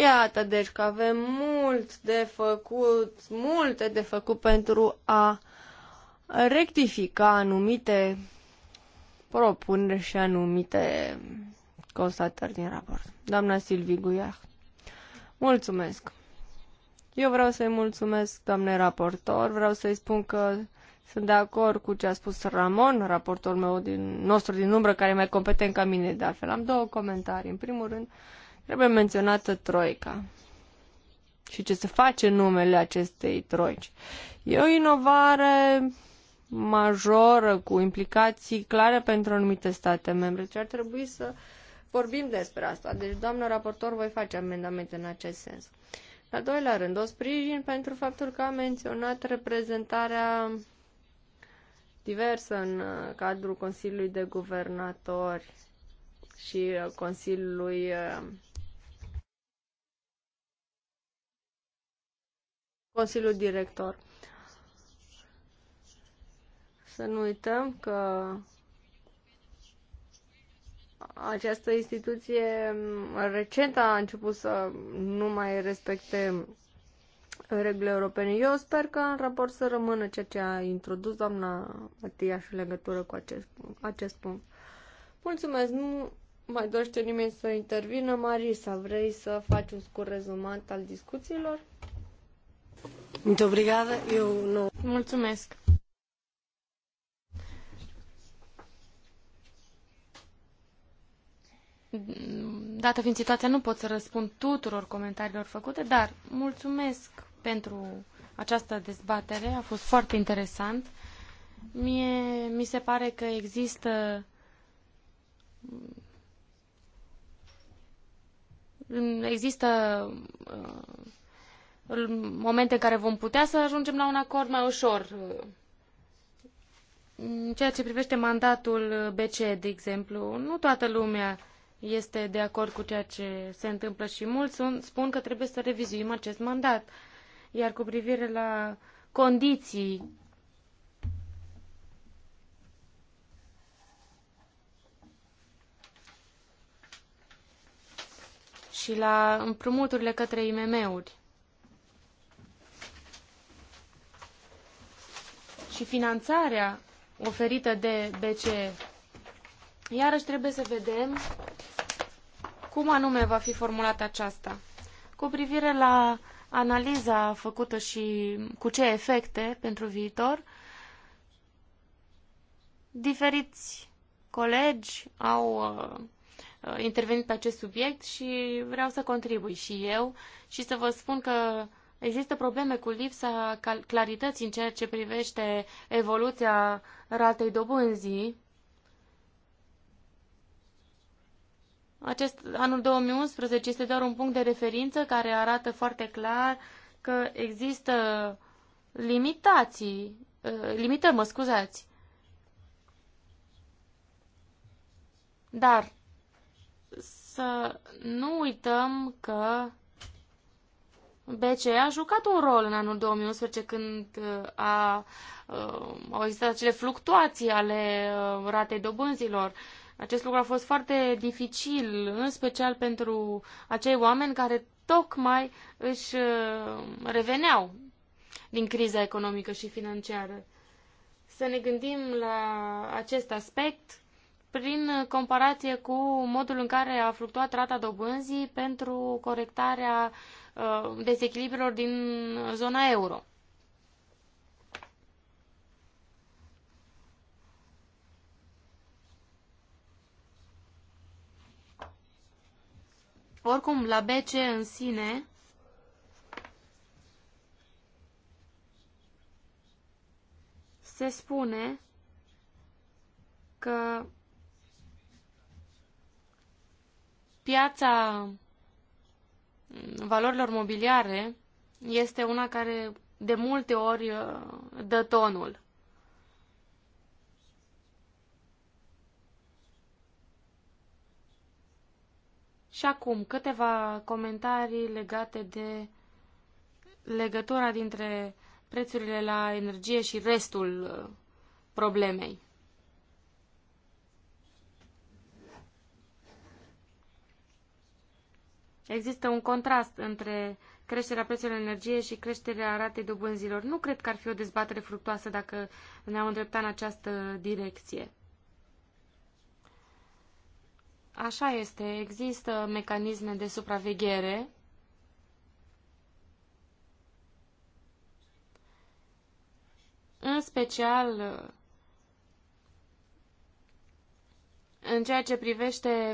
Iată, deci că avem mult de făcut, multe de făcut pentru a rectifica anumite propuneri și anumite constatări din raport. Doamna Silvi Guiar. Mulțumesc! Eu vreau să-i mulțumesc, doamne raportor, vreau să-i spun că sunt de acord cu ce a spus Ramon, raportorul meu din, nostru din umbră, care e mai competent ca mine, de altfel. Am două comentarii. În primul rând, trebuie menționată Troica și ce se face în numele acestei troici. E o inovare majoră cu implicații clare pentru anumite state membre. Ce ar trebui să vorbim despre asta. Deci, doamnă raportor, voi face amendamente în acest sens. Uh, la al doilea rând, o sprijin pentru faptul că a menționat reprezentarea diversă în uh, cadrul Consiliului de Guvernatori și uh, Consiliului uh, Consiliul Director. Să nu uităm că această instituție recent a început să nu mai respecte regulile europene. Eu sper că în raport să rămână ceea ce a introdus doamna Matia și legătură cu acest, acest punct. Mulțumesc! Nu mai dorește nimeni să intervină. Marisa, vrei să faci un scurt rezumat al discuțiilor? Mulțumesc! dată fiind situația, nu pot să răspund tuturor comentariilor făcute, dar mulțumesc pentru această dezbatere, a fost foarte interesant. Mie mi se pare că există există uh, momente în care vom putea să ajungem la un acord mai ușor. În ceea ce privește mandatul BC, de exemplu, nu toată lumea este de acord cu ceea ce se întâmplă și mulți spun că trebuie să revizuim acest mandat. Iar cu privire la condiții și la împrumuturile către IMM-uri și finanțarea oferită de BCE Iarăși trebuie să vedem cum anume va fi formulată aceasta. Cu privire la analiza făcută și cu ce efecte pentru viitor, diferiți colegi au uh, intervenit pe acest subiect și vreau să contribui și eu și să vă spun că există probleme cu lipsa clarității în ceea ce privește evoluția ratei dobânzii Acest anul 2011 este doar un punct de referință care arată foarte clar că există limitații, uh, limitări, mă scuzați. Dar să nu uităm că BCE a jucat un rol în anul 2011 când uh, a, a, uh, au existat acele fluctuații ale ratei dobânzilor. Acest lucru a fost foarte dificil, în special pentru acei oameni care tocmai își uh, reveneau din criza economică și financiară. Să ne gândim la acest aspect prin comparație cu modul în care a fluctuat rata dobânzii pentru corectarea uh, dezechilibrelor din zona euro. Oricum, la BC în sine, se spune că piața valorilor mobiliare este una care de multe ori uh, dă tonul. Și acum câteva comentarii legate de legătura dintre prețurile la energie și restul uh, problemei. Există un contrast între creșterea prețurilor energie și creșterea ratei dobânzilor. Nu cred că ar fi o dezbatere fructoasă dacă ne-am îndreptat în această direcție. Așa este, există mecanisme de supraveghere în special în ceea ce privește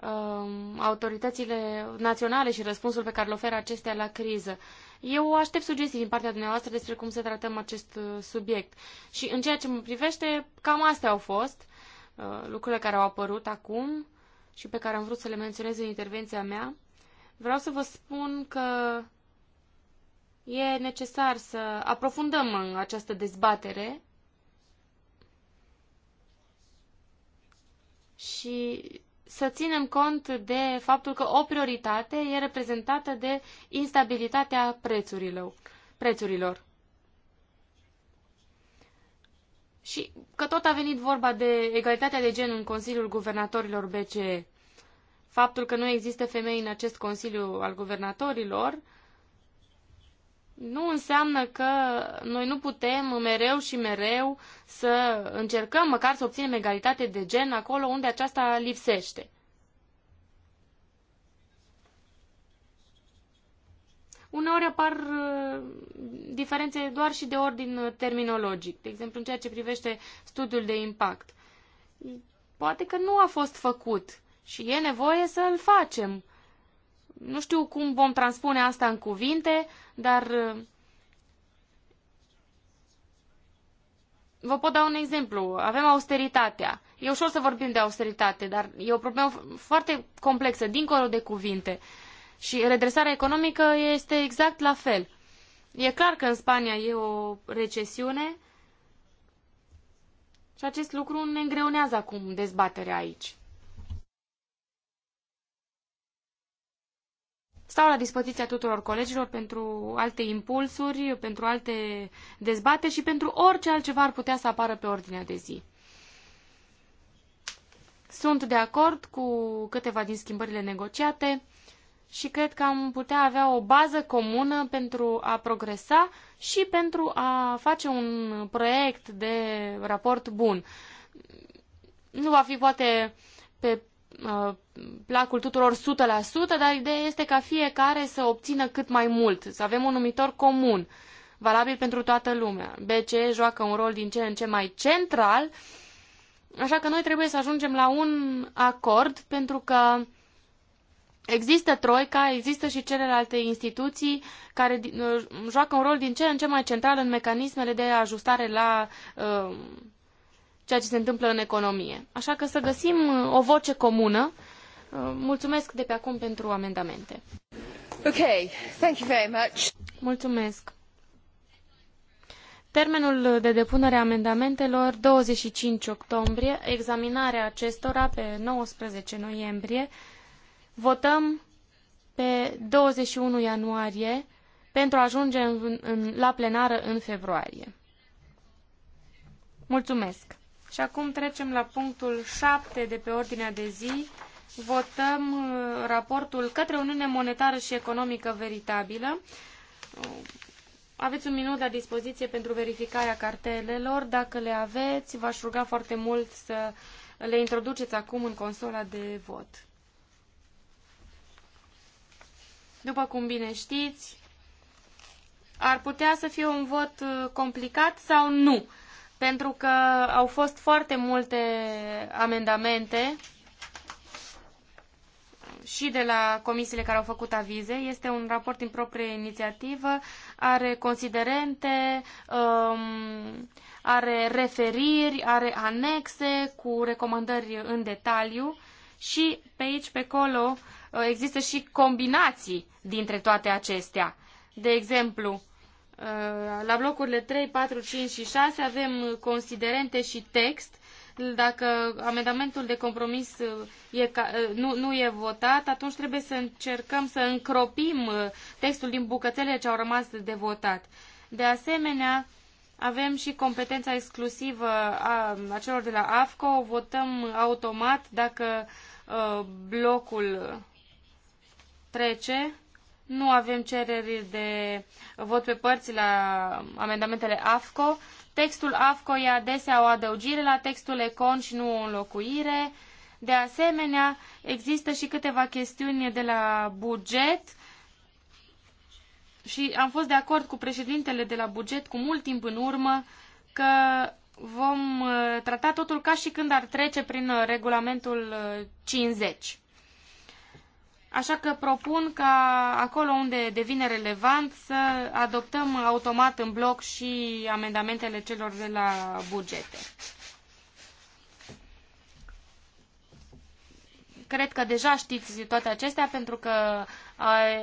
uh, autoritățile naționale și răspunsul pe care îl oferă acestea la criză. Eu aștept sugestii din partea dumneavoastră despre cum să tratăm acest uh, subiect. Și în ceea ce mă privește, cam astea au fost uh, lucrurile care au apărut acum și pe care am vrut să le menționez în intervenția mea, vreau să vă spun că e necesar să aprofundăm în această dezbatere și să ținem cont de faptul că o prioritate e reprezentată de instabilitatea prețurilor. prețurilor. Și că tot a venit vorba de egalitatea de gen în Consiliul Guvernatorilor BCE. Faptul că nu există femei în acest Consiliu al Guvernatorilor nu înseamnă că noi nu putem mereu și mereu să încercăm măcar să obținem egalitate de gen acolo unde aceasta lipsește. Uneori apar uh, diferențe doar și de ordin terminologic, de exemplu în ceea ce privește studiul de impact. Poate că nu a fost făcut și e nevoie să îl facem. Nu știu cum vom transpune asta în cuvinte, dar uh, vă pot da un exemplu. Avem austeritatea. E ușor să vorbim de austeritate, dar e o problemă foarte complexă, dincolo de cuvinte. Uh, și redresarea economică este exact la fel. E clar că în Spania e o recesiune și acest lucru ne îngreunează acum dezbaterea aici. Stau la dispoziția tuturor colegilor pentru alte impulsuri, pentru alte dezbateri și pentru orice altceva ar putea să apară pe ordinea de zi. Sunt de acord cu câteva din schimbările negociate și cred că am putea avea o bază comună pentru a progresa și pentru a face un proiect de raport bun. Nu va fi poate pe uh, placul tuturor 100%, dar ideea este ca fiecare să obțină cât mai mult, să avem un numitor comun, valabil pentru toată lumea. BCE joacă un rol din ce în ce mai central, așa că noi trebuie să ajungem la un acord pentru că Există Troica, există și celelalte instituții care uh, joacă un rol din ce în ce mai central în mecanismele de ajustare la uh, ceea ce se întâmplă în economie. Așa că să găsim uh, o voce comună. mulțumesc de pe acum pentru amendamente. thank you very much. Mulțumesc. Termenul de depunere a amendamentelor 25 octombrie, examinarea acestora pe 19 noiembrie, Votăm pe 21 ianuarie pentru a ajunge în, în, la plenară în februarie. Mulțumesc! Și acum trecem la punctul 7 de pe ordinea de zi. Votăm uh, raportul către Uniune Monetară și Economică Veritabilă. Aveți un minut la dispoziție pentru verificarea cartelelor. Dacă le aveți, v-aș ruga foarte mult să le introduceți acum în consola de vot. după cum bine știți, ar putea să fie un vot uh, complicat sau nu, pentru că au fost foarte multe amendamente și de la comisiile care au făcut avize. Este un raport din proprie inițiativă, are considerente, um, are referiri, are anexe cu recomandări în detaliu și pe aici, pe acolo, Uh, există și combinații dintre toate acestea. De exemplu, uh, la blocurile 3, 4, 5 și 6 avem considerente și text. Dacă amendamentul de compromis uh, e, nu, nu e votat, atunci trebuie să încercăm să încropim textul din bucățele ce au rămas de votat. De asemenea, avem și competența exclusivă a, a celor de la AFCO. Votăm automat dacă blocul trece. Nu avem cereri de vot pe părți la amendamentele AFCO. Textul AFCO e adesea o adăugire la textul ECON și nu o înlocuire. De asemenea, există și câteva chestiuni de la buget și am fost de acord cu președintele de la buget cu mult timp în urmă că vom uh, trata totul ca și când ar trece prin uh, regulamentul 50. Uh, Așa că propun ca acolo unde devine relevant să adoptăm automat în bloc și amendamentele celor de la bugete. Cred că deja știți toate acestea pentru că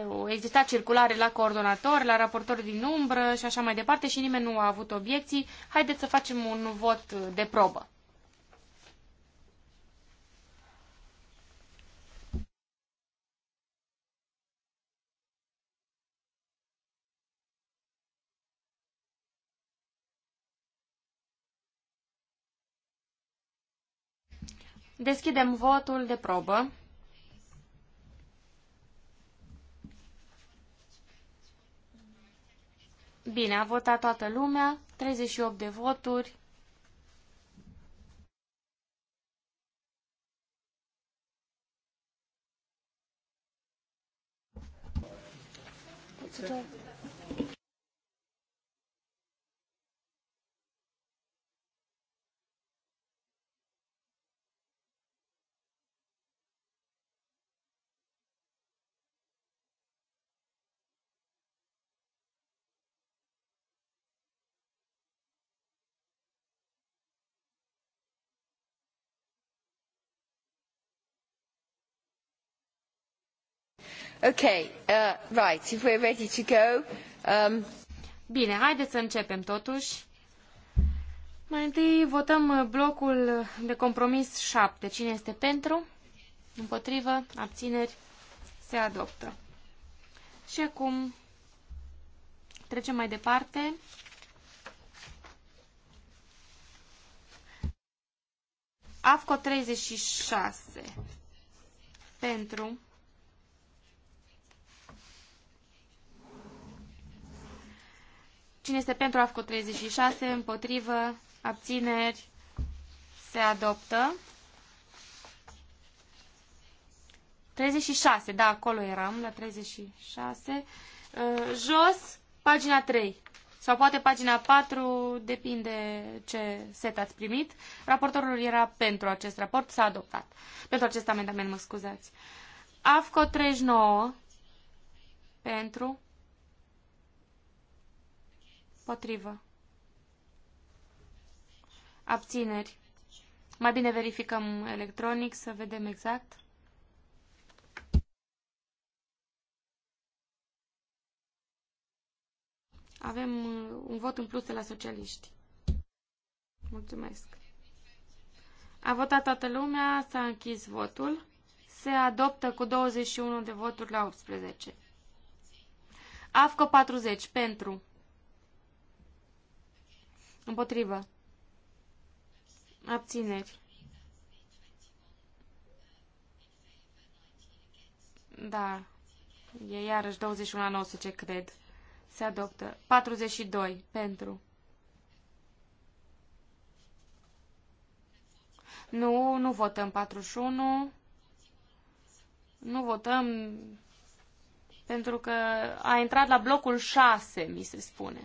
au existat circulare la coordonator, la raportor din umbră și așa mai departe și nimeni nu a avut obiecții. Haideți să facem un vot de probă. Deschidem votul de probă. Bine, a votat toată lumea, 38 de voturi. Mulțumesc. Uh, right, um, Bine, haideți să începem totuși. Mai întâi votăm uh, blocul de compromis 7. Cine este pentru? Împotrivă? Abțineri? Se adoptă. Și acum trecem mai departe. AFCO 36. Pentru. Cine este pentru AFCO 36? Împotrivă? Abțineri? Se adoptă. 36, da, acolo eram, la 36. Uh, jos, pagina 3. Sau poate pagina 4, depinde ce set ați primit. Raportorul era pentru acest raport, s-a adoptat. Pentru acest amendament, mă scuzați. AFCO 39, pentru, Potrivă. Abțineri. Mai bine verificăm electronic să vedem exact. Avem uh, un vot în plus de la socialiști. Mulțumesc. A votat toată lumea, s-a închis votul. Se adoptă cu 21 de voturi la 18. AFCO 40 pentru. Împotrivă. Abțineri. Da. E iarăși 21 la ce cred. Se adoptă. 42. Pentru. Nu, nu votăm 41. Nu votăm pentru că a intrat la blocul 6, mi se spune.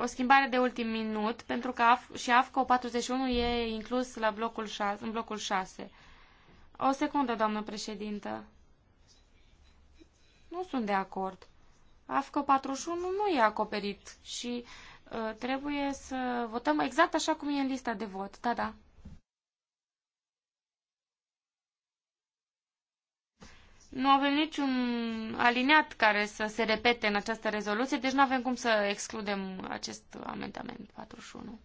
o schimbare de ultim minut, pentru că AF, și AFCO 41 e inclus la blocul șase. în blocul 6. O secundă, doamnă președintă. Nu sunt de acord. AFCO 41 nu e acoperit și uh, trebuie să votăm exact așa cum e în lista de vot. Da, da. Nu avem niciun aliniat care să se repete în această rezoluție, deci nu avem cum să excludem acest amendament 41.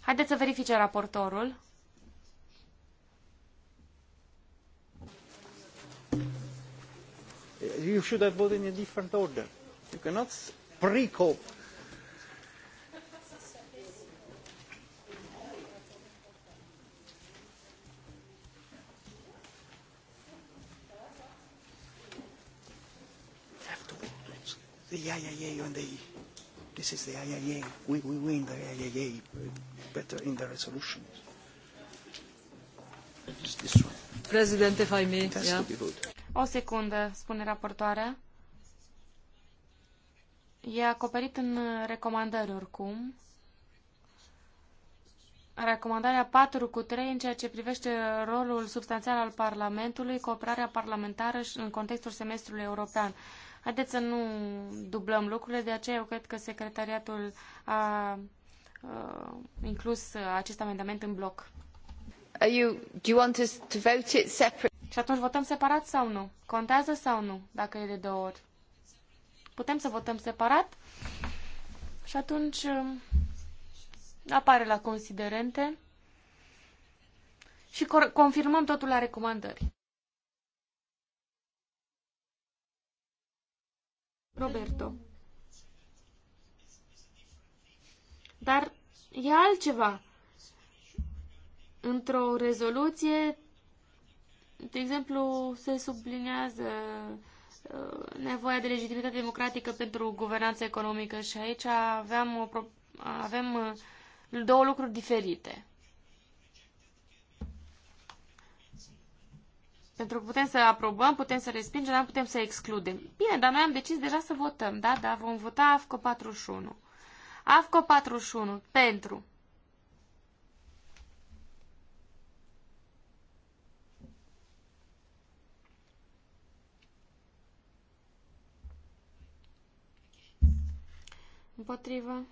Haideți să verifice raportorul. You should have voted in a different order. You cannot pre-cope the IIA on the this is the IIA. We, we win the IIA better in the resolution Just this one. President, if I may, yeah. O secundă, spune raportoarea. E acoperit în recomandări oricum. Recomandarea 4 cu 3 în ceea ce privește rolul substanțial al Parlamentului, cooperarea parlamentară în contextul semestrului european. Haideți să nu dublăm lucrurile, de aceea eu cred că secretariatul a uh, inclus acest amendament în bloc. Are you, do you want us to vote it separate? Și atunci votăm separat sau nu? Contează sau nu, dacă e de două ori? Putem să votăm separat și atunci um, apare la considerente și confirmăm totul la recomandări. Roberto. Dar e altceva. Într-o rezoluție, de exemplu, se sublinează uh, nevoia de legitimitate democratică pentru guvernanța economică și aici aveam, o, avem uh, două lucruri diferite. Pentru că putem să aprobăm, putem să respingem, dar putem să excludem. Bine, dar noi am decis deja să votăm, da? Da, vom vota AFCO 41. AFCO 41, pentru. Împotrivă.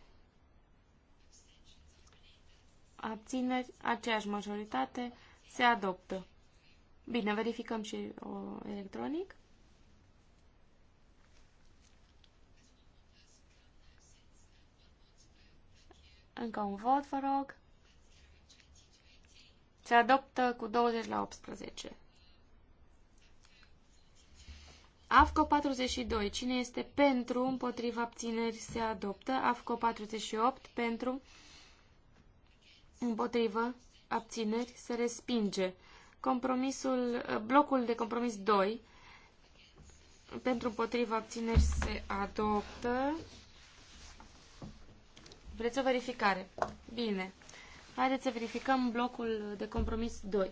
Abțineri, aceeași majoritate, se adoptă. Bine, verificăm și o electronic. Încă un vot, vă rog. Se adoptă cu 20 la 18. AFCO 42. Cine este pentru, împotriva abțineri, se adoptă. AFCO 48. Pentru, împotriva abțineri, se respinge. Compromisul, uh, blocul de compromis 2 pentru împotriva abțineri se adoptă. Vreți o verificare? Bine. Haideți să verificăm blocul de compromis 2.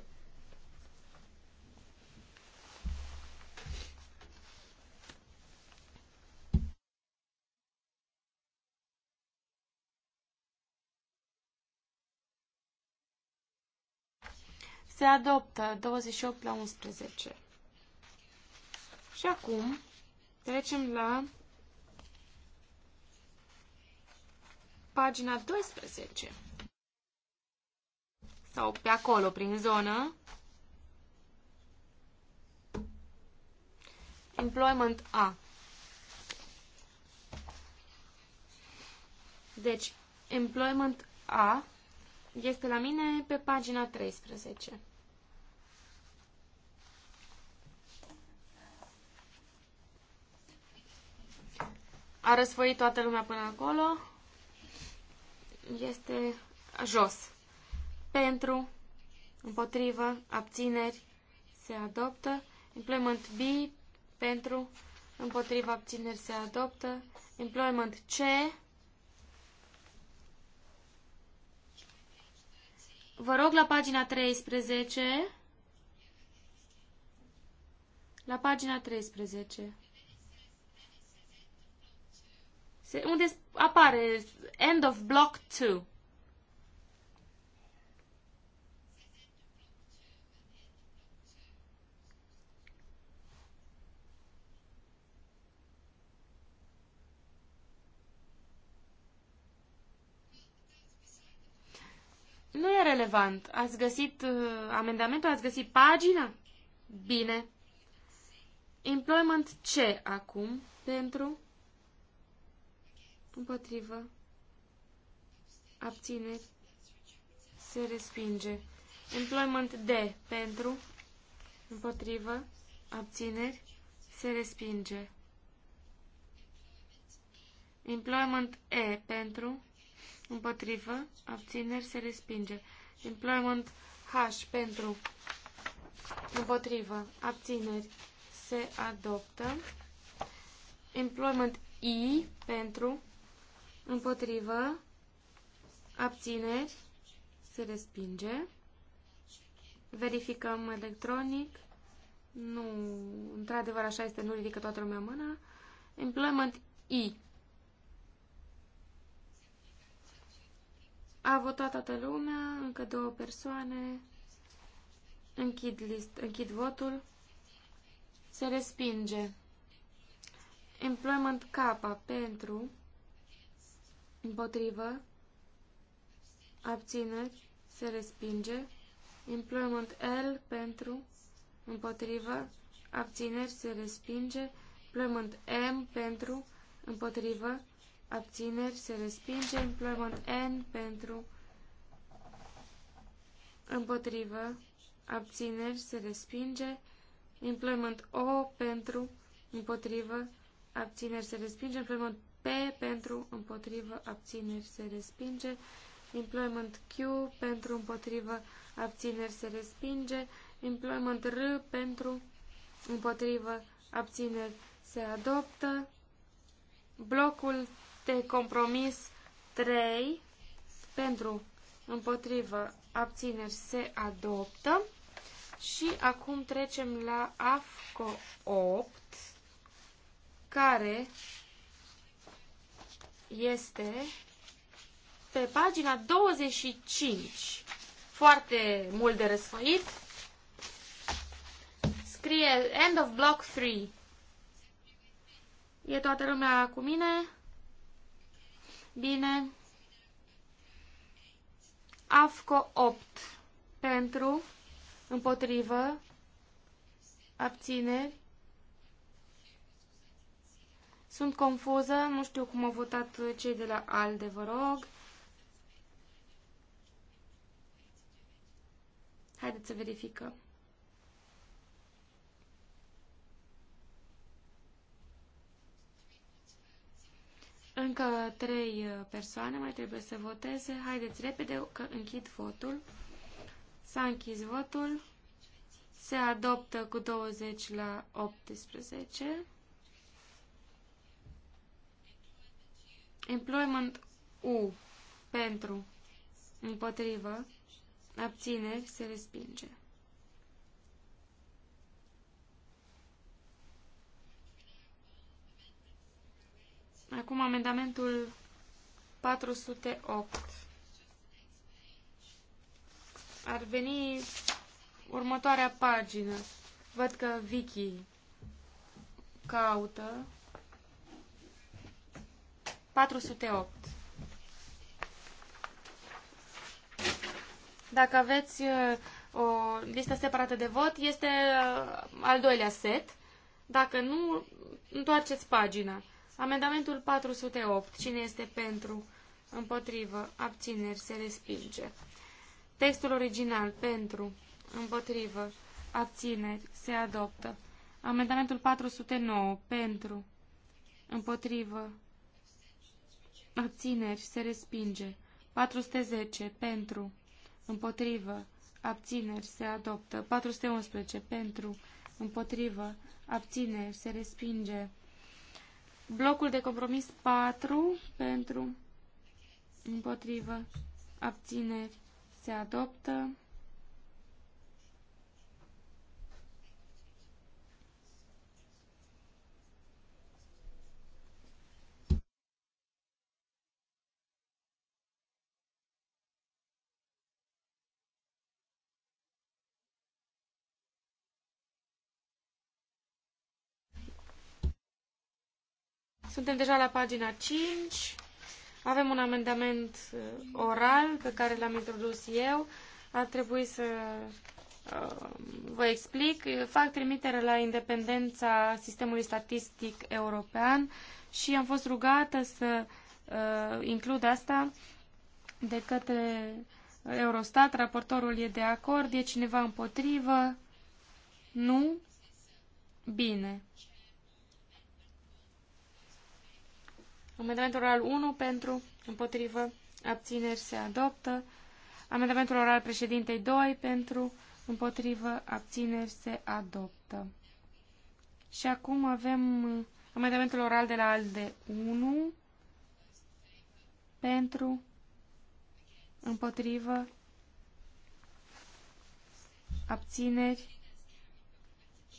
Se adoptă 28 la 11. Și acum trecem la pagina 12. Sau pe acolo, prin zonă. Employment A. Deci, Employment A este la mine pe pagina 13. A răsfăit toată lumea până acolo. Este jos. Pentru, împotrivă, abțineri, se adoptă. Employment B, pentru, împotrivă, abțineri, se adoptă. Employment C, Vă rog la pagina 13. La pagina 13. unde apare end of block 2. Nu e relevant. Ați găsit uh, amendamentul? Ați găsit pagina? Bine. Employment ce acum pentru împotrivă, abțineri, se respinge. Employment D pentru, împotrivă, abțineri, se respinge. Employment E pentru, împotrivă, abțineri, se respinge. Employment H pentru, împotrivă, abțineri, se adoptă. Employment I pentru, împotrivă, abțineri, se respinge. Verificăm electronic. Nu, într-adevăr așa este, nu ridică toată lumea mâna. Employment I. A votat toată lumea, încă două persoane. Închid, list, închid votul. Se respinge. Employment K pentru împotrivă, abțineri, se respinge. Employment L pentru, împotrivă, abțineri, se respinge. Employment M pentru, împotrivă, abțineri, se respinge. Employment N pentru, împotrivă, abțineri, se respinge. Employment O pentru, împotrivă, abțineri, se respinge. Employment P pentru împotrivă abțineri se respinge. Employment Q pentru împotrivă abțineri se respinge. Employment R pentru împotrivă abțineri se adoptă. Blocul de compromis 3 pentru împotrivă abțineri se adoptă. Și acum trecem la AFCO 8, care este pe pagina 25, foarte mult de răsfăit, scrie End of Block 3. E toată lumea cu mine? Bine. AFCO 8 pentru, împotrivă, abțineri, sunt confuză, nu știu cum au votat cei de la ALDE, vă rog. Haideți să verificăm. Încă trei uh, persoane mai trebuie să voteze. Haideți repede că închid votul. S-a închis votul. Se adoptă cu 20 la 18. Employment U. Pentru. Împotrivă. Abțineri. Se respinge. Acum amendamentul 408. Ar veni următoarea pagină. Văd că Vicky caută 408. Dacă aveți uh, o listă separată de vot, este uh, al doilea set. Dacă nu, întoarceți pagina. Amendamentul 408. Cine este pentru? Împotrivă. Abțineri. Se respinge. Textul original. Pentru. Împotrivă. Abțineri. Se adoptă. Amendamentul 409. Pentru. Împotrivă abțineri, se respinge. 410 pentru, împotrivă, abțineri, se adoptă. 411 pentru, împotrivă, abțineri, se respinge. Blocul de compromis 4 pentru, împotrivă, abțineri, se adoptă. Suntem deja la pagina 5. Avem un amendament uh, oral pe care l-am introdus eu. Ar trebui să uh, vă explic. Fac trimitere la independența sistemului statistic european și am fost rugată să uh, includ asta de către Eurostat. Raportorul e de acord. E cineva împotrivă? Nu? Bine. Amendamentul oral 1 pentru, împotrivă, abțineri se adoptă. Amendamentul oral președintei 2 pentru, împotrivă, abțineri se adoptă. Și acum avem uh, amendamentul oral de la ALDE 1 pentru, împotrivă, abțineri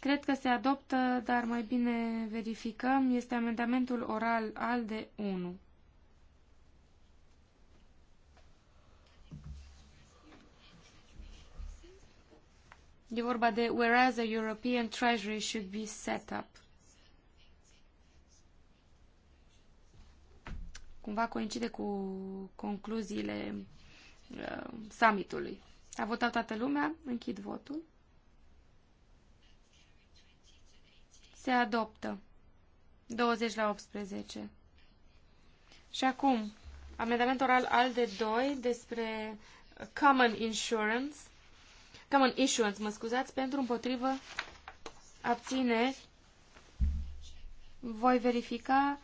Cred că se adoptă, dar mai bine verificăm. Este amendamentul oral al de 1. E vorba de whereas a European Treasury should be set up. Cumva coincide cu concluziile uh, summitului. A votat toată lumea, închid votul. Se adoptă. 20 la 18. Și acum, amendament oral al de 2 despre common insurance, common issuance, mă scuzați, pentru împotrivă abțineri. Voi verifica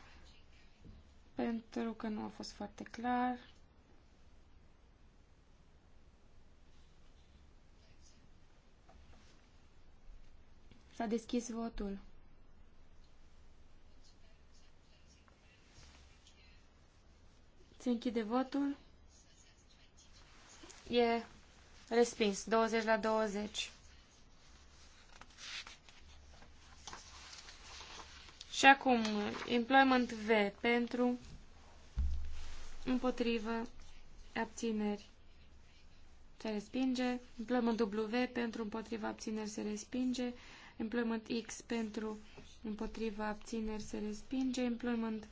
pentru că nu a fost foarte clar. S-a deschis votul. Se închide votul. E respins. 20 la 20. Și acum, employment V pentru împotrivă abțineri. Se respinge. Employment W pentru împotriva abțineri se respinge. Employment X pentru împotriva abțineri se respinge. Employment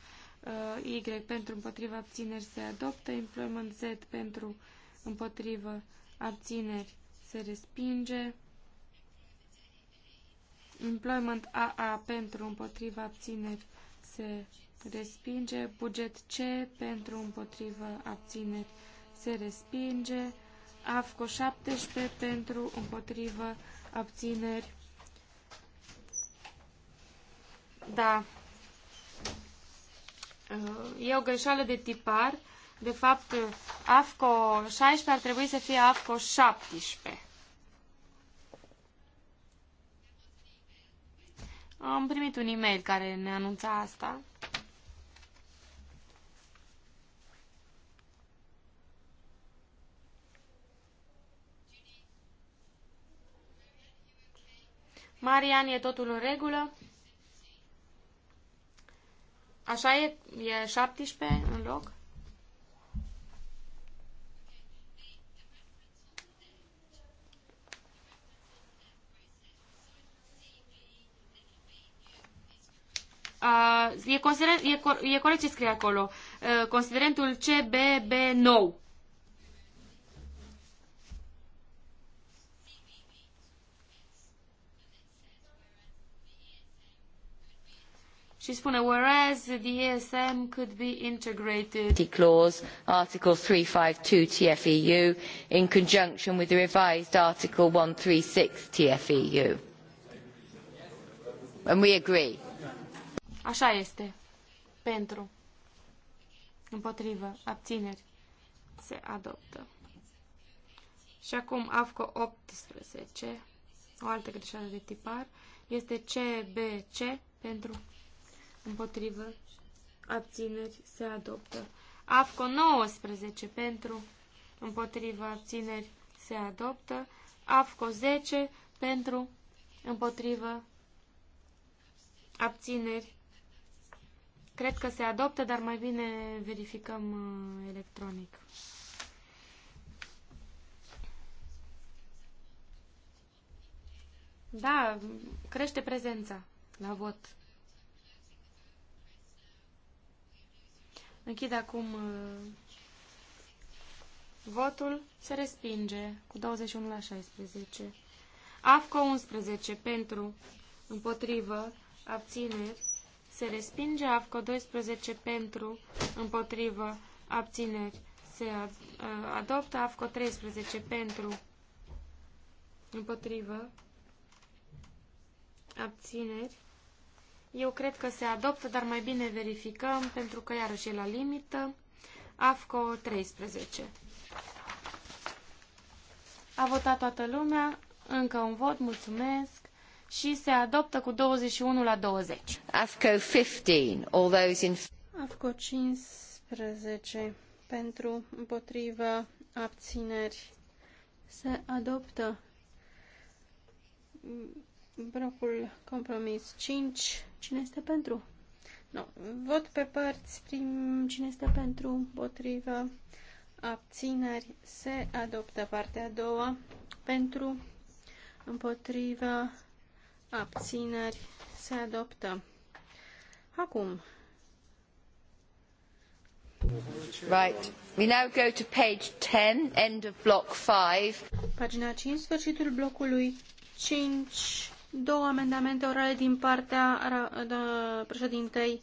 Uh, y pentru împotriva abțineri se adoptă, employment Z pentru împotriva abțineri se respinge, employment AA pentru împotriva abțineri se respinge, buget C pentru împotriva abțineri se respinge, AFCO 17 pentru împotriva abțineri. Da, Uh, e o greșeală de tipar. De fapt, AFCO 16 ar trebui să fie AFCO 17. Am primit un e-mail care ne anunța asta. Marian, e totul în regulă? Așa e? E 17 în loc? Uh, e, consider, e, cor, e corect ce scrie acolo. Uh, considerentul CBB nou. și spune whereas the ESM could be integrated clause article 352 TFEU in conjunction with the revised article 136 TFEU and we agree Așa este pentru împotrivă abțineri se adoptă și acum AFCO 18 o altă greșeală de tipar este CBC pentru Împotrivă. Abțineri. Se adoptă. AFCO 19 pentru. Împotrivă. Abțineri. Se adoptă. AFCO 10 pentru. Împotrivă. Abțineri. Cred că se adoptă, dar mai bine verificăm uh, electronic. Da, crește prezența la vot. Închid acum uh, votul. Se respinge cu 21 la 16. AFCO 11 pentru, împotrivă, abțineri. Se respinge AFCO 12 pentru, împotrivă, abțineri. Se uh, adoptă AFCO 13 pentru, împotrivă, abțineri. Eu cred că se adoptă, dar mai bine verificăm, pentru că iarăși e la limită. AFCO 13. A votat toată lumea, încă un vot, mulțumesc, și se adoptă cu 21 la 20. AFCO 15, all those in... AFCO 15, pentru, împotrivă, abțineri, se adoptă. Brocul compromis 5. Cine este pentru? Nu. Vot pe părți. Prim, cine este pentru? Împotrivă. Abțineri. Se adoptă partea a doua. Pentru. Împotrivă. Abțineri. Se adoptă. Acum. Right. We now go to page 10, end of block 5. Pagina 5, sfârșitul blocului 5 două amendamente orale din partea președintei.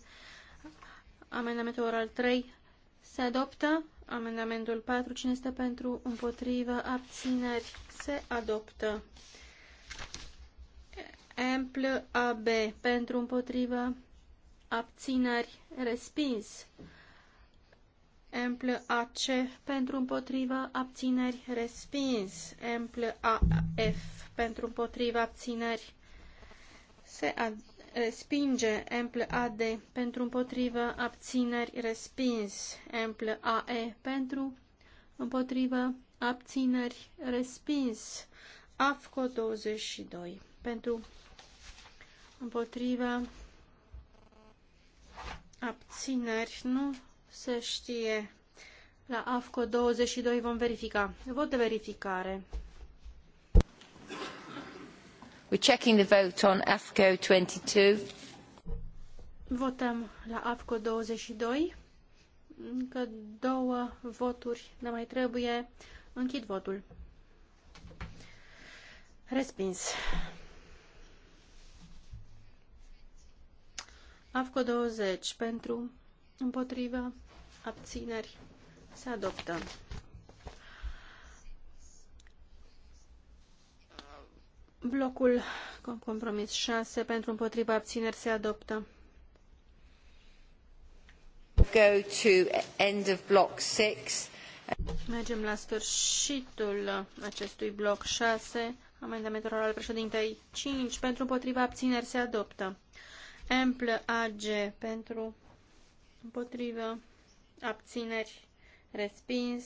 Amendamentul oral 3 se adoptă. Amendamentul 4. Cine este pentru? Împotrivă. Abțineri. Se adoptă. Ample AB. Pentru împotrivă. Abțineri. Respins. Ample AC. Pentru împotrivă. Abțineri. Respins. Ample AF. Pentru împotrivă. Abțineri se respinge ample AD pentru împotrivă, abțineri respins, ample AE pentru împotrivă, abțineri respins, AFCO 22 pentru împotrivă, abțineri nu se știe. La AFCO 22 vom verifica. Vot de verificare. We're checking the vote on AFCO 22. Votăm la AFCO 22. Încă două voturi ne mai trebuie. Închid votul. Respins. AFCO 20 pentru, împotriva, abțineri, se adoptă. Blocul compromis 6 pentru împotriva abțineri se adoptă. Go to end of block 6. Mergem la sfârșitul acestui bloc 6. Amendamentul al președintei 5 pentru împotriva abțineri se adoptă. Ample AG pentru împotriva abțineri respins.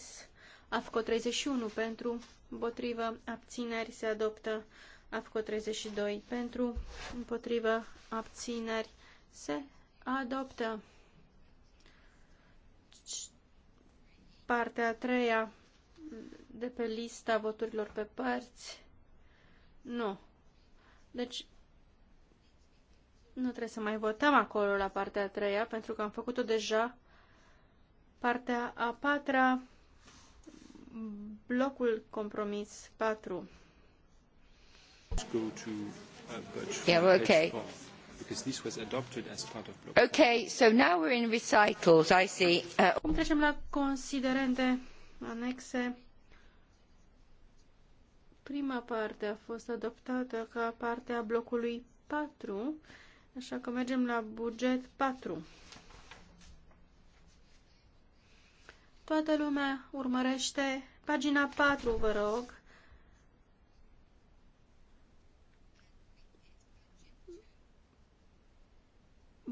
AFCO 31 pentru împotriva abțineri se adoptă. AFCO 32 pentru, împotrivă, abțineri, se adoptă. Partea a treia de pe lista voturilor pe părți. Nu. Deci, nu trebuie să mai votăm acolo la partea a treia, pentru că am făcut-o deja. Partea a patra, blocul compromis 4 Uh, yeah, okay. Because this was adopted as part of block. Okay, so now we're in recitals, I see. Uh... Trecem la considerente anexe. Prima parte a fost adoptată ca parte a blocului 4, așa că mergem la buget 4. Toată lumea urmărește pagina 4, vă rog.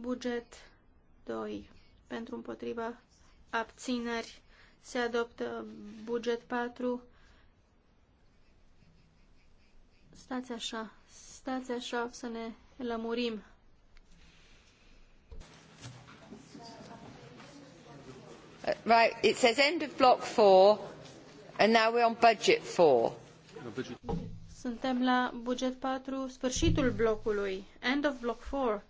Buget 2. Pentru împotriva abțineri se adoptă buget 4. Stați așa, stați așa să ne lămurim. Uh, right, it says end of block 4 and now we're on budget 4. Suntem la buget 4, sfârșitul blocului, end of block 4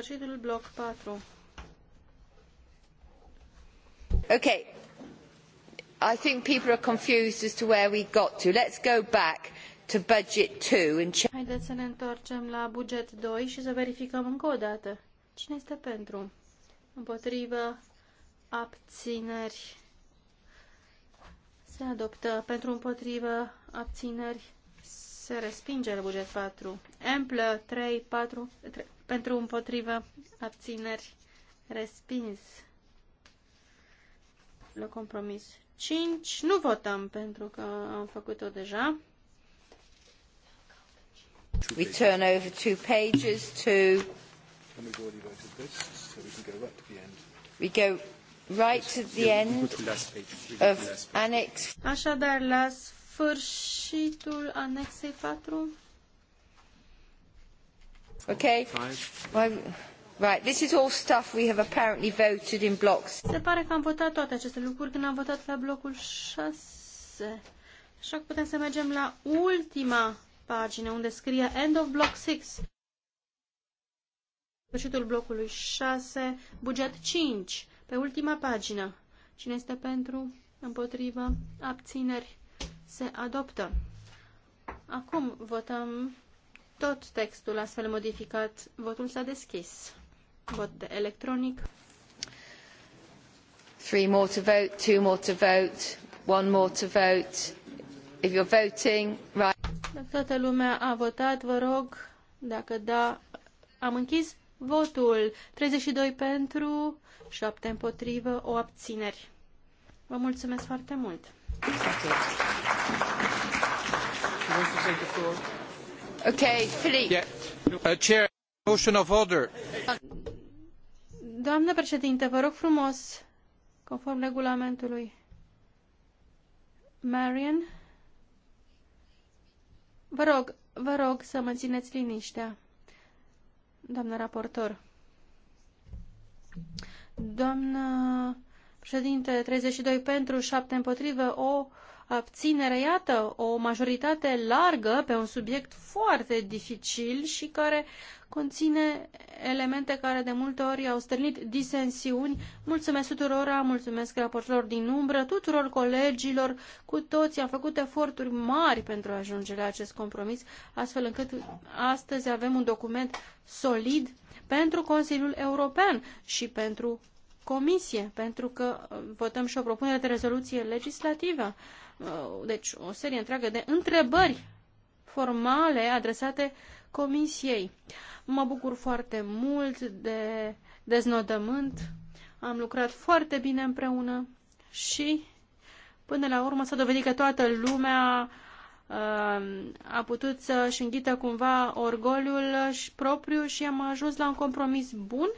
sfârșitul bloc 4. Okay. I think people are confused as to where we got to. Let's go back to budget 2 and check. Haideți să ne întoarcem la buget 2 și să verificăm încă o dată. Cine este pentru? Împotrivă? Abțineri? Se adoptă. Pentru împotrivă? Abțineri? Se respinge la buget 4. Amplă 3, 4, 3, pentru împotrivă abțineri respins. La compromis 5. Nu votăm pentru că am făcut-o deja. We turn over two pages to We go right to the end of annex. Așadar, la sfârșitul anexei 4. Okay. Well, right, this is all stuff we have apparently voted in blocks. Se pare că am votat toate aceste lucruri când am votat la blocul 6. Așa că putem să mergem la ultima pagină unde scrie End of Block 6. Sfârșitul blocului 6, buget 5, pe ultima pagină. Cine este pentru, împotrivă, abțineri, se adoptă. Acum votăm tot textul astfel modificat. Votul s-a deschis. Vot de electronic. Three more to vote, two more to vote, one more to vote. If you're voting, right. Dacă toată lumea a votat, vă rog, dacă da, am închis votul. 32 pentru, 7 împotrivă, o abțineri. Vă mulțumesc foarte mult. Thank you. Uh, doamnă președinte, vă rog frumos, conform regulamentului. Marian, vă rog, vă rog să mă țineți liniștea, doamnă raportor. Doamnă președinte, 32 pentru, 7 împotrivă, o abținere, iată, o majoritate largă pe un subiect foarte dificil și care conține elemente care de multe ori au stârnit disensiuni. Mulțumesc tuturor, mulțumesc raportorilor din umbră, tuturor colegilor, cu toții am făcut eforturi mari pentru a ajunge la acest compromis, astfel încât astăzi avem un document solid pentru Consiliul European și pentru Comisie, pentru că votăm și o propunere de rezoluție legislativă. Uh, deci o serie întreagă de întrebări formale adresate Comisiei. Mă bucur foarte mult de deznodământ, am lucrat foarte bine împreună și până la urmă s-a dovedit că toată lumea uh, a putut să-și înghită cumva orgoliul propriu și am ajuns la un compromis bun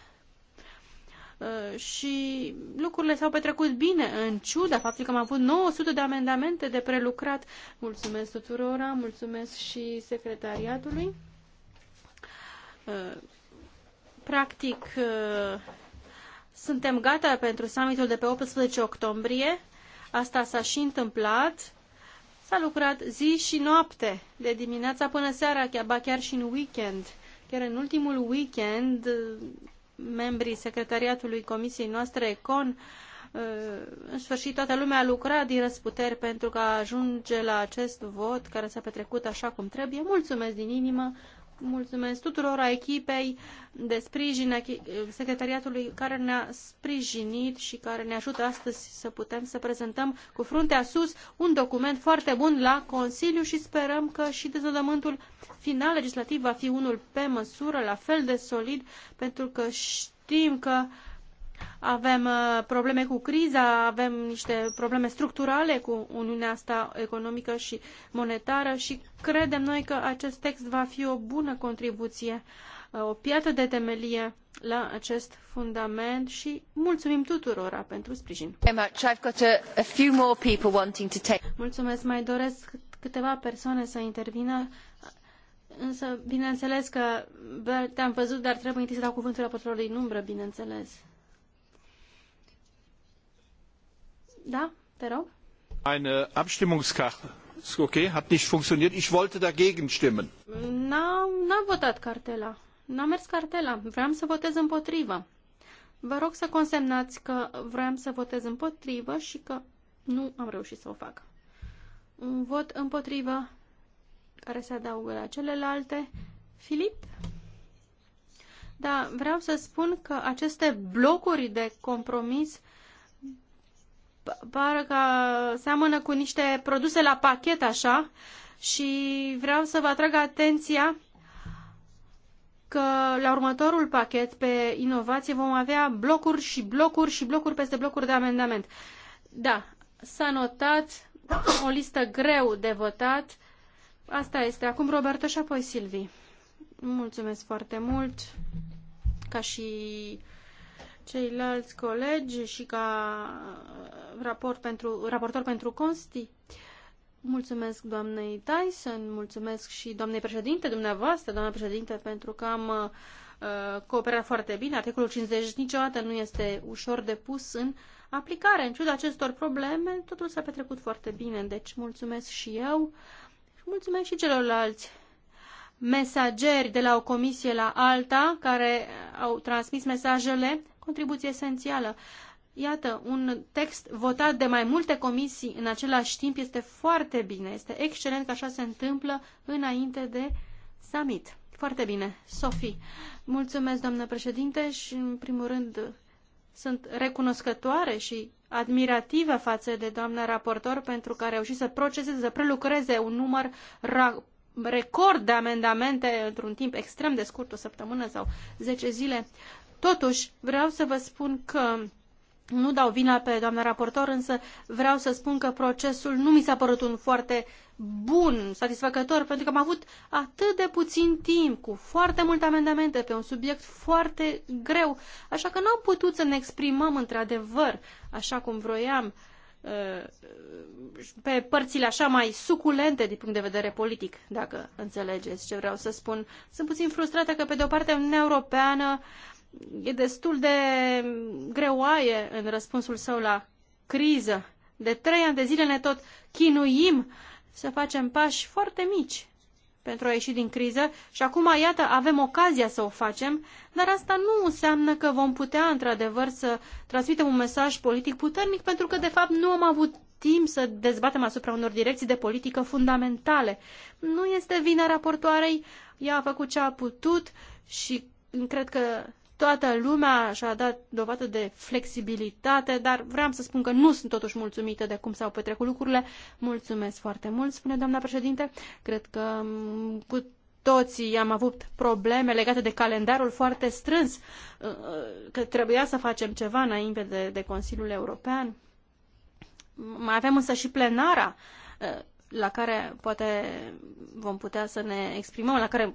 Uh, și lucrurile s-au petrecut bine, în ciuda faptului că am avut 900 de amendamente de prelucrat. Mulțumesc tuturora, mulțumesc și secretariatului. Uh, practic, uh, suntem gata pentru summitul de pe 18 octombrie. Asta s-a și întâmplat. S-a lucrat zi și noapte, de dimineața până seara, chiar, chiar și în weekend. Chiar în ultimul weekend membrii secretariatului comisiei noastre ECON, uh, în sfârșit toată lumea a lucrat din răsputeri pentru că ajunge la acest vot care s-a petrecut așa cum trebuie. Mulțumesc din inimă mulțumesc tuturor echipei de sprijin, secretariatului care ne-a sprijinit și care ne ajută astăzi să putem să prezentăm cu fruntea sus un document foarte bun la Consiliu și sperăm că și dezodământul final legislativ va fi unul pe măsură, la fel de solid, pentru că știm că uh, avem uh, probleme cu criza, avem niște probleme structurale cu Uniunea asta economică și monetară și credem noi că acest text va fi o bună contribuție, uh, o piatră de temelie la acest fundament și mulțumim tuturora pentru sprijin. Mulțumesc, mai doresc câteva persoane să intervină. Însă, bineînțeles că te-am văzut, dar trebuie întâi să dau cuvântul raportorului din umbră, bineînțeles. Da, te rog. Meine Abstimmungskarte ist okay, hat nicht funktioniert. Ich wollte dagegen stimmen. N-a, n-a votat cartela. N-a mers cartela. Vreau să votez împotrivă. Vă rog să consemnați că vreau să votez împotrivă și că nu am reușit să o fac. Un vot împotrivă care se adaugă la celelalte. Filip? Da, vreau să spun că aceste blocuri de compromis pară că seamănă cu niște produse la pachet așa și vreau să vă atrag atenția că la următorul pachet pe inovație vom avea blocuri și blocuri și blocuri peste blocuri de amendament. Da, s-a notat o listă greu de votat. Asta este. Acum Roberto și apoi Silvi. Mulțumesc foarte mult. Ca și ceilalți colegi și ca uh, raport pentru, raportor pentru Consti. Mulțumesc doamnei Tyson, mulțumesc și doamnei președinte, dumneavoastră, doamna președinte, pentru că am uh, cooperat foarte bine. Articolul 50 niciodată nu este ușor de pus în aplicare. În ciuda acestor probleme, totul s-a petrecut foarte bine, deci mulțumesc și eu și mulțumesc și celorlalți mesageri de la o comisie la alta care au transmis mesajele contribuție esențială. Iată, un text votat de mai multe comisii în același timp este foarte bine, este excelent că așa se întâmplă înainte de summit. Foarte bine, Sofie. Mulțumesc, doamnă președinte, și în primul rând sunt recunoscătoare și admirativă față de doamna raportor pentru că a reușit să proceseze, să prelucreze un număr record de amendamente într-un timp extrem de scurt, o săptămână sau zece zile. Totuși, vreau să vă spun că nu dau vina pe doamna raportor, însă vreau să spun că procesul nu mi s-a părut un foarte bun, satisfăcător, pentru că am avut atât de puțin timp, cu foarte multe amendamente pe un subiect foarte greu, așa că n-am putut să ne exprimăm într-adevăr, așa cum vroiam, uh, pe părțile așa mai suculente din punct de vedere politic, dacă înțelegeți ce vreau să spun. Sunt puțin frustrată că, pe de o parte, Uniunea Europeană uh, e destul de greoaie în răspunsul său la criză. De trei ani de zile ne tot chinuim să facem pași foarte mici pentru a ieși din criză și acum, iată, avem ocazia să o facem, dar asta nu înseamnă că vom putea, într-adevăr, să transmitem un mesaj politic puternic, pentru că, de fapt, nu am avut timp să dezbatem asupra unor direcții de politică fundamentale. Nu este vina raportoarei, ea a făcut ce a putut și cred că Toată lumea și-a dat dovadă de flexibilitate, dar vreau să spun că nu sunt totuși mulțumită de cum s-au petrecut lucrurile. Mulțumesc foarte mult, spune doamna președinte. Cred că mm, cu toții am avut probleme legate de calendarul foarte strâns, uh, uh, că trebuia să facem ceva înainte de, de Consiliul European. Mai avem însă și plenara uh, la care poate vom putea să ne exprimăm, la care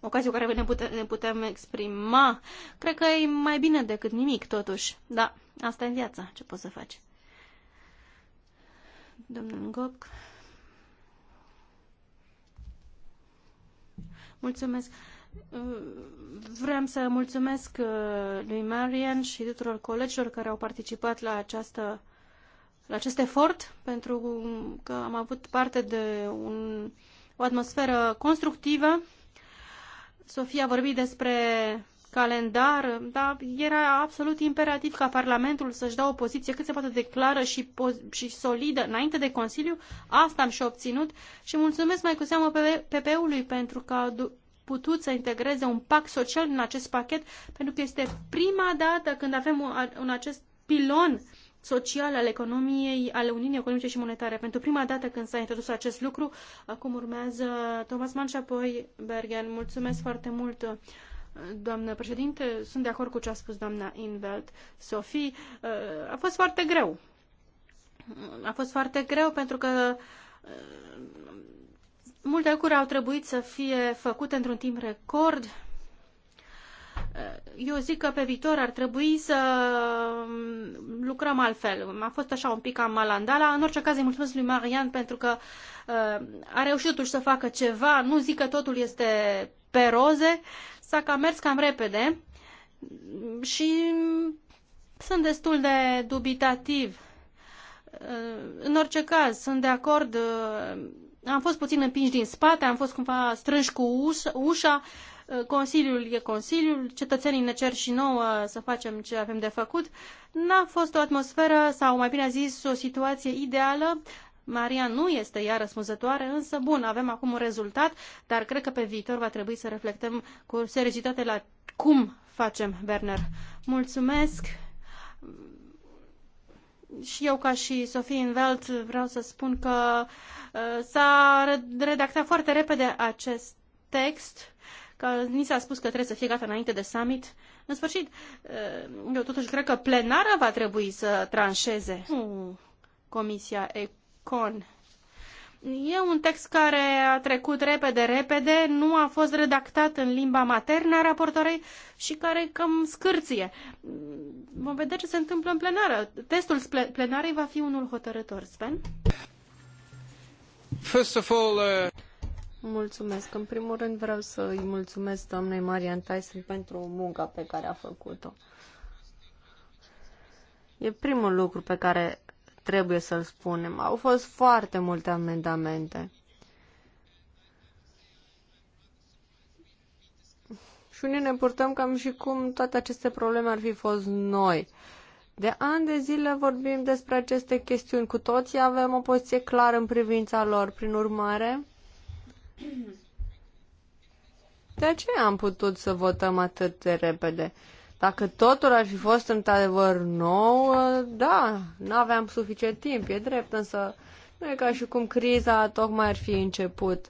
ocazie cu care ne putem, ne putem exprima. Cred că e mai bine decât nimic, totuși. Da, asta e viața. Ce poți să faci? Domnul Ngoc. Mulțumesc. Vreau să mulțumesc uh, lui Marian și tuturor colegilor care au participat la, această, la acest efort, pentru că am avut parte de un, o atmosferă constructivă Sofia a vorbit despre calendar, dar era absolut imperativ ca Parlamentul să-și dea o poziție cât se poate de clară și, și solidă înainte de Consiliu. Asta am și obținut și mulțumesc mai cu seamă PP-ului pentru că a putut să integreze un pact social în acest pachet, pentru că este prima dată când avem un, un acest pilon social al economiei, al Uniunii Economice și Monetare. Pentru prima dată când s-a introdus acest lucru, acum urmează Thomas Mann și apoi Bergen. Mulțumesc foarte mult! Doamnă președinte, sunt de acord cu ce a spus doamna Invelt. Sofie, a fost foarte greu. A fost foarte greu pentru că uh, multe lucruri au trebuit să fie făcute într-un timp record eu zic că pe viitor ar trebui să mm, lucrăm altfel. A fost așa un pic amalandala. În orice caz îi mulțumesc lui Marian pentru că uh, a reușit totuși să facă ceva. Nu zic că totul este pe roze. S-a cam mers cam repede și mm, sunt destul de dubitativ. Uh, în orice caz, sunt de acord. Uh, am fost puțin împinși din spate, am fost cumva strânși cu ușa Uh, Consiliul e Consiliul, cetățenii ne cer și nouă să facem ce avem de făcut. N-a fost o atmosferă, sau mai bine zis, o situație ideală. Maria nu este ea răspunzătoare, însă bun, avem acum un rezultat, dar cred că pe viitor va trebui să reflectăm cu seriozitate la cum facem, Werner. Mulțumesc! și eu ca și Sofie Invelt vreau să spun că uh, s-a redactat foarte repede acest text că ni s-a spus că trebuie să fie gata înainte de summit. În sfârșit, uh, eu totuși cred că plenara va trebui să tranșeze. Nu, Comisia Econ. E un text care a trecut repede, repede, nu a fost redactat în limba maternă a raportorei și care cam scârție. Vom vedea ce se întâmplă în plenară. Testul plenarei va fi unul hotărător, Sven. First of all, uh... Mulțumesc. În primul rând vreau să îi mulțumesc doamnei Marian Tyson pentru munca pe care a făcut-o. E primul lucru pe care trebuie să-l spunem. Au fost foarte multe amendamente. Și unii ne purtăm cam și cum toate aceste probleme ar fi fost noi. De ani de zile vorbim despre aceste chestiuni. Cu toții avem o poziție clară în privința lor. Prin urmare, de ce am putut să votăm atât de repede. Dacă totul ar fi fost într-adevăr nou, da, nu aveam suficient timp, e drept, însă nu e ca și cum criza tocmai ar fi început.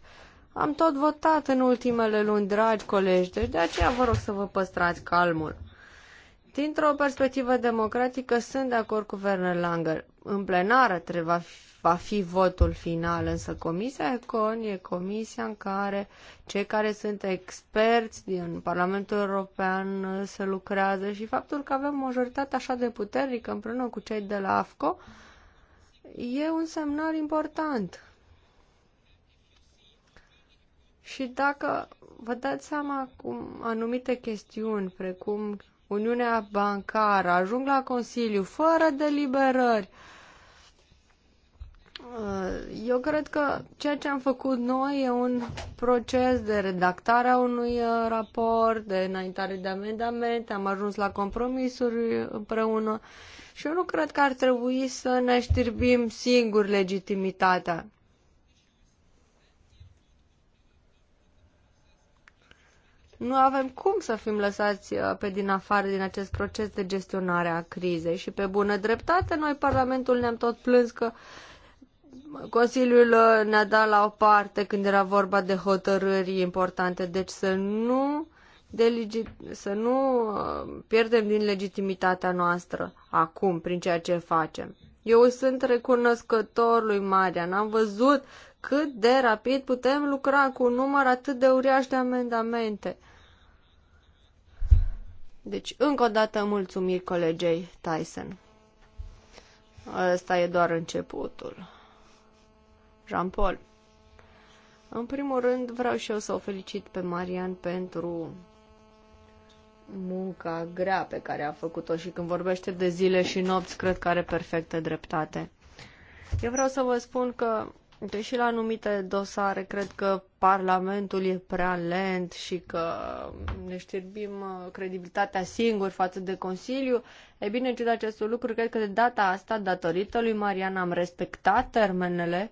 Am tot votat în ultimele luni, dragi colegi, deci de aceea vă rog să vă păstrați calmul. Dintr-o perspectivă democratică, sunt de acord cu Werner Langer. În plenară trebuie, va fi votul final, însă Comisia Econ e comisia în care cei care sunt experți din Parlamentul European se lucrează și faptul că avem majoritate așa de puternică împreună cu cei de la AFCO e un semnal important. Și dacă vă dați seama cum anumite chestiuni, precum Uniunea Bancară, ajung la Consiliu fără deliberări, Uh, eu cred că ceea ce am făcut noi e un proces de redactare a unui uh, raport, de înaintare de amendamente, am ajuns la compromisuri împreună și eu nu cred că ar trebui să ne știrbim singur legitimitatea. Nu avem cum să fim lăsați uh, pe din afară din acest proces de gestionare a crizei și pe bună dreptate noi Parlamentul ne-am tot plâns că uh, Consiliul uh, ne-a dat la o parte când era vorba de hotărâri importante, deci să nu, delegi, să nu uh, pierdem din legitimitatea noastră acum prin ceea ce facem. Eu sunt recunoscător lui Marian, am văzut cât de rapid putem lucra cu un număr atât de uriaș de amendamente. Deci, încă o dată, mulțumiri colegei Tyson. Ăsta e doar începutul. Jean-Paul. În primul rând, vreau și eu să o felicit pe Marian pentru munca grea pe care a făcut-o și când vorbește de zile și nopți, cred că are perfectă dreptate. Eu vreau să vă spun că, deși la anumite dosare cred că Parlamentul e prea lent și că ne știrbim uh, credibilitatea singuri față de Consiliu, e bine, în ciuda acestui lucru, cred că de data asta, datorită lui Marian, am respectat termenele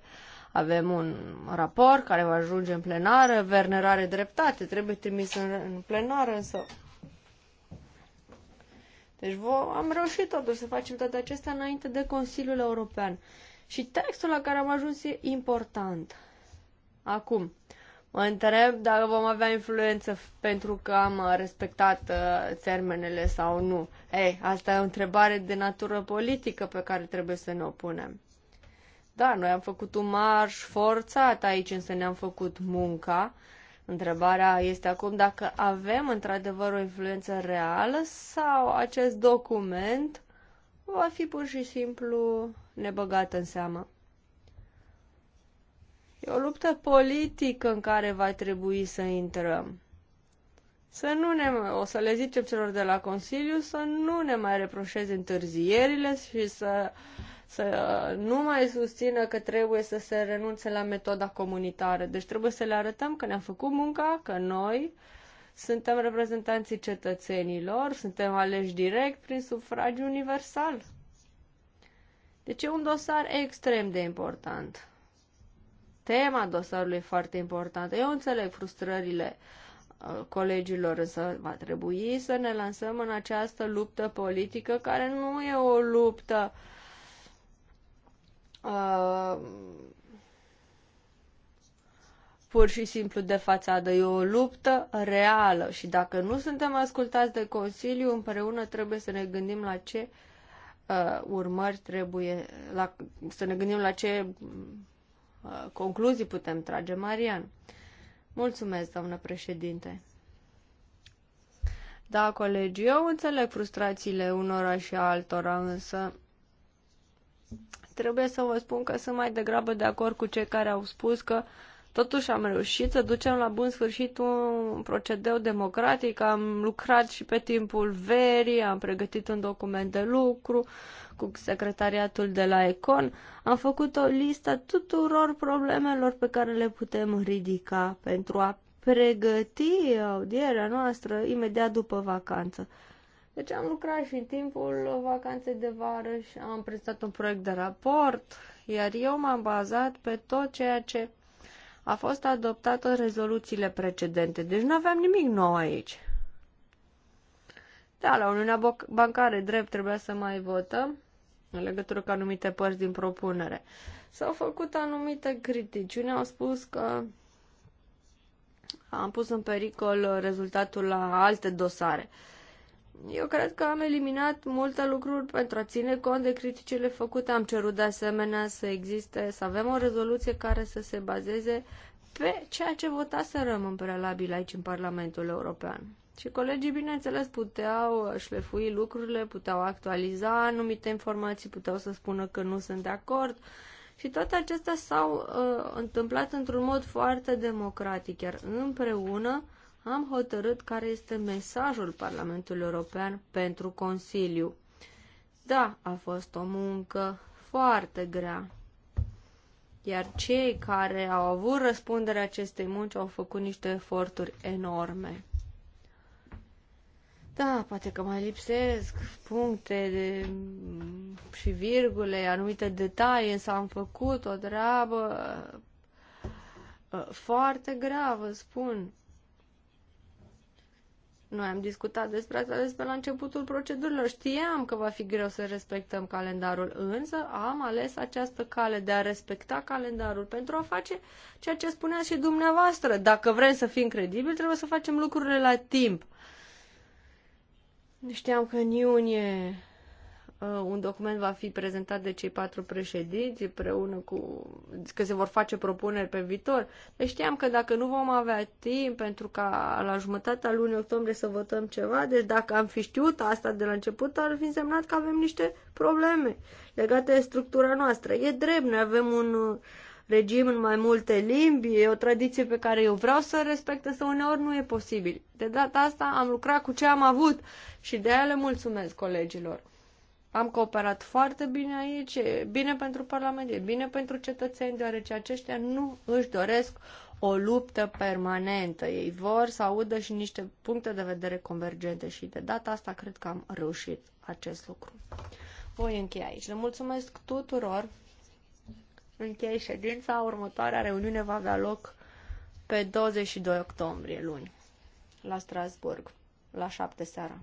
avem un raport care va ajunge în plenară, Werner are dreptate, trebuie trimis în, în plenară, însă... Deci am reușit totuși să facem toate acestea înainte de Consiliul European. Și textul la care am ajuns e important. Acum, mă întreb dacă vom avea influență pentru că am uh, respectat uh, termenele sau nu. Ei, asta e o întrebare de natură politică pe care trebuie să ne opunem. Da, noi am făcut un marș forțat aici, însă ne-am făcut munca. Întrebarea este acum dacă avem într-adevăr o influență reală sau acest document va fi pur și simplu nebăgat în seamă. E o luptă politică în care va trebui să intrăm. Să nu ne, o să le zicem celor de la Consiliu să nu ne mai reproșeze întârzierile și să uh, să uh, nu mai susțină că trebuie să se renunțe la metoda comunitară. Deci trebuie să le arătăm că ne-am făcut munca, că noi suntem reprezentanții cetățenilor, suntem aleși direct prin sufragiu universal. Deci e un dosar extrem de important. Tema dosarului e foarte importantă. Eu înțeleg frustrările uh, colegilor, însă va trebui să ne lansăm în această luptă politică care nu e o luptă uh, Uh, pur și simplu de fațadă. E o luptă reală și dacă nu suntem ascultați de Consiliu, împreună trebuie să ne gândim la ce uh, urmări trebuie, la, să ne gândim la ce uh, concluzii putem trage. Marian. Mulțumesc, doamnă președinte. Da, colegi, eu înțeleg frustrațiile unora și altora, însă trebuie să vă spun că sunt mai degrabă de acord cu cei care au spus că totuși am reușit să ducem la bun sfârșit un procedeu democratic, am lucrat și pe timpul verii, am pregătit un document de lucru cu secretariatul de la Econ, am făcut o listă tuturor problemelor pe care le putem ridica pentru a pregăti audierea noastră imediat după vacanță. Deci am lucrat și în timpul vacanței de vară și am prezentat un proiect de raport, iar eu m-am bazat pe tot ceea ce a fost adoptat în rezoluțiile precedente. Deci nu aveam nimic nou aici. Da, la Uniunea Bancară Drept trebuia să mai votăm în legătură cu anumite părți din propunere. S-au făcut anumite critici. Unii au spus că am pus în pericol rezultatul la alte dosare. Uh, eu cred că am eliminat multe lucruri pentru a ține cont de criticile făcute. Am cerut de asemenea să existe, să avem o rezoluție care să se bazeze pe ceea ce votaserăm în prealabil aici în Parlamentul European. Și colegii, bineînțeles, puteau șlefui lucrurile, puteau actualiza anumite informații, puteau să spună că nu sunt de acord. Și toate acestea s-au uh, întâmplat într-un mod foarte democratic, iar împreună uh, am hotărât care este mesajul Parlamentului European pentru Consiliu. Da, a fost o muncă foarte grea. Iar cei care au avut răspunderea acestei munci au făcut niște eforturi enorme. Da, poate că mai lipsesc puncte de, și virgule, anumite detalii, însă am făcut o treabă uh, foarte gravă, spun. Noi am discutat despre asta despre la începutul procedurilor. Știam că va fi greu să respectăm calendarul, însă am ales această cale de a respecta calendarul pentru a face ceea ce spunea și dumneavoastră. Dacă vrem să fim credibili, trebuie să facem lucrurile la timp. Știam că în iunie Uh, un document va fi prezentat de cei patru președinți împreună cu că se vor face propuneri pe viitor. Deci știam că dacă nu vom avea timp pentru ca la jumătatea lunii octombrie să votăm ceva, deci dacă am fi știut asta de la început, ar fi însemnat că avem niște probleme legate de structura noastră. E drept, noi avem un uh, regim în mai multe limbi, e o tradiție pe care eu vreau să respectă, să uneori nu e posibil. De data asta am lucrat cu ce am avut și de aia le mulțumesc colegilor. Am cooperat foarte bine aici, bine pentru Parlament, bine pentru cetățeni, deoarece aceștia nu își doresc o luptă permanentă. Ei vor să audă și niște puncte de vedere convergente și de data asta cred că am reușit acest lucru. Voi încheia aici. Le mulțumesc tuturor. Închei ședința. Următoarea reuniune va avea loc pe 22 octombrie, luni, la Strasburg, la 7 seara.